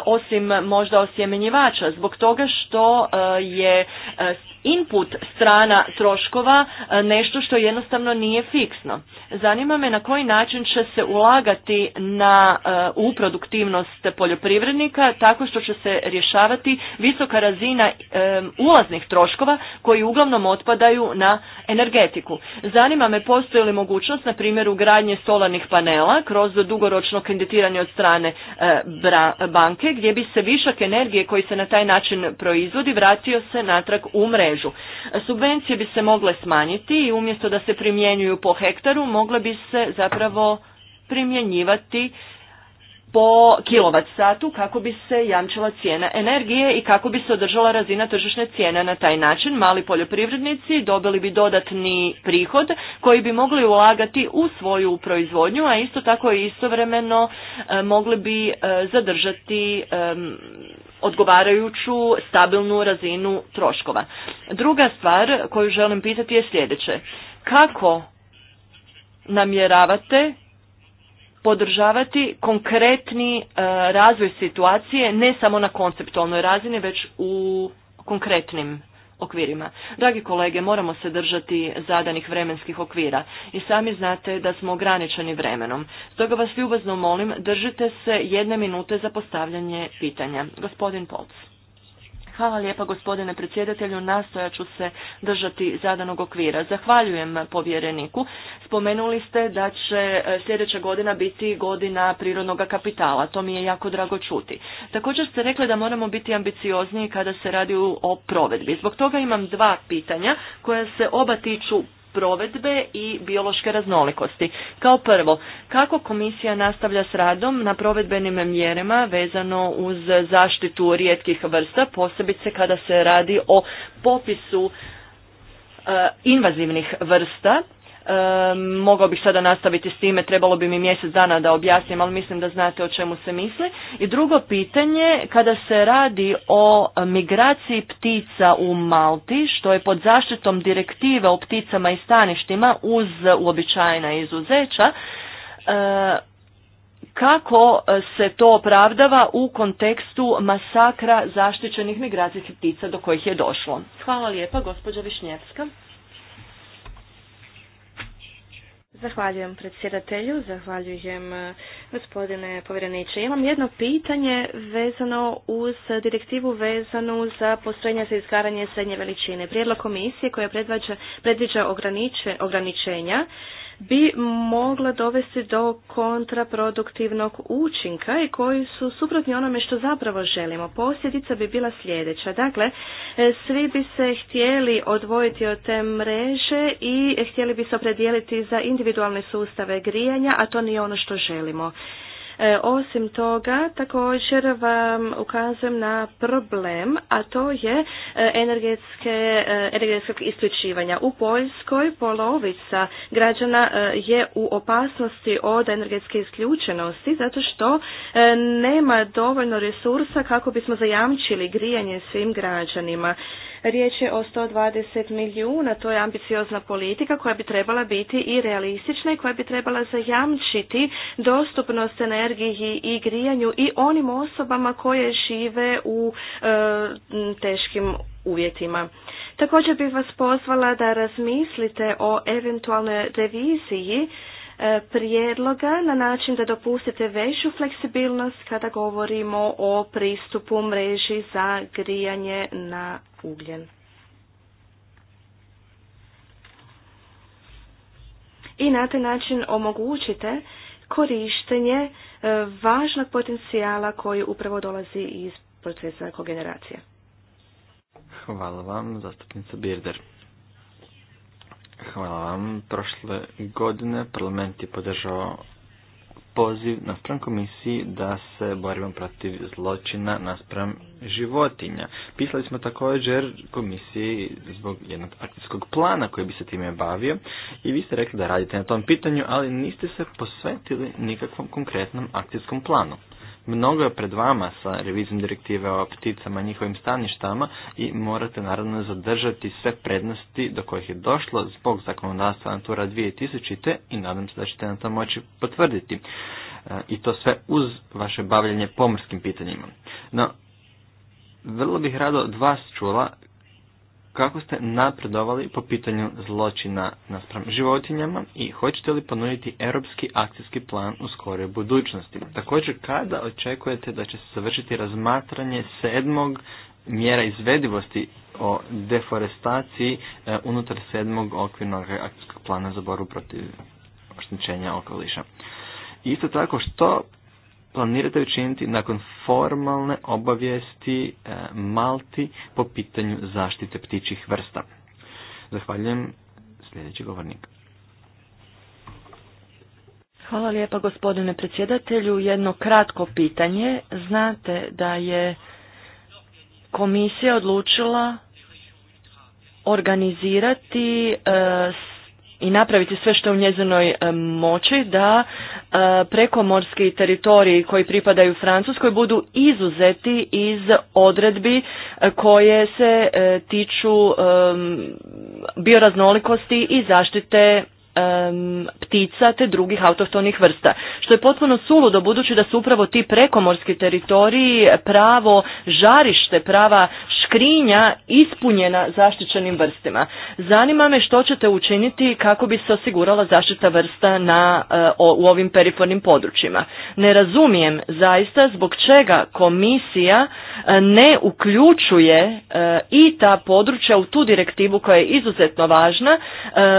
osim možda osjemenjivača, zbog toga što e, je e, input strana troškova nešto što jednostavno nije fiksno. Zanima me na koji način će se ulagati na, u produktivnost poljoprivrednika tako što će se rješavati visoka razina ulaznih troškova koji uglavnom otpadaju na energetiku. Zanima me postoji li mogućnost, na primjeru, ugradnje solarnih panela kroz dugoročno kreditiranje od strane e, banke, gdje bi se višak energije koji se na taj način proizvodi vratio se natrag u mrežu. Subvencije bi se mogle smanjiti i umjesto da se primjenjuju po hektaru, mogle bi se zapravo primjenjivati po kilovat satu kako bi se jamčila cijena energije i kako bi se održala razina tržišne cijene na taj način. Mali poljoprivrednici dobili bi dodatni prihod koji bi mogli ulagati u svoju proizvodnju, a isto tako i istovremeno e, mogli bi e, zadržati e, odgovarajuću stabilnu razinu troškova. Druga stvar koju želim pitati je sljedeće. Kako namjeravate podržavati konkretni e, razvoj situacije ne samo na konceptualnoj razini već u konkretnim okvirima. Dragi kolege, moramo se držati zadanih vremenskih okvira i sami znate da smo ograničeni vremenom. Stoga vas ljubazno molim, držite se jedne minute za postavljanje pitanja. Gospodin Polc. Hvala lijepa gospodine predsjedatelju, nastojat ću se držati zadanog okvira. Zahvaljujem povjereniku. Spomenuli ste da će e, sljedeća godina biti godina prirodnog kapitala. To mi je jako drago čuti. Također ste rekli da moramo biti ambiciozniji kada se radi o provedbi. Zbog toga imam dva pitanja koja se oba tiču provedbe i biološke raznolikosti. Kao prvo, kako komisija nastavlja s radom na provedbenim mjerama vezano uz zaštitu rijetkih vrsta, posebice kada se radi o popisu e, invazivnih vrsta mogao bih sada nastaviti s time, trebalo bi mi mjesec dana da objasnim, ali mislim da znate o čemu se misli. I drugo pitanje, kada se radi o migraciji ptica u Malti, što je pod zaštitom direktive o pticama i staništima uz uobičajena izuzeća, e, kako se to opravdava u kontekstu masakra zaštićenih migracijskih ptica do kojih je došlo. Hvala lijepa, gospođa Višnjevska. Zahvaljujem predsjedatelju, zahvaljujem e, gospodine povjereniče. Imam jedno pitanje vezano uz direktivu vezanu za postrojenja za izgaranje srednje veličine. Prijedlog komisije koja predviđa ograničenja bi mogla dovesti do kontraproduktivnog učinka i koji su suprotni onome što zapravo želimo. Posljedica bi bila sljedeća. Dakle, svi bi se htjeli odvojiti od te mreže i htjeli bi se opredijeliti za individualne sustave grijanja, a to nije ono što želimo. E, osim toga, također vam ukazujem na problem, a to je e, energetske, e, energetskog isključivanja. U Poljskoj polovica građana je u opasnosti od energetske isključenosti zato što nema dovoljno resursa kako bismo zajamčili grijanje svim građanima. Riječ je o 120 milijuna, to je ambiciozna politika koja bi trebala biti i realistična i koja bi trebala zajamčiti dostupnost energiji i grijanju i onim osobama koje žive u e, teškim uvjetima. Također bih vas pozvala da razmislite o eventualnoj reviziji E, prijedloga na način da dopustite veću fleksibilnost kada govorimo o pristupu mreži za grijanje na ugljen. I na taj način omogućite korištenje e, važnog potencijala koji upravo dolazi iz procesa kogeneracije. Hvala vam, zastupnica Birder. Hvala vam. Prošle godine parlament je podržao poziv na stran komisiji da se borimo protiv zločina naspram životinja. Pisali smo također komisiji zbog jednog akcijskog plana koji bi se time bavio i vi ste rekli da radite na tom pitanju, ali niste se posvetili nikakvom konkretnom akcijskom planu. Mnogo je pred vama sa revizijom direktive o pticama i njihovim staništama i morate naravno zadržati sve prednosti do kojih je došlo zbog zakonodavstva Natura 2000 i nadam se da ćete na to moći potvrditi. E, I to sve uz vaše bavljenje pomorskim pitanjima. No, vrlo bih rado od vas čula kako ste napredovali po pitanju zločina naspram životinjama i hoćete li ponuditi europski akcijski plan u skoroj budućnosti. Također kada očekujete da će se završiti razmatranje sedmog mjera izvedivosti o deforestaciji e, unutar sedmog okvirnog akcijskog plana za boru protiv oštećenja okoliša. Isto tako što planirate učiniti nakon formalne obavijesti e, Malti po pitanju zaštite ptičih vrsta? Zahvaljujem sljedeći govornik. Hvala lijepa gospodine predsjedatelju. Jedno kratko pitanje. Znate da je komisija odlučila organizirati e, i napraviti sve što je u njezinoj e, moći da e, prekomorski teritoriji koji pripadaju Francuskoj budu izuzeti iz odredbi e, koje se tiču bioraznolikosti i zaštite ptica te drugih autohtonih vrsta. Što je potpuno suludo budući da su upravo ti prekomorski teritoriji pravo žarište, prava skrinja ispunjena zaštićenim vrstima. Zanima me što ćete učiniti kako bi se osigurala zaštita vrsta na, e, u ovim perifornim područjima. Ne razumijem zaista zbog čega komisija e, ne uključuje e, i ta područja u tu direktivu koja je izuzetno važna.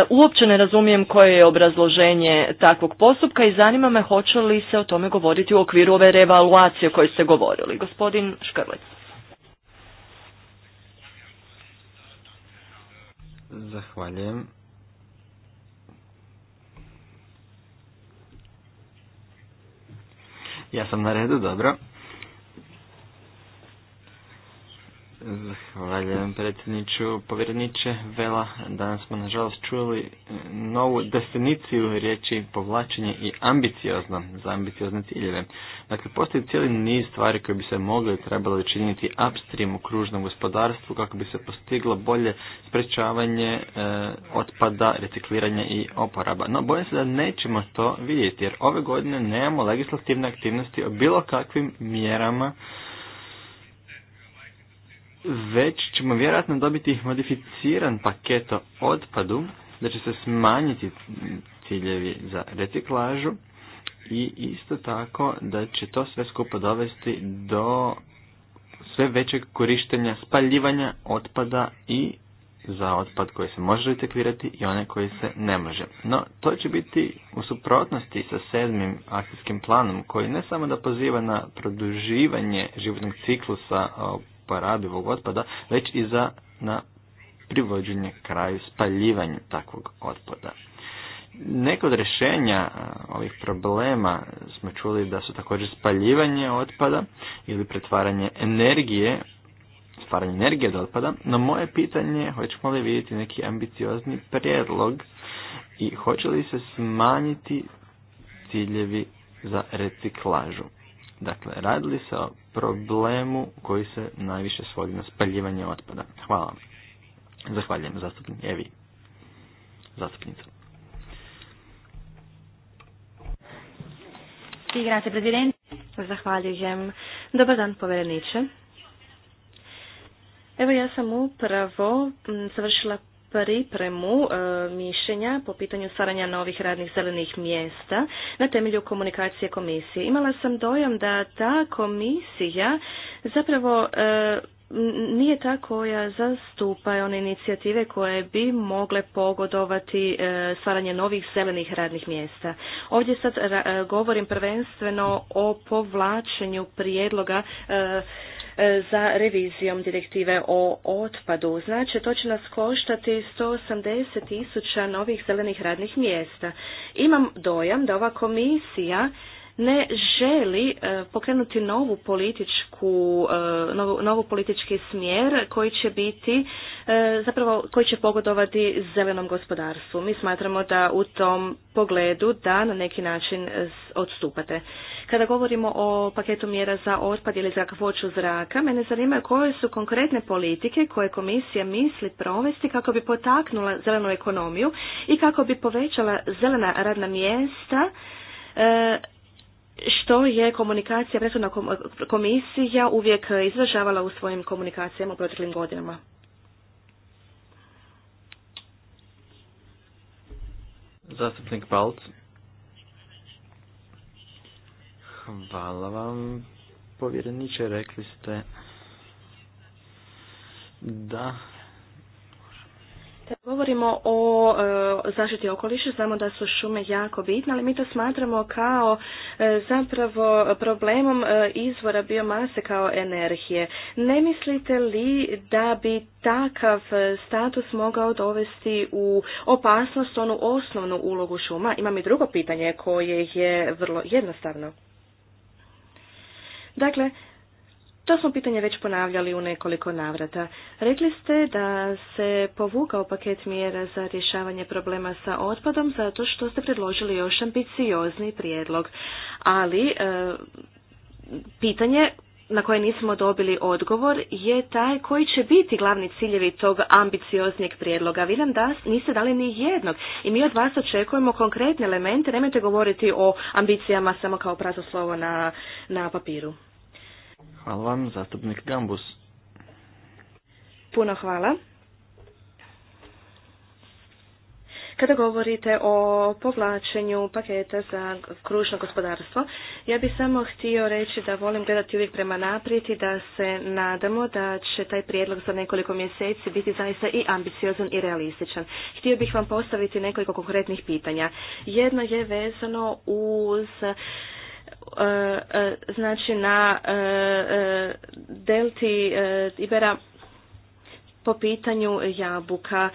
Uopće ne razumijem koje je obrazloženje takvog postupka i zanima me hoće li se o tome govoriti u okviru ove revaluacije o kojoj ste govorili. Gospodin Škrlec. Zahvaljujem. Ja sam na redu, dobro. Zahvaljujem predsjedniču. Povjereniče Vela, danas smo nažalost čuli e, novu definiciju riječi povlačenje i ambiciozno za ambiciozne ciljeve. Dakle, postoji cijeli niz stvari koje bi se mogle trebalo učiniti upstream u kružnom gospodarstvu kako bi se postiglo bolje sprečavanje e, otpada, recikliranje i oporaba. No, bojim se da nećemo to vidjeti jer ove godine nemamo legislativne aktivnosti o bilo kakvim mjerama već ćemo vjerojatno dobiti modificiran paket o otpadu, da će se smanjiti ciljevi za reciklažu i isto tako da će to sve skupa dovesti do sve većeg korištenja spaljivanja otpada i za otpad koji se može reciklirati i one koji se ne može. No, to će biti u suprotnosti sa sedmim akcijskim planom koji ne samo da poziva na produživanje životnog ciklusa ovog otpada, već i za na privođenje kraju spaljivanja takvog otpada. Neko od rješenja ovih problema smo čuli da su također spaljivanje otpada ili pretvaranje energije, stvaranje energije od otpada, no moje pitanje je hoćemo li vidjeti neki ambiciozni prijedlog i hoće li se smanjiti ciljevi za reciklažu. Dakle, radili se o problemu koji se najviše svodi na spaljivanje otpada. Hvala vam. Zahvaljujem zastupnik Evi. Zastupnica. Zahvaljujem. Dobar dan, povereniče. Evo ja sam upravo završila pripremu e, mišljenja po pitanju stvaranja novih radnih zelenih mjesta na temelju komunikacije komisije. Imala sam dojam da ta komisija zapravo e, nije ta koja zastupa one inicijative koje bi mogle pogodovati e, stvaranje novih zelenih radnih mjesta. Ovdje sad e, govorim prvenstveno o povlačenju prijedloga e, za revizijom direktive o otpadu. Znači, to će nas koštati 180 tisuća novih zelenih radnih mjesta. Imam dojam da ova komisija ne želi e, pokrenuti novu političku, e, novu, politički smjer koji će biti e, zapravo koji će pogodovati zelenom gospodarstvu. Mi smatramo da u tom pogledu da na neki način odstupate. Kada govorimo o paketu mjera za otpad ili za kakvoću zraka, mene zanima koje su konkretne politike koje komisija misli provesti kako bi potaknula zelenu ekonomiju i kako bi povećala zelena radna mjesta što je komunikacija, prethodna komisija uvijek izražavala u svojim komunikacijama u proteklim godinama. Zastupnik Palc. Hvala vam, povjereniče, rekli ste da kad govorimo o e, zaštiti okoliša, znamo da su šume jako bitne, ali mi to smatramo kao e, zapravo problemom e, izvora biomase kao energije. Ne mislite li da bi takav status mogao dovesti u opasnost onu osnovnu ulogu šuma? Imam i drugo pitanje koje je vrlo jednostavno. Dakle, to smo pitanje već ponavljali u nekoliko navrata. Rekli ste da se povukao paket mjera za rješavanje problema sa otpadom zato što ste predložili još ambiciozni prijedlog. Ali e, pitanje na koje nismo dobili odgovor je taj koji će biti glavni ciljevi tog ambicioznijeg prijedloga. Vi nam da, niste dali ni jednog i mi od vas očekujemo konkretne elemente, nemojte govoriti o ambicijama samo kao prazo slovo na, na papiru. Hvala vam, zastupnik Gambus. Puno hvala. Kada govorite o povlačenju paketa za kružno gospodarstvo, ja bih samo htio reći da volim gledati uvijek prema naprijed i da se nadamo da će taj prijedlog za nekoliko mjeseci biti zaista i ambiciozan i realističan. Htio bih vam postaviti nekoliko konkretnih pitanja. Jedno je vezano uz E, e, znači na e, delti Ibera po pitanju jabuka.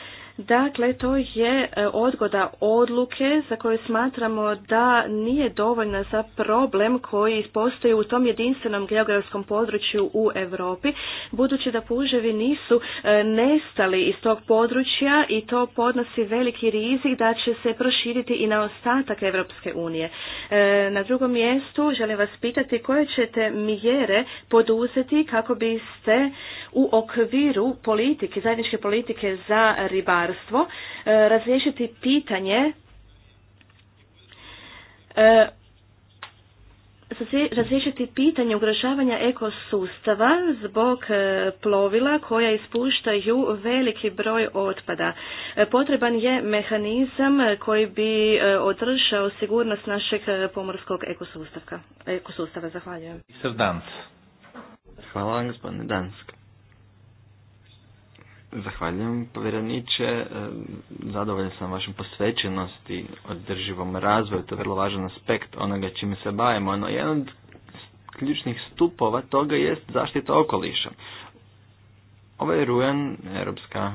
Dakle, to je e, odgoda odluke za koju smatramo da nije dovoljna za problem koji postoji u tom jedinstvenom geografskom području u Europi, budući da puževi nisu e, nestali iz tog područja i to podnosi veliki rizik da će se proširiti i na ostatak Europske unije. E, na drugom mjestu želim vas pitati koje ćete mjere poduzeti kako biste u okviru politike, zajedničke politike za ribar E, Razrješiti pitanje e, razriješiti pitanje ugrožavanja ekosustava zbog e, plovila koja ispuštaju veliki broj otpada. Potreban je mehanizam koji bi održao sigurnost našeg pomorskog ekosustava. Zahvaljujem. Hvala vam gospodine Danske. Zahvaljujem, povjereniče. E, zadovoljan sam vašom posvećenosti održivom razvoju. To je vrlo važan aspekt onoga čime se bavimo. No, jedan od ključnih stupova toga jest zaštita okoliša. Ovaj rujan Europska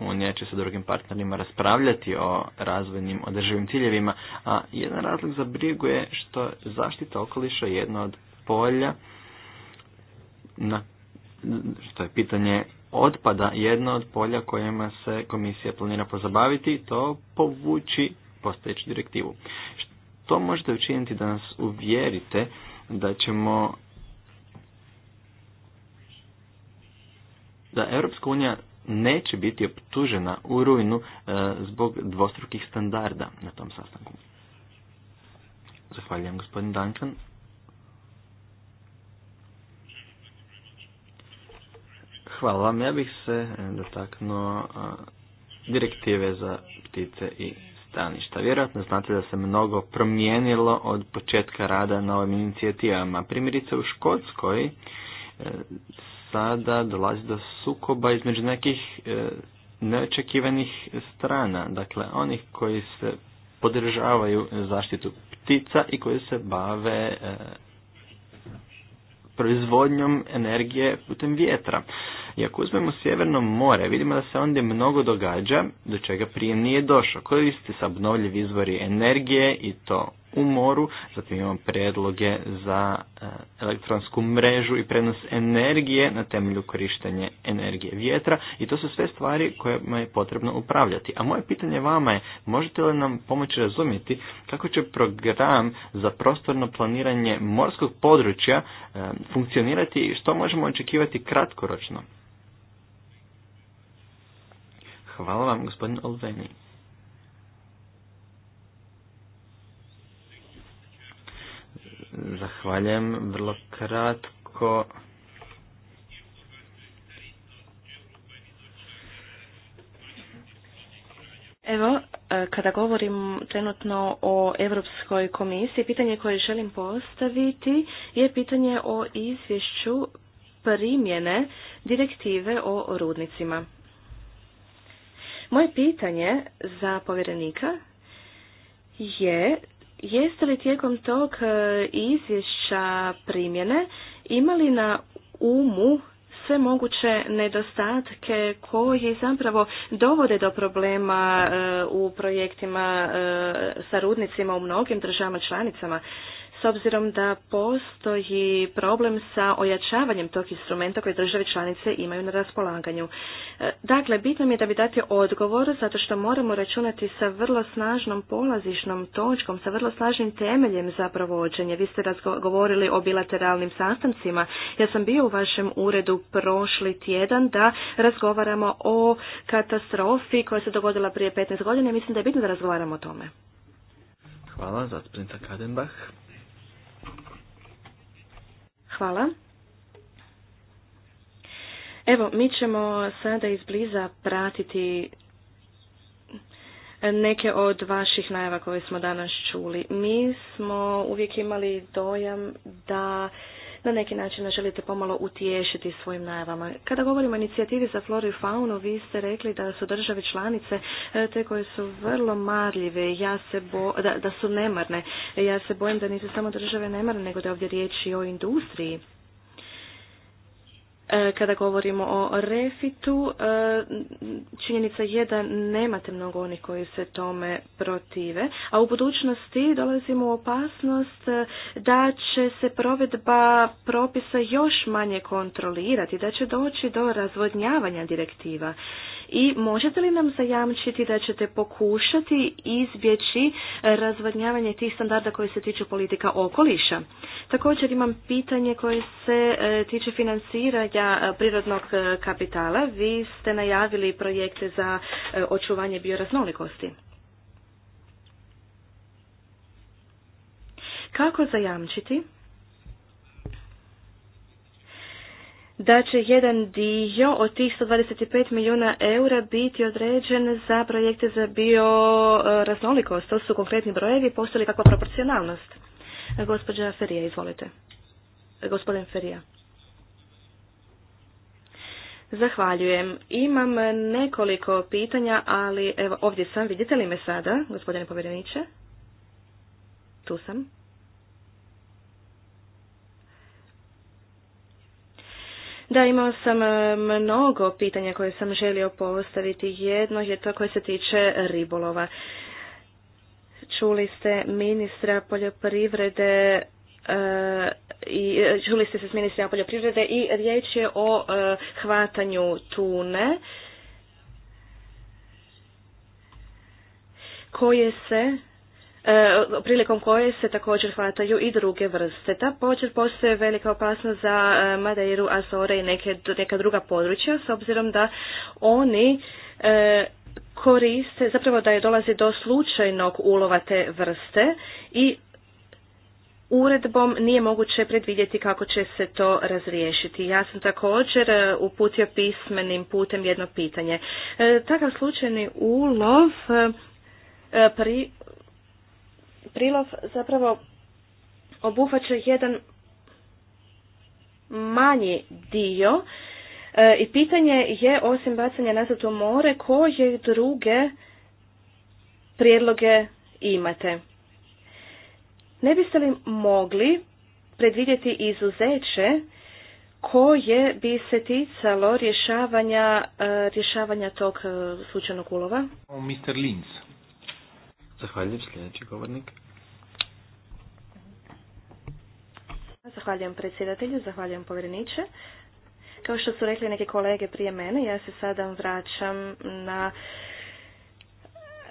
unija će sa drugim partnerima raspravljati o razvojnim održivim ciljevima, a jedan razlog za brigu je što zaštita okoliša je jedno od polja na što je pitanje otpada jedno od polja kojima se komisija planira pozabaviti, to povući postojeću direktivu. Što možete učiniti da nas uvjerite da ćemo da Europska unija neće biti optužena u rujnu e, zbog dvostrukih standarda na tom sastanku. Zahvaljujem gospodin Duncan. Hvala vam. Ja bih se e, dotaknuo direktive za ptice i staništa. Vjerojatno znate da se mnogo promijenilo od početka rada na ovim inicijativama. Primjerice u Škotskoj e, sada dolazi do sukoba između nekih e, neočekivanih strana, dakle onih koji se podržavaju zaštitu ptica i koji se bave proizvodnjom energije putem vjetra. I ako uzmemo Sjeverno more, vidimo da se ondje mnogo događa do čega prije nije došlo. Koriste se obnovljivi izvori energije i to u moru, zatim imamo predloge za e, elektronsku mrežu i prenos energije na temelju korištenje energije vjetra i to su sve stvari kojima je potrebno upravljati. A moje pitanje vama je, možete li nam pomoći razumjeti kako će program za prostorno planiranje morskog područja e, funkcionirati i što možemo očekivati kratkoročno? Hvala vam, gospodin Olveni. Zahvaljujem, vrlo kratko. Evo, e, kada govorim trenutno o Europskoj komisiji, pitanje koje želim postaviti je pitanje o izvješću primjene direktive o rudnicima. Moje pitanje za povjerenika je jeste li tijekom tog e, izvješća primjene imali na umu sve moguće nedostatke koji zapravo dovode do problema e, u projektima e, sa rudnicima u mnogim državama članicama obzirom da postoji problem sa ojačavanjem tog instrumenta koje države članice imaju na raspolaganju. E, dakle, bitno mi je da bi dati odgovor zato što moramo računati sa vrlo snažnom polazišnom točkom, sa vrlo snažnim temeljem za provođenje. Vi ste govorili o bilateralnim sastancima. Ja sam bio u vašem uredu prošli tjedan da razgovaramo o katastrofi koja se dogodila prije 15 godina i mislim da je bitno da razgovaramo o tome. Hvala, zastupnica Kadenbach. Hvala. Evo, mi ćemo sada izbliza pratiti neke od vaših najava koje smo danas čuli. Mi smo uvijek imali dojam da na neki način ne želite pomalo utješiti svojim najavama. Kada govorimo o inicijativi za floru i faunu, vi ste rekli da su države članice e, te koje su vrlo marljive, ja se bo, da, da su nemarne. Ja se bojim da nisu samo države nemarne, nego da je ovdje riječ i o industriji E, kada govorimo o refitu, e, činjenica je da nemate mnogo onih koji se tome protive, a u budućnosti dolazimo u opasnost e, da će se provedba propisa još manje kontrolirati, da će doći do razvodnjavanja direktiva. I možete li nam zajamčiti da ćete pokušati izbjeći razvodnjavanje tih standarda koji se tiču politika okoliša? Također imam pitanje koje se tiče financiranja E, prirodnog e, kapitala. Vi ste najavili projekte za e, očuvanje bioraznolikosti. Kako zajamčiti da će jedan dio od tih 125 milijuna eura biti određen za projekte za bioraznolikost? To su konkretni brojevi, postoji li kakva proporcionalnost? Gospođa Ferija, izvolite. Gospodin Ferija. Zahvaljujem. Imam nekoliko pitanja, ali evo ovdje sam. Vidite li me sada, gospodine povjereniče? Tu sam. Da, imao sam e, mnogo pitanja koje sam želio postaviti. Jedno je to koje se tiče ribolova. Čuli ste ministra poljoprivrede i e, čuli ste se s ministrima poljoprivrede i riječ je o e, hvatanju tune koje se e, prilikom koje se također hvataju i druge vrste. Također postoje velika opasnost za Madeiru, Azore i neka druga područja s obzirom da oni koriste, zapravo da je dolazi do slučajnog ulova te vrste i uredbom nije moguće predvidjeti kako će se to razriješiti. Ja sam također e, uputio pismenim putem jedno pitanje. E, takav slučajni ulov, e, pri, prilov zapravo obuhvaća jedan manji dio i pitanje je osim bacanja nazad u more koje druge prijedloge imate. Ne biste li mogli predvidjeti izuzeće koje bi se ticalo rješavanja, e, rješavanja tog e, slučajnog ulova? Mr. Linz. Zahvaljujem sljedeći govornik. Zahvaljujem predsjedatelju, zahvaljujem povjereniče. Kao što su rekli neke kolege prije mene, ja se sada vraćam na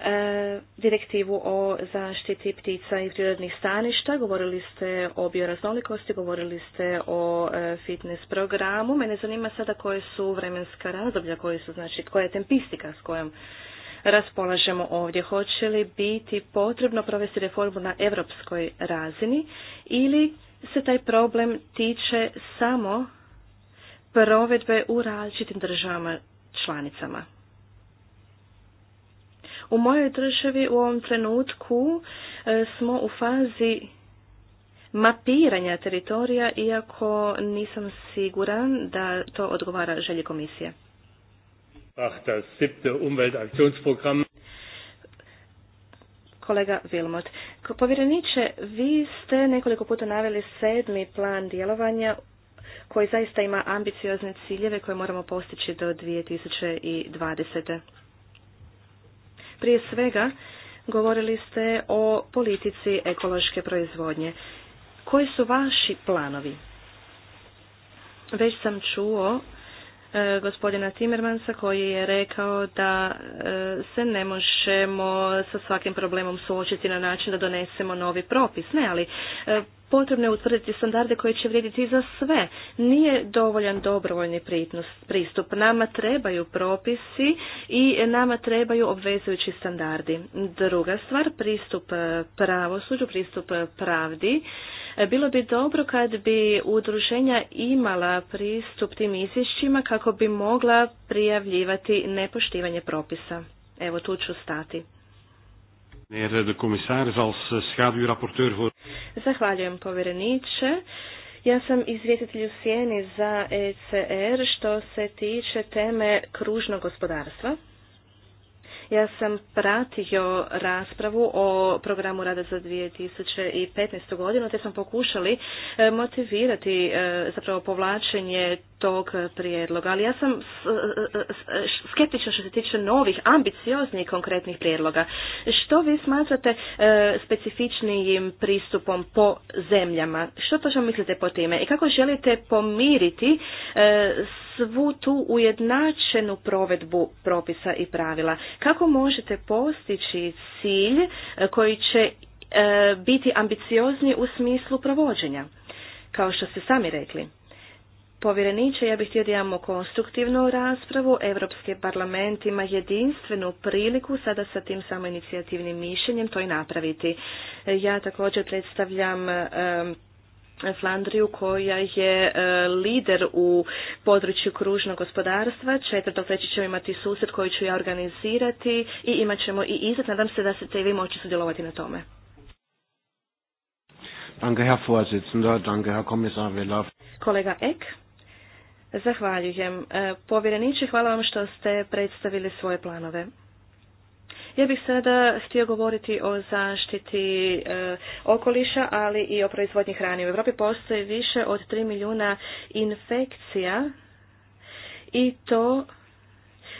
E, direktivu o zaštiti ptica i prirodnih staništa, govorili ste o bioraznolikosti, govorili ste o e, fitness programu. Mene zanima sada koje su vremenska razdoblja, koje su, znači, koja je tempistika s kojom raspolažemo ovdje. Hoće li biti potrebno provesti reformu na europskoj razini ili se taj problem tiče samo provedbe u različitim državama članicama? U mojoj državi u ovom trenutku e, smo u fazi mapiranja teritorija, iako nisam siguran da to odgovara želji komisije. Ach, Umweltaktionsprogramm. Kolega Vilmot, povjereniče, vi ste nekoliko puta naveli sedmi plan djelovanja koji zaista ima ambiciozne ciljeve koje moramo postići do 2020. Prije svega, govorili ste o politici ekološke proizvodnje. Koji su vaši planovi? Već sam čuo e, gospodina Timmermansa koji je rekao da e, se ne možemo sa svakim problemom suočiti na način da donesemo novi propis. Ne, ali e, potrebno je utvrditi standarde koje će vrijediti za sve. Nije dovoljan dobrovoljni pristup. Nama trebaju propisi i nama trebaju obvezujući standardi. Druga stvar, pristup e, pravosuđu, pristup pravdi. E, bilo bi dobro kad bi udruženja imala pristup tim izvješćima kako bi mogla prijavljivati nepoštivanje propisa. Evo tu ću stati. Eh, Zahvaljujem povjereniče. Ja sam izvjetitelj u sjeni za ECR što se tiče teme kružnog gospodarstva. Ja sam pratio raspravu o programu rada za 2015. godinu, te sam pokušali e, motivirati e, zapravo povlačenje tog prijedloga. Ali ja sam e, skeptična što se tiče novih, ambicioznih konkretnih prijedloga. Što vi smatrate specifičnijim pristupom po zemljama? Što točno mislite po time? I kako želite pomiriti svu tu ujednačenu provedbu propisa i pravila. Kako možete postići cilj e, koji će e, biti ambiciozni u smislu provođenja? Kao što ste sami rekli. Povjereniče, ja bih htio da imamo konstruktivnu raspravu. Europski parlament ima jedinstvenu priliku sada sa tim samoinicijativnim mišljenjem to i napraviti. E, ja također predstavljam Flandriju koja je e, lider u području kružnog gospodarstva. Četvrtog treći ćemo imati susjed koji ću ja organizirati i imat ćemo i izlet. Nadam se da ćete i vi moći sudjelovati na tome. Danke, Herr Vorsitzender. Danke, Herr Kommissar Kolega Ek. Zahvaljujem. E, povjereniče, hvala vam što ste predstavili svoje planove. Ja bih sada htio govoriti o zaštiti e, okoliša, ali i o proizvodnji hrane. U Europi postoji više od 3 milijuna infekcija i to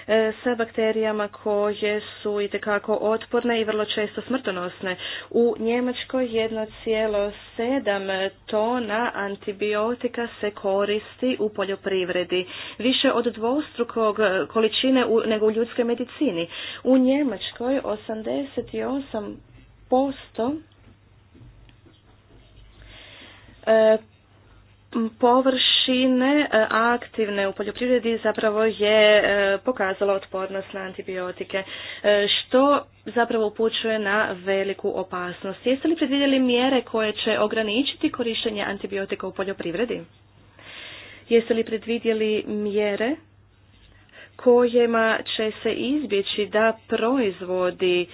E, sa bakterijama koje su i tekako otporne i vrlo često smrtonosne. U Njemačkoj 1,7 tona antibiotika se koristi u poljoprivredi, više od dvostrukog količine u, nego u ljudskoj medicini. U Njemačkoj 88% posto e, površine e, aktivne u poljoprivredi zapravo je e, pokazala otpornost na antibiotike, e, što zapravo upućuje na veliku opasnost. Jeste li predvidjeli mjere koje će ograničiti korištenje antibiotika u poljoprivredi? Jeste li predvidjeli mjere kojima će se izbjeći da proizvodi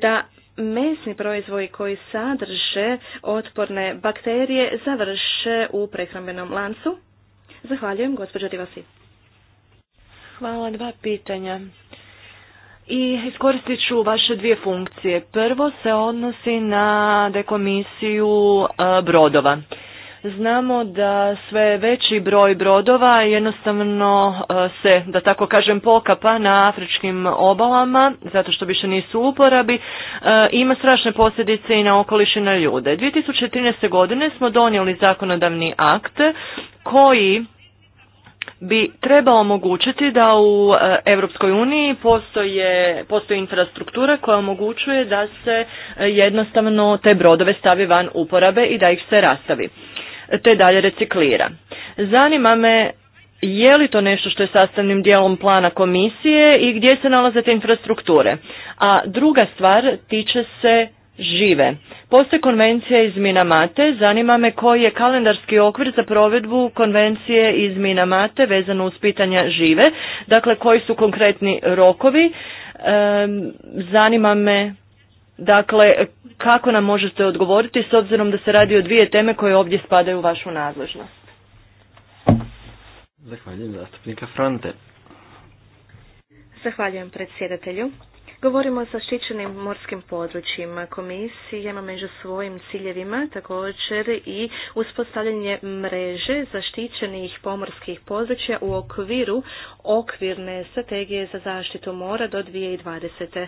da mesni proizvodi koji sadrže otporne bakterije završe u prehrambenom lancu? Zahvaljujem, gospođa Divasi. Hvala, dva pitanja. I iskoristit ću vaše dvije funkcije. Prvo se odnosi na dekomisiju e, brodova. Znamo da sve veći broj brodova jednostavno e, se, da tako kažem, pokapa na afričkim obalama, zato što više nisu u uporabi, e, ima strašne posljedice i na okoliš i na ljude. 2013. godine smo donijeli zakonodavni akt koji bi trebao omogućiti da u eh, Europskoj uniji postoje, postoji infrastruktura koja omogućuje da se eh, jednostavno te brodove stavi van uporabe i da ih se rastavi, te dalje reciklira. Zanima me je li to nešto što je sastavnim dijelom plana komisije i gdje se nalaze te infrastrukture. A druga stvar tiče se žive. Postoje konvencija iz Minamate, zanima me koji je kalendarski okvir za provedbu konvencije iz Minamate vezano uz pitanja žive, dakle koji su konkretni rokovi, zanima me dakle kako nam možete odgovoriti s obzirom da se radi o dvije teme koje ovdje spadaju u vašu nadležnost. Zahvaljujem zastupnika Frante. Zahvaljujem predsjedatelju. Govorimo o zaštićenim morskim područjima. Komisija ima među svojim ciljevima također i uspostavljanje mreže zaštićenih pomorskih područja u okviru okvirne strategije za zaštitu mora do 2020.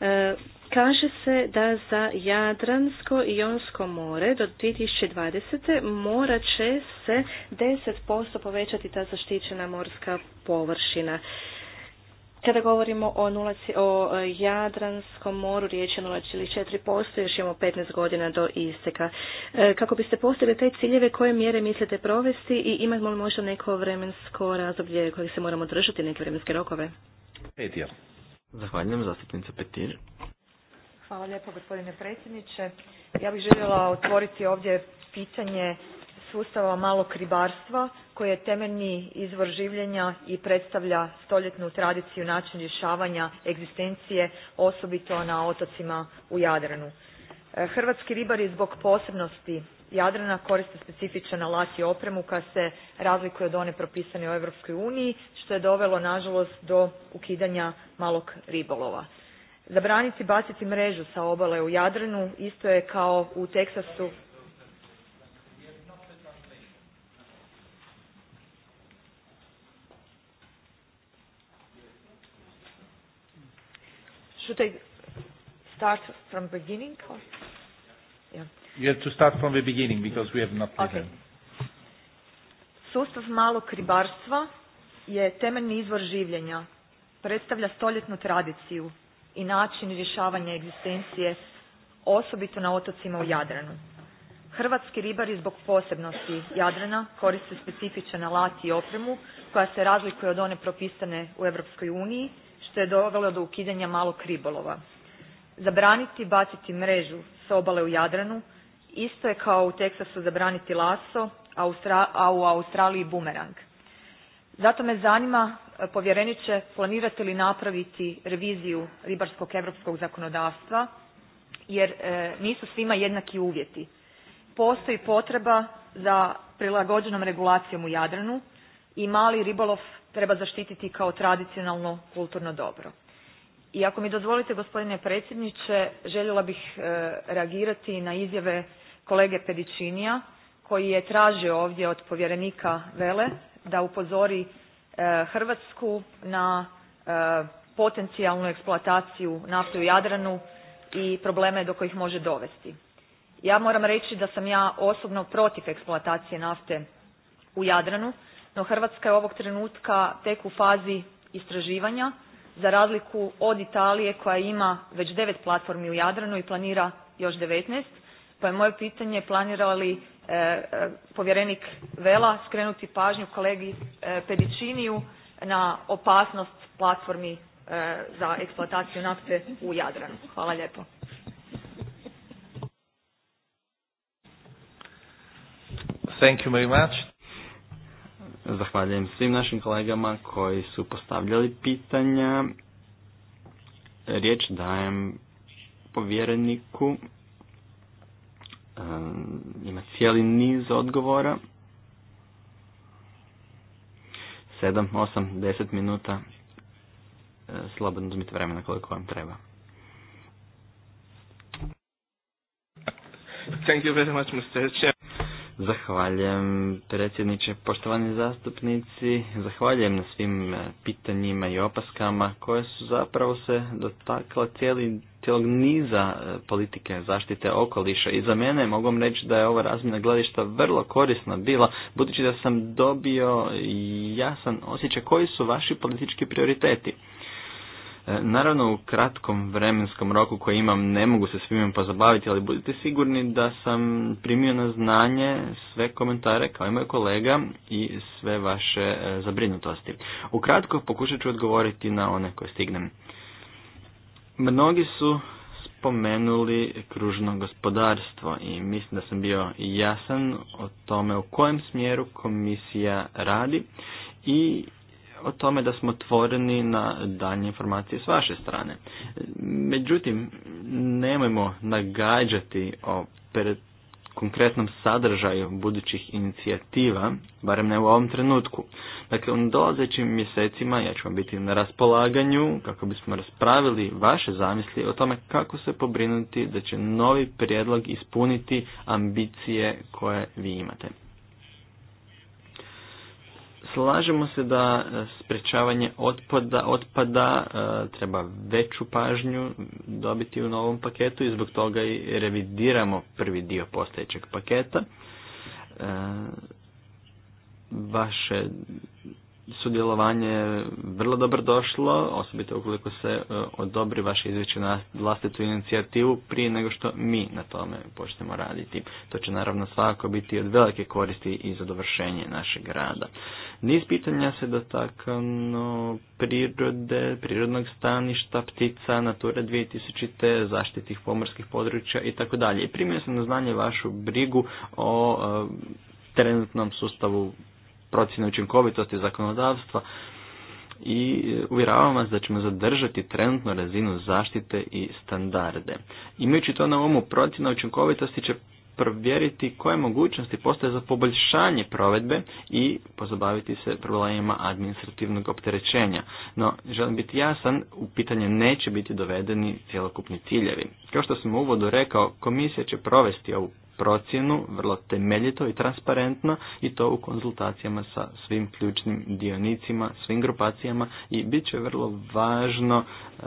E, kaže se da za Jadransko i Jonsko more do 2020. mora će se 10% povećati ta zaštićena morska površina. Kada govorimo o, o e, Jadranskom moru, riječ je 0,4%, još imamo 15 godina do isteka. E, kako biste postavili te ciljeve, koje mjere mislite provesti i imamo li možda neko vremensko razdoblje kojeg se moramo držati, neke vremenske rokove? Petir. Zahvaljujem, zastupnica Petir. Hvala lijepo, gospodine predsjedniče. Ja bih željela otvoriti ovdje pitanje sustava malog ribarstva koji je temeljni izvor življenja i predstavlja stoljetnu tradiciju način rješavanja egzistencije osobito na otocima u Jadranu. E, hrvatski ribari zbog posebnosti Jadrana koriste specifičan alat i opremu koja se razlikuje od one propisane u Europskoj uniji što je dovelo nažalost do ukidanja malog ribolova. Zabraniti baciti mrežu sa obale u Jadranu isto je kao u Teksasu should start from beginning? to start from the beginning because we have not Sustav malog ribarstva je temeljni izvor življenja. Predstavlja stoljetnu tradiciju i način rješavanja egzistencije osobito na otocima u Jadranu. Hrvatski ribari zbog posebnosti Jadrana koriste specifičan alat i opremu koja se razlikuje od one propisane u Europskoj uniji što je dovelo do ukidanja malog ribolova. Zabraniti baciti mrežu s obale u Jadranu isto je kao u Teksasu zabraniti laso, a u Australiji bumerang. Zato me zanima, e, povjereniče, planirate li napraviti reviziju ribarskog europskog zakonodavstva, jer e, nisu svima jednaki uvjeti. Postoji potreba za prilagođenom regulacijom u Jadranu i mali ribolov treba zaštititi kao tradicionalno kulturno dobro. I ako mi dozvolite gospodine predsjedniče, željela bih e, reagirati na izjave kolege Pedičinija koji je tražio ovdje od povjerenika Vele da upozori e, Hrvatsku na e, potencijalnu eksploataciju nafte u Jadranu i probleme do kojih može dovesti. Ja moram reći da sam ja osobno protiv eksploatacije nafte u Jadranu no Hrvatska je ovog trenutka tek u fazi istraživanja za razliku od Italije koja ima već devet platformi u Jadranu i planira još devetnaest pa je moje pitanje planira li e, e, povjerenik Vela skrenuti pažnju kolegi e, na opasnost platformi e, za eksploataciju nafte u Jadranu. Hvala lijepo. Thank you very much. Zahvaljujem svim našim kolegama koji su postavljali pitanja. Riječ dajem povjereniku. Ima cijeli niz odgovora. 7, 8, 10 minuta. E, slobodno uzmite vremena koliko vam treba. Thank you very much, Mr. Zahvaljujem predsjedniče, poštovani zastupnici, zahvaljujem na svim e, pitanjima i opaskama koje su zapravo se dotakle cijeli, cijelog niza e, politike zaštite okoliša i za mene mogu vam reći da je ova razmjena gledišta vrlo korisna bila budući da sam dobio jasan osjećaj koji su vaši politički prioriteti. E, naravno u kratkom vremenskom roku koji imam ne mogu se svime pozabaviti, ali budite sigurni da sam primio na znanje sve komentare kao i moj kolega i sve vaše e, zabrinutosti. Ukratko pokušat ću odgovoriti na one koje stignem. Mnogi su spomenuli kružno gospodarstvo i mislim da sam bio jasan o tome u kojem smjeru komisija radi i o tome da smo otvoreni na danje informacije s vaše strane. Međutim, nemojmo nagađati o konkretnom sadržaju budućih inicijativa, barem ne u ovom trenutku. Dakle, u dolazećim mjesecima ja ću vam biti na raspolaganju kako bismo raspravili vaše zamisli o tome kako se pobrinuti da će novi prijedlog ispuniti ambicije koje vi imate. Slažemo se da e, sprečavanje otpada, otpada e, treba veću pažnju dobiti u novom paketu i zbog toga i revidiramo prvi dio postojećeg paketa. E, vaše sudjelovanje vrlo dobro došlo, osobito ukoliko se e, odobri vaše izvješće na vlastitu inicijativu prije nego što mi na tome počnemo raditi. To će naravno svakako biti od velike koristi i za dovršenje našeg rada. Niz pitanja se dotakano prirode, prirodnog staništa, ptica, nature 2000, te zaštitih pomorskih područja i tako dalje. I primio sam na znanje vašu brigu o e, trenutnom sustavu procjene učinkovitosti zakonodavstva i e, uvjeravam vas da ćemo zadržati trenutnu razinu zaštite i standarde. Imajući to na umu, procjena učinkovitosti će provjeriti koje mogućnosti postoje za poboljšanje provedbe i pozabaviti se problemima administrativnog opterećenja. No, želim biti jasan, u pitanje neće biti dovedeni cjelokupni ciljevi. Kao što sam u uvodu rekao, komisija će provesti ovu procjenu vrlo temeljito i transparentno i to u konzultacijama sa svim ključnim dionicima, svim grupacijama i bit će vrlo važno e,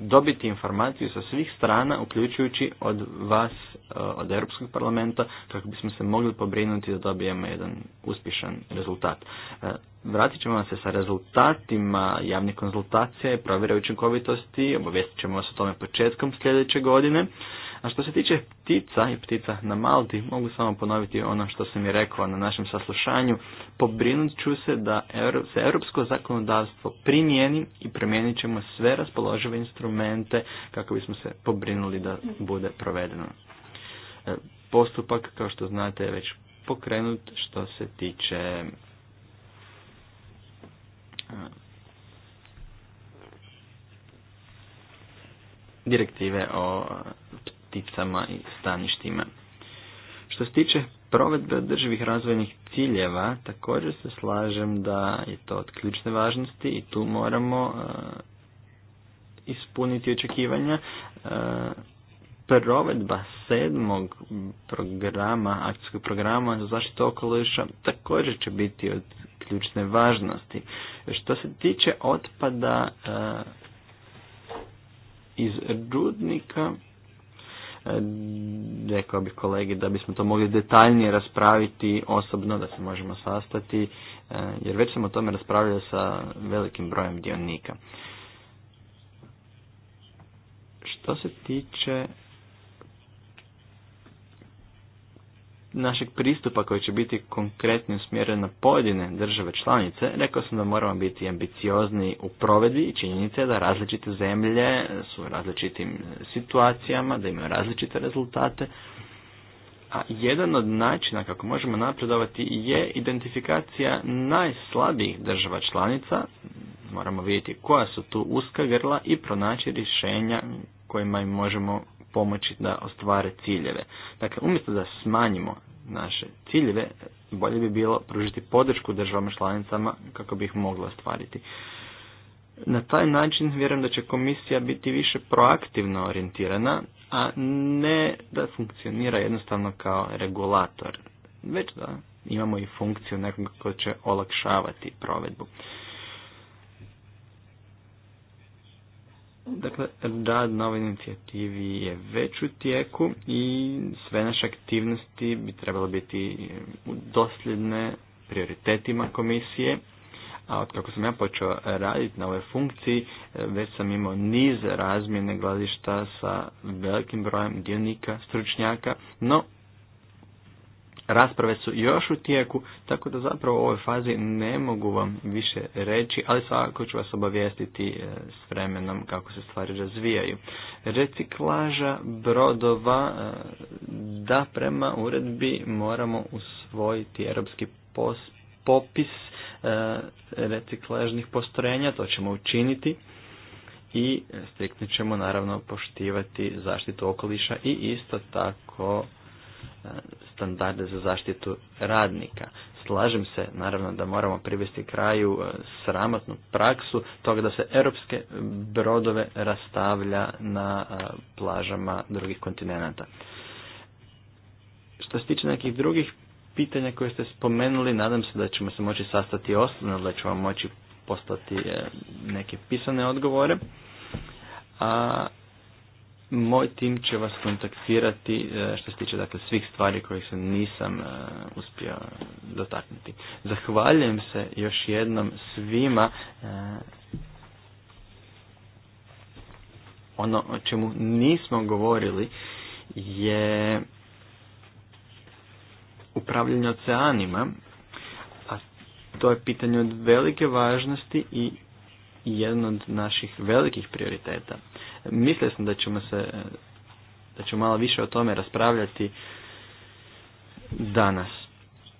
dobiti informaciju sa svih strana, uključujući od vas, e, od Europskog parlamenta, kako bismo se mogli pobrinuti da dobijemo jedan uspješan rezultat. E, vratit ćemo se sa rezultatima javnih konzultacije i provjera učinkovitosti, obavijestit ćemo vas o tome početkom sljedeće godine. A što se tiče ptica i ptica na Malti, mogu samo ponoviti ono što sam i rekao na našem saslušanju. Pobrinut ću se da se europsko zakonodavstvo primijeni i promijenit ćemo sve raspoložive instrumente kako bismo se pobrinuli da bude provedeno. E, postupak, kao što znate, je već pokrenut što se tiče e, direktive o pticama i staništima. Što se tiče provedbe održivih razvojnih ciljeva, također se slažem da je to od ključne važnosti i tu moramo e, ispuniti očekivanja. E, provedba sedmog programa, akcijskog programa za zaštitu okoliša također će biti od ključne važnosti. Što se tiče otpada e, iz rudnika, E, rekao bih kolegi da bismo to mogli detaljnije raspraviti osobno, da se možemo sastati, e, jer već sam o tome raspravljao sa velikim brojem dionika. Što se tiče našeg pristupa koji će biti konkretni usmjeren na pojedine države članice, rekao sam da moramo biti ambiciozni u provedbi i činjenice da različite zemlje su u različitim situacijama, da imaju različite rezultate. A jedan od načina kako možemo napredovati je identifikacija najslabijih država članica. Moramo vidjeti koja su tu uska grla i pronaći rješenja kojima im možemo pomoći da ostvare ciljeve. Dakle, umjesto da smanjimo naše ciljeve, bolje bi bilo pružiti podršku državama članicama kako bi ih mogla ostvariti. Na taj način vjerujem da će komisija biti više proaktivno orijentirana, a ne da funkcionira jednostavno kao regulator, već da imamo i funkciju nekoga koja će olakšavati provedbu. Dakle, rad na ovoj inicijativi je već u tijeku i sve naše aktivnosti bi trebalo biti e, dosljedne prioritetima komisije. A od kako sam ja počeo raditi na ovoj funkciji, e, već sam imao niz razmjene gledišta sa velikim brojem dionika, stručnjaka, no rasprave su još u tijeku, tako da zapravo u ovoj fazi ne mogu vam više reći, ali svakako ću vas obavijestiti e, s vremenom kako se stvari razvijaju. Reciklaža brodova, e, da prema uredbi moramo usvojiti europski popis e, reciklažnih postrojenja, to ćemo učiniti i striktno ćemo naravno poštivati zaštitu okoliša i isto tako standarde za zaštitu radnika. Slažem se, naravno, da moramo privesti kraju e, sramotnu praksu toga da se europske brodove rastavlja na e, plažama drugih kontinenta. Što se tiče nekih drugih pitanja koje ste spomenuli, nadam se da ćemo se moći sastati osnovno, da ćemo moći postati e, neke pisane odgovore. A moj tim će vas kontaktirati e, što se tiče dakle, svih stvari kojih se nisam e, uspio dotaknuti. Zahvaljujem se još jednom svima e, ono o čemu nismo govorili je upravljanje oceanima, a to je pitanje od velike važnosti i jedan od naših velikih prioriteta. Mislio sam da ćemo se, da ćemo malo više o tome raspravljati danas.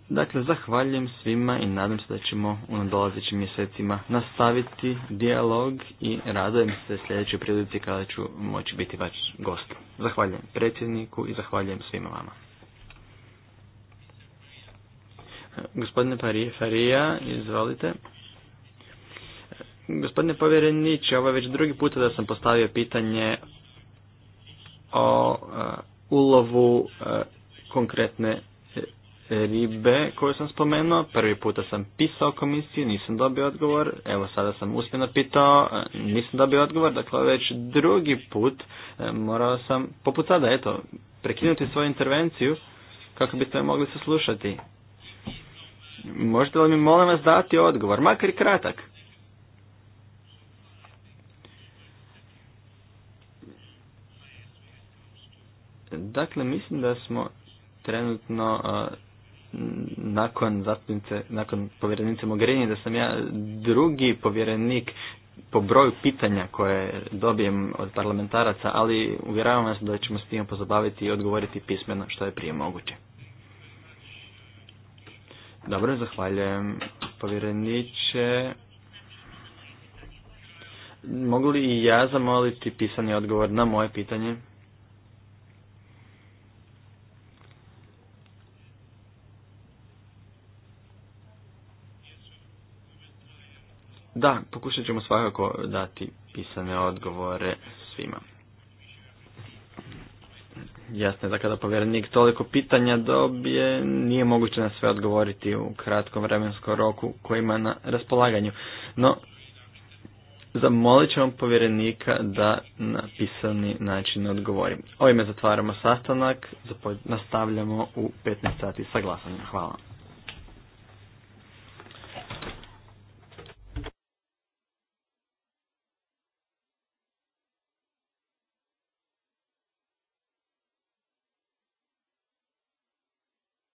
Dakle, zahvaljujem svima i nadam se da ćemo u nadolazećim mjesecima nastaviti dijalog i radujem se sljedećoj prilici kada ću moći biti vaš gost. Zahvaljujem predsjedniku i zahvaljujem svima vama. Gospodine Farija, izvolite. Gospodine povjereniče, ovo je već drugi puta da sam postavio pitanje o e, ulovu e, konkretne e, ribe koju sam spomenuo. Prvi puta sam pisao komisiju, nisam dobio odgovor. Evo sada sam uspjeno pitao, nisam dobio odgovor. Dakle, već drugi put morao sam, poput sada, eto, prekinuti svoju intervenciju kako biste mogli saslušati. Možete li mi molim vas dati odgovor, makar i kratak? Dakle, mislim da smo trenutno e, nakon zastupnice, nakon povjerenice Mogherini, da sam ja drugi povjerenik po broju pitanja koje dobijem od parlamentaraca, ali uvjeravam vas da ćemo s tim pozabaviti i odgovoriti pismeno što je prije moguće. Dobro, zahvaljujem povjereniče. Mogu li i ja zamoliti pisani odgovor na moje pitanje? Da, pokušat ćemo svakako dati pisane odgovore svima. Jasno je da kada povjerenik toliko pitanja dobije, nije moguće na sve odgovoriti u kratkom vremenskom roku koji ima na raspolaganju. No, zamolit ćemo povjerenika da na pisani način odgovori. Ovime zatvaramo sastanak, nastavljamo u 15 sati sa glasanjem. Hvala.